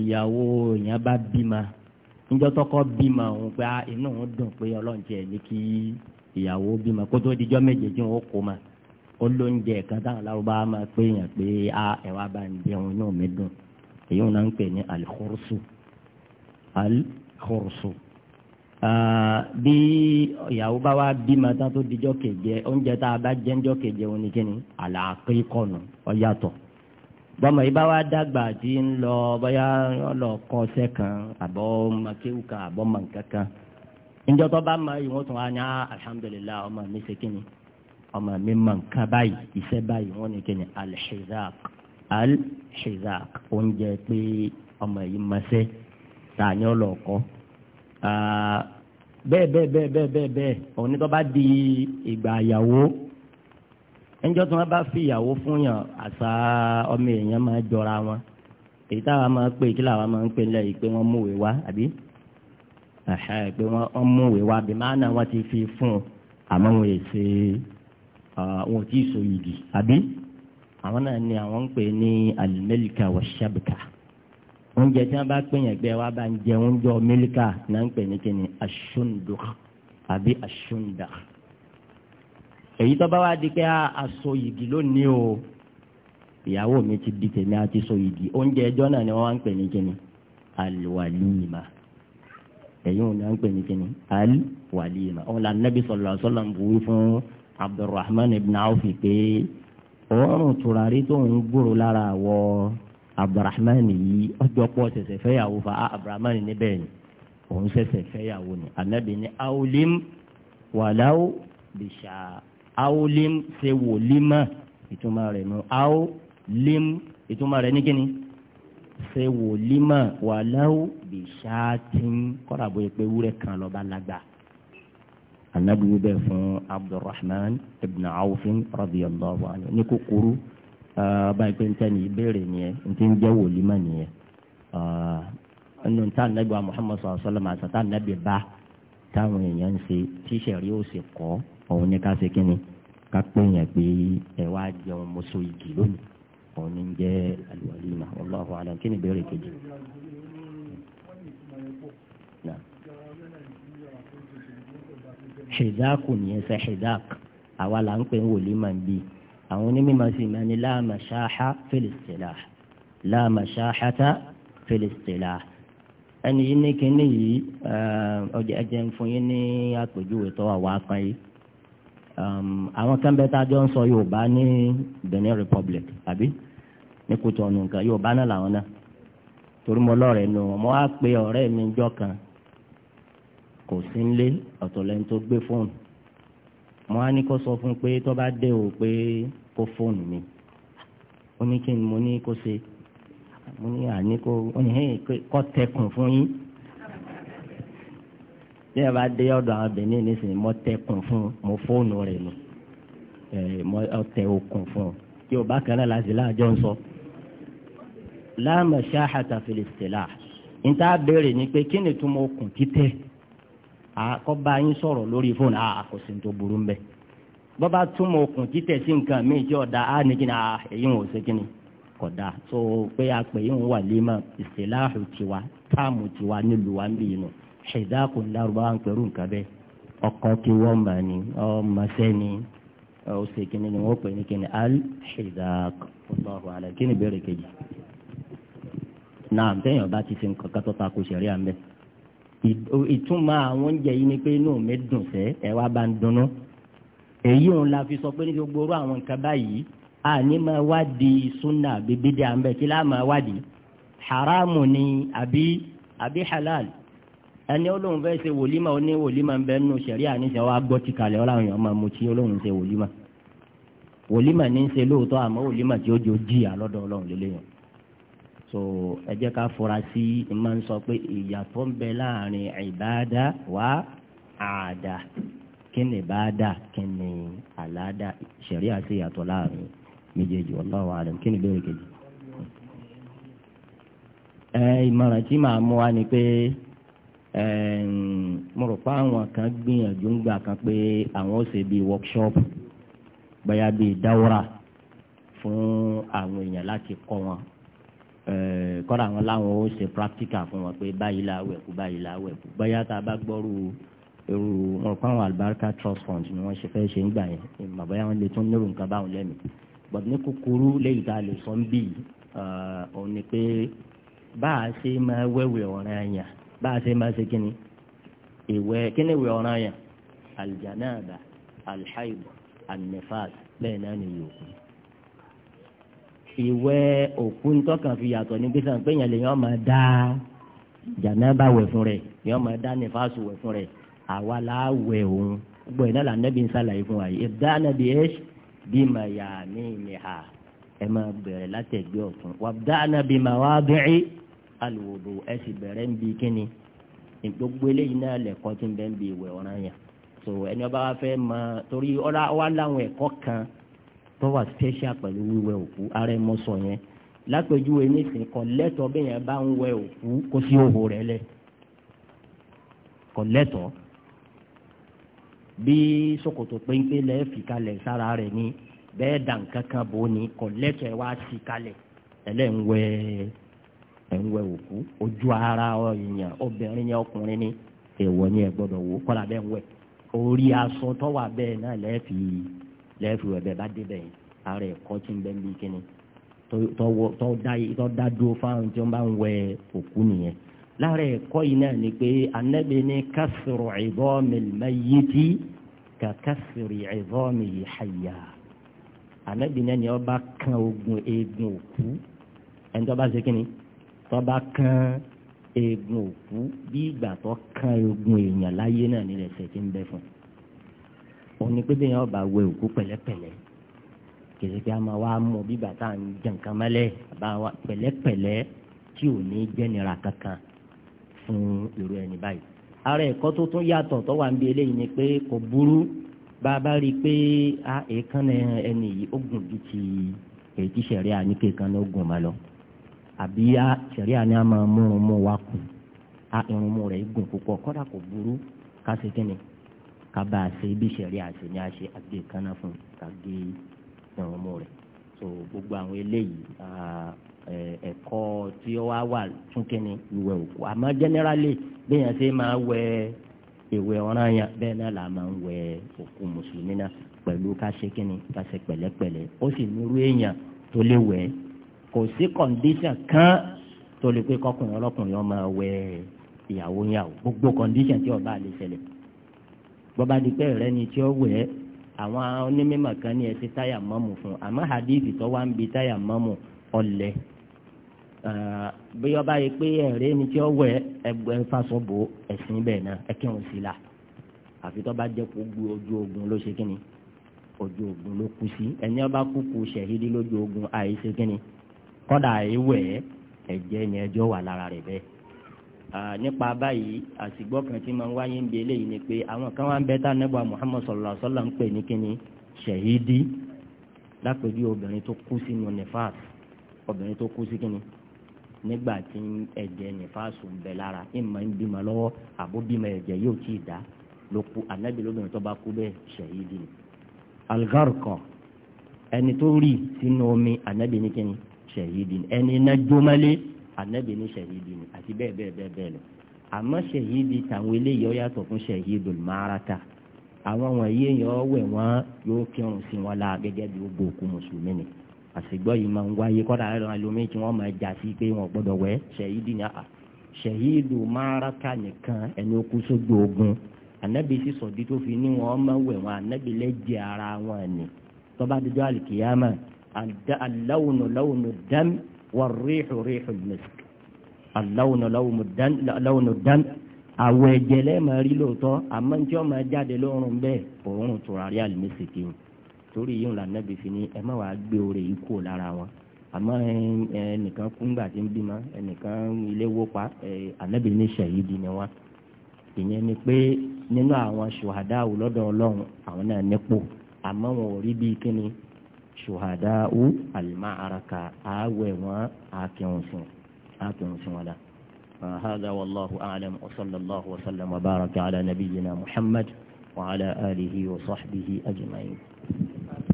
ìyàwó èèyàn bá bímọ níjọ́ tọ́kọ bímọ òun pé ah, inú òun dùn pé ọlọ́run tiẹ̀ ní kí ìyàwó bímọ kó tó méje tí òun ó máa ó lóúnjẹ kan táwọn lárúbáwá máa pé yàn pé a ẹ̀wà bá ń jẹun inú mi dùn èyí wọn náà ń pè ní alikórosù alikórosù bí ìyàwó bá wá bímọ tán tó dijọ́ keje oúnjẹ tá a bá jẹ́ ńjọ́ keje òun ni kíni àlàáké kọ̀nù ó bọ́mọ̀ yìí bá dàgbà tí ń lọ bóyá ọlọ́ kọ́sẹ́ kan àbọ̀ makéwù kan àbọ̀ mọ̀nkankan ńjọ́ tó bá mọ ìwọ̀n tó wá ní alihamudulilayi ọmọ mi ṣe kíni ọmọ mi mọ nǹkan báyìí iṣẹ́ báyìí wọ́n ní kíni alhizaq alhizaq oúnjẹ pé ọmọ yìí mọṣẹ́ tá a ní ọlọ́ọ̀kọ́ bẹ́ẹ̀ bẹ́ẹ̀ bẹ́ẹ̀ bẹ́ẹ̀ bẹ́ẹ̀ bẹ́ẹ̀ òun tó bá di ìgbà àyàwó ẹnjọ́ tí wọ́n bá fi ìyàwó fún yàn àṣà ọmọ èèyàn máa jọra wọn èyí táwa máa ń pè kí làwa máa ń pè ńlẹ̀ yìí pé wọ́n múwèé wá àbí pé wọ́n múwèé wá bí máa náà wọ́n ti fi fún un àmọ́ wọn èsè àwọn ah, tí so yìgì àbí àwọn náà ni àwọn ń pè ní alimẹ́líkà wàṣàbùkà oúnjẹ tí wọ́n bá pèyàn gbé wa bá ń jẹ oúnjẹ mẹ́líkà náà ń pè ní kíni asúndùk àbí asúndà èyí tó bá wá di pé aṣọ yìgì lónìí o ìyàwó mi ti di tèmi àti so yìgì oúnjẹ ẹjọ́ náà ni wọ́n wá ń pè ní kíni alwalima èyí wọn náà ń pè ní kíni alwalima òun là nàbí sallallahu alaihi ń buwí fún abdulrahman ibn awf pé òórùn tùràrí tó ń gbòòrò lára àwọ abdulrahman yìí ọjọ́ pọ̀ ṣẹ̀ṣẹ̀ fẹ́yàwó fa ah, abdulrahman níbẹ̀ ni òun ṣẹ̀ṣẹ̀ fẹ́yàwó ni anabi ni awlim wàláwó bìṣà awlim ṣe wòlímà ìtumọ̀ rẹ̀ nù awlim ìtumọ̀ rẹ̀ ní kíni ṣe wòlímà wàláwó bìṣà tí ń kọ́ra bóyá pé wúrẹ́ kan lọ́ba lágbàá anabi wí bẹ́ẹ̀ fún abdulrahman ibn awfin radiyallahu anhu ní kúkúrú báyìí pé níta ní ìbéèrè nìyẹn níta ń jẹ́ wòlímọ̀ nìyẹn ẹnu níta anabi wa muhammad sallallahu alayhi wa sallam àti níta anabi bá táwọn èèyàn ń ṣe tíṣẹ̀rí ó sì kọ́ òun ní ká ṣe kínni ká pé yẹn pé ẹ wá jẹun mọ́ṣọ́ igi lónìí òun ní jẹ́ alwalima wallahu alam kí ni ìbéèrè kejì. ṣèdáàkù nìyẹn sẹ ṣèdáàkù àwa là ń pè ń wòlíì máa ń bí àwọn onímọ̀ sì máa ní láàmà ṣááṣá fèlèsìtìlà láàmà ṣááṣátá fèlèsìtìlà ẹni yìí ní kínní yìí eh, ọjà ẹjẹ ń fún yín ní àpèjúwe tó wà wá kan yìí um, àwọn kan jọ ń sọ Yorùbá ní Benin Republic àbí ní Kútọ̀nù nǹkan Yorùbá náà làwọn náà torí mo lọ́ọ̀rẹ́ nù wọ́n á pe ọ̀rẹ́ mi jọ kan kò sí nílé ọ̀tọ̀ lẹ́ni tó gbé fóònù mo á ní kó sọ fún un pé tó bá dé o pé kó fóònù mi ó ní kí ni mo ní kó ṣe mo ní àní kó ó ní kó tẹkùn fún yín bí ẹ bá dé ọ̀dọ̀ àwọn benin nísìnyí mo tẹkùn fún mo fóònù rẹ̀ nù mo tẹ okùn fún un kí o bá kan náà láti láàjọ ń sọ láàmú ṣáà àtàfẹ́lẹ́sẹ̀ là ń tá a béèrè ni pé kí ni túmọ̀ okùn títẹ̀ àkọ́bá yín sọ̀rọ̀ lórí fóònù àkọsí tó burú ń bẹ̀. bọ́bá túmọ̀ okùn títẹ̀ sí nǹkan míì tí ọ̀dà á ní kíni èyí ń wò sí kíni kódà tó pé àpè yìí ń wà lémà ìsìláàhù tiwa táàmù tiwa nílùú wa ń bì yìí nù ṣèdáàkùn lárúbá ń pẹ̀rù nǹkan bẹ́ẹ̀ ọkọ̀ kí wọ́n mà ní ọmọ sẹ́ni ọ̀sẹ̀ kíni ni wọ́n pè ní kíni al ṣèdáàkùn ọ̀tọ̀ àlẹ́ kíni bẹ̀rẹ̀ kejì náà tẹ́yìn ọba ti fi nǹkan kátó ta ìtumọ̀ àwọn oúnjẹ yìí ni pé inú mi dùn sẹ́ ẹ wá bá ń dunnú èyí òun la fi sọ pé ní gbogbo orú àwọn nǹkan báyìí àní máa wádìí súnà bíbí dé àmbẹ kí láà máa wádìí haramu ni àbí àbí halal ẹni olóhùn fẹ́ ṣe wòlímà ó ní wòlímà ń bẹ nínú ṣẹ̀ríà níṣẹ́ wa gbọ́ ti kalẹ̀ ọ̀làwọn èèyàn máa mú tí olóhùn ṣe wòlímà wòlímà ní ṣe lóòótọ́ àmọ́ wòlímà tí ó jò jìyà lọ́dọ̀ ọlọ́run lélẹ́yìn so ẹ jẹ́ ká fura sí i máa ń sọ pé ìyàtọ̀ ń bẹ láàrin ìbáadá wá àdá kí ni ìbáadá kí ni àládá ṣẹ̀ríà sí ìyàtọ̀ láàrin méjèèjì wallahu alam kí ni ìbéèrè kejì. ẹ ìmọ̀ràn tí màá mú wa ni pé mo rò pé àwọn kan gbìyànjú ń gbà kan pé àwọn ó ṣe bíi workshop bóyá bíi dáwọ́rà fún àwọn èèyàn láti kọ́ wọn Eh, kọ́ra àwọn láwọn ó ṣe practical fún wọn pé báyìí la wẹ̀kú báyìí la wẹ̀kú bóyá tá a bá gbọ́rù eru ọ̀pọ̀ àwọn albarka trust fund ni wọ́n ṣe fẹ́ ṣe ń gbà yẹn ìmọ̀ bóyá wọ́n lè tún nírú nǹkan báwọn lẹ́nu but ní kúkúrú léyìí tá a lè sọ ń bì eh, òun ni pé bá a ṣe máa wẹ̀wẹ̀ ọ̀ràn àyàn bá a ṣe máa ṣe kíni ìwẹ̀ kíni ìwẹ̀ ọ̀ràn àyàn aljanaba alhaibu annifas bẹ́ẹ̀ náà ni yòókù fi wẹ́ òkú ntọ́kàn fi yàtọ̀ ní pé sàn pé yẹn lè yàn máa dá jànáàbà wẹ̀ fún rẹ̀ yàn máa dá nífàsù wẹ̀ fún rẹ̀ àwa la wẹ̀ òun gbọ́ iná là nẹ́bí ń sàlàyé fún wa yìí ìdá nàbí ẹ̀ṣ bí mà yà ní ìmìhà ẹ máa bẹ̀rẹ̀ látẹ̀gbẹ́ ọ̀tún wà dá nàbí mà wá bẹ̀rẹ̀ alùwòdò ẹ sì bẹ̀rẹ̀ ń bi kíni gbogbo eléyìí náà lẹ̀kọ́ tí ń bẹ́ ń bi ìwẹ̀ ọ̀ràn yà so ẹni ọba wa fẹ́ mọ torí ọ̀la wa láwọn ẹ̀kọ́ kan tó wà special pẹ̀lú wíwẹ̀ òkú ara ẹ̀ mọ́ sọ yẹn lápèjúwe nísìnyí kò lẹ́tọ̀ bí yẹn bá ń wẹ̀ òkú kó sí òhò rẹ̀ lẹ̀ kò lẹ́tọ̀ bí ṣòkòtò péńpé lẹ́ fi kalẹ̀ sára rẹ̀ ni bẹ́ẹ̀ dà nǹkan kan bò ní kò lẹ́tọ̀ ẹ̀ wá sí kalẹ̀ ẹlẹ́ ń wẹ̀ ẹ̀ ń wẹ̀ òkú ojú ara èèyàn obìnrin ni ọkùnrin ni èèwọ̀ ni ẹ̀ gbọ́dọ̀ wò kọ́ra bẹ́ẹ̀ ń wẹ̀ orí aṣọ tó bẹ́ẹ̀ náà lẹ́ fi yìí lẹ́ẹ̀fì wẹ̀bẹ̀ bá débẹ̀ yẹn ara ẹ̀kọ́ tí ń bẹ́ bí kíni tó dá dúró fáwọn tí wọ́n bá ń wẹ òkú nìyẹn lára ẹ̀kọ́ yìí náà ni pé anábì ní kásìrò ìbọ́mi mẹ́yìtì ka kásìrò ìbọ́mi yìí hayà anábì náà ni wọ́n bá kan ogun eegun òkú ẹni tó bá ṣe kíni tó bá kan eegun òkú bí ìgbà tó kan eegun èèyàn láyé náà nílẹ̀ ṣẹ̀ ń bẹ fún un òun ni pé bí yẹn ọba wẹ òkú pẹ̀lẹ́pẹ̀lẹ́ kìrìkì àmọ́ wa mú bíbà tá à ń jẹ nǹkan mọ́lẹ̀ bá wa pẹ̀lẹ́pẹ̀lẹ́ tí ò ní jẹ́nira kankan fún irú ẹni báyìí. ara ẹ̀kọ́ tó tún yàtọ̀ tó wà ń bí eléyìí ni pé kò burú bá a bá rí i pé a èékánná ẹni yìí ó gùn ju ti èyí tí sẹ̀ríà ní kéèkánná gùn má lọ àbí a sẹ̀ríà ní a máa mú irun mú wa kù a irun mú rẹ̀ gùn púpọ̀ kọ́dà kò burú ká ṣe kí ni kábà ṣe ibi ìṣẹ̀rí àṣẹ ni a ṣe àgbè kaná fún àgbè ẹ̀wọ̀n ọmọ rẹ̀ so gbogbo àwọn eléyìí ẹ̀kọ́ tí ó wá wà tún kíni òkú àmọ́ generally bẹ́yàn ṣe máa wẹ ìwẹ̀ ọ̀ràn yẹn bẹ́ẹ̀ náà là máa ń wẹ òkú mùsùlùmí náà pẹ̀lú ká ṣe kíni ká ṣe pẹ̀lẹ́pẹ̀lẹ́ ó sì nírú èèyàn tó lè wẹ̀ kò sí condition kan tó lè pé kọkùnrin ọlọ́kùnrin ọmọ wẹ ìyàwó yàwó gbogbo condition tí ó bá lè ṣẹlẹ̀ bọ́ba dìpẹ́ rẹ ni tí ó wẹ̀ ẹ́ àwọn onímọ̀ kan ní ẹ ti táyà mọ́mù fún àmọ́ hadithi tó wá ń bi táyà mọ́mù ọ̀lẹ́ bí ọba yìí pé ẹ̀rẹ́ ni tí ó wẹ̀ ẹgbẹ́ fásọ́bù ẹ̀sìn bẹ́ẹ̀ náà ẹ kírun sí la àfi tó bá jẹ́ kó gbé ojú ogun ló ṣe kínni ojú ogun ló kú sí ẹni ọba kúkú ṣẹ̀hídí lójú ogun àìṣe kínni kọ́dà ìwẹ̀ ẹ̀jẹ̀ ni ẹjọ́ wà lára rẹ̀ bẹ́ẹ̀ nípa báyìí àsìgbọ́ kan tí máa ń wáyé ń bi eléyìí ni pé àwọn kan wá ń bẹ tá nẹ́bà Muhammad sallallahu alaihi wasallam ń pè ní kíni ṣèhídì lápèjú obìnrin tó kú sínú nifas obìnrin tó kú sí kíni nígbà tí ẹ̀jẹ̀ nifas ń bẹ lára ìmọ̀ ń bímọ lọ́wọ́ àbó bímọ ẹ̀jẹ̀ yóò tí ì dá ló kú anábì lóbìnrin tó bá kú bẹ́ẹ̀ ṣèhídì ni algarkan ẹni tó rì sínú omi anábì ní kíni ṣèhídì ni ẹni iná jómálé anabi ní ṣẹ̀hídì ni àti bẹ́ẹ̀ bẹ́ẹ̀ bẹ́ẹ̀ bẹ́ẹ̀ lọ àmọ́ ṣẹ̀hídì tàwọn eléyìí ó yàtọ̀ fún ṣẹ̀hídì márata àwọn wọ̀nyí èèyàn ọ̀wẹ̀ wọn yóò kírun sí wọn la gẹ́gẹ́ bí gbogbo òkú mùsùlùmí ni àṣìgbọ́ yìí máa ń wáyé kọ́dà àwọn ẹlòmíì tí wọ́n máa jà pé wọn gbọ́dọ̀ wẹ̀ ṣẹ̀hídì ni a, ah, ṣẹ̀hídì maraka nìkan ẹni ó kú sójú ogun anabi sì sọ̀dí tó fi ní wọn máa wẹ̀ wọn anabi lẹ́jẹ̀ ara wọn ni tọ́ba dídọ́ àlìkìyàmà aláwùnù láwùnù dámì والريح ريح المسك اللون لون الدم لون الدم àwọ̀ ẹ̀jẹ̀ lẹ́ẹ̀mọ̀ rí lóòótọ́ àmọ́ ní tí wọ́n máa jáde lọ́rùn bẹ́ẹ̀ òórùn tùràrí àlùmísìkì ni torí yìí ń la nẹ́bi fi ni ẹ má wàá gbé oore yìí kúrò lára wọn àmọ́ ẹnìkan kúngbà tí ń bímọ ẹnìkan ilé wó pa ànẹ́bi ní ṣàhídì ni wọn ìyẹn ni pé nínú àwọn ṣùhàdá àwòlọ́dọ̀ ọlọ́run àwọn náà nípò àmọ́ wọn ò rí bíi kíni شهداء المعركة àwẹ̀ wọn àkẹ́wọ̀nsìn àkẹ́wọ̀nsìn هذا والله أعلم وصلى الله وسلم وبارك على نبينا محمد وعلى آله وصحبه أجمعين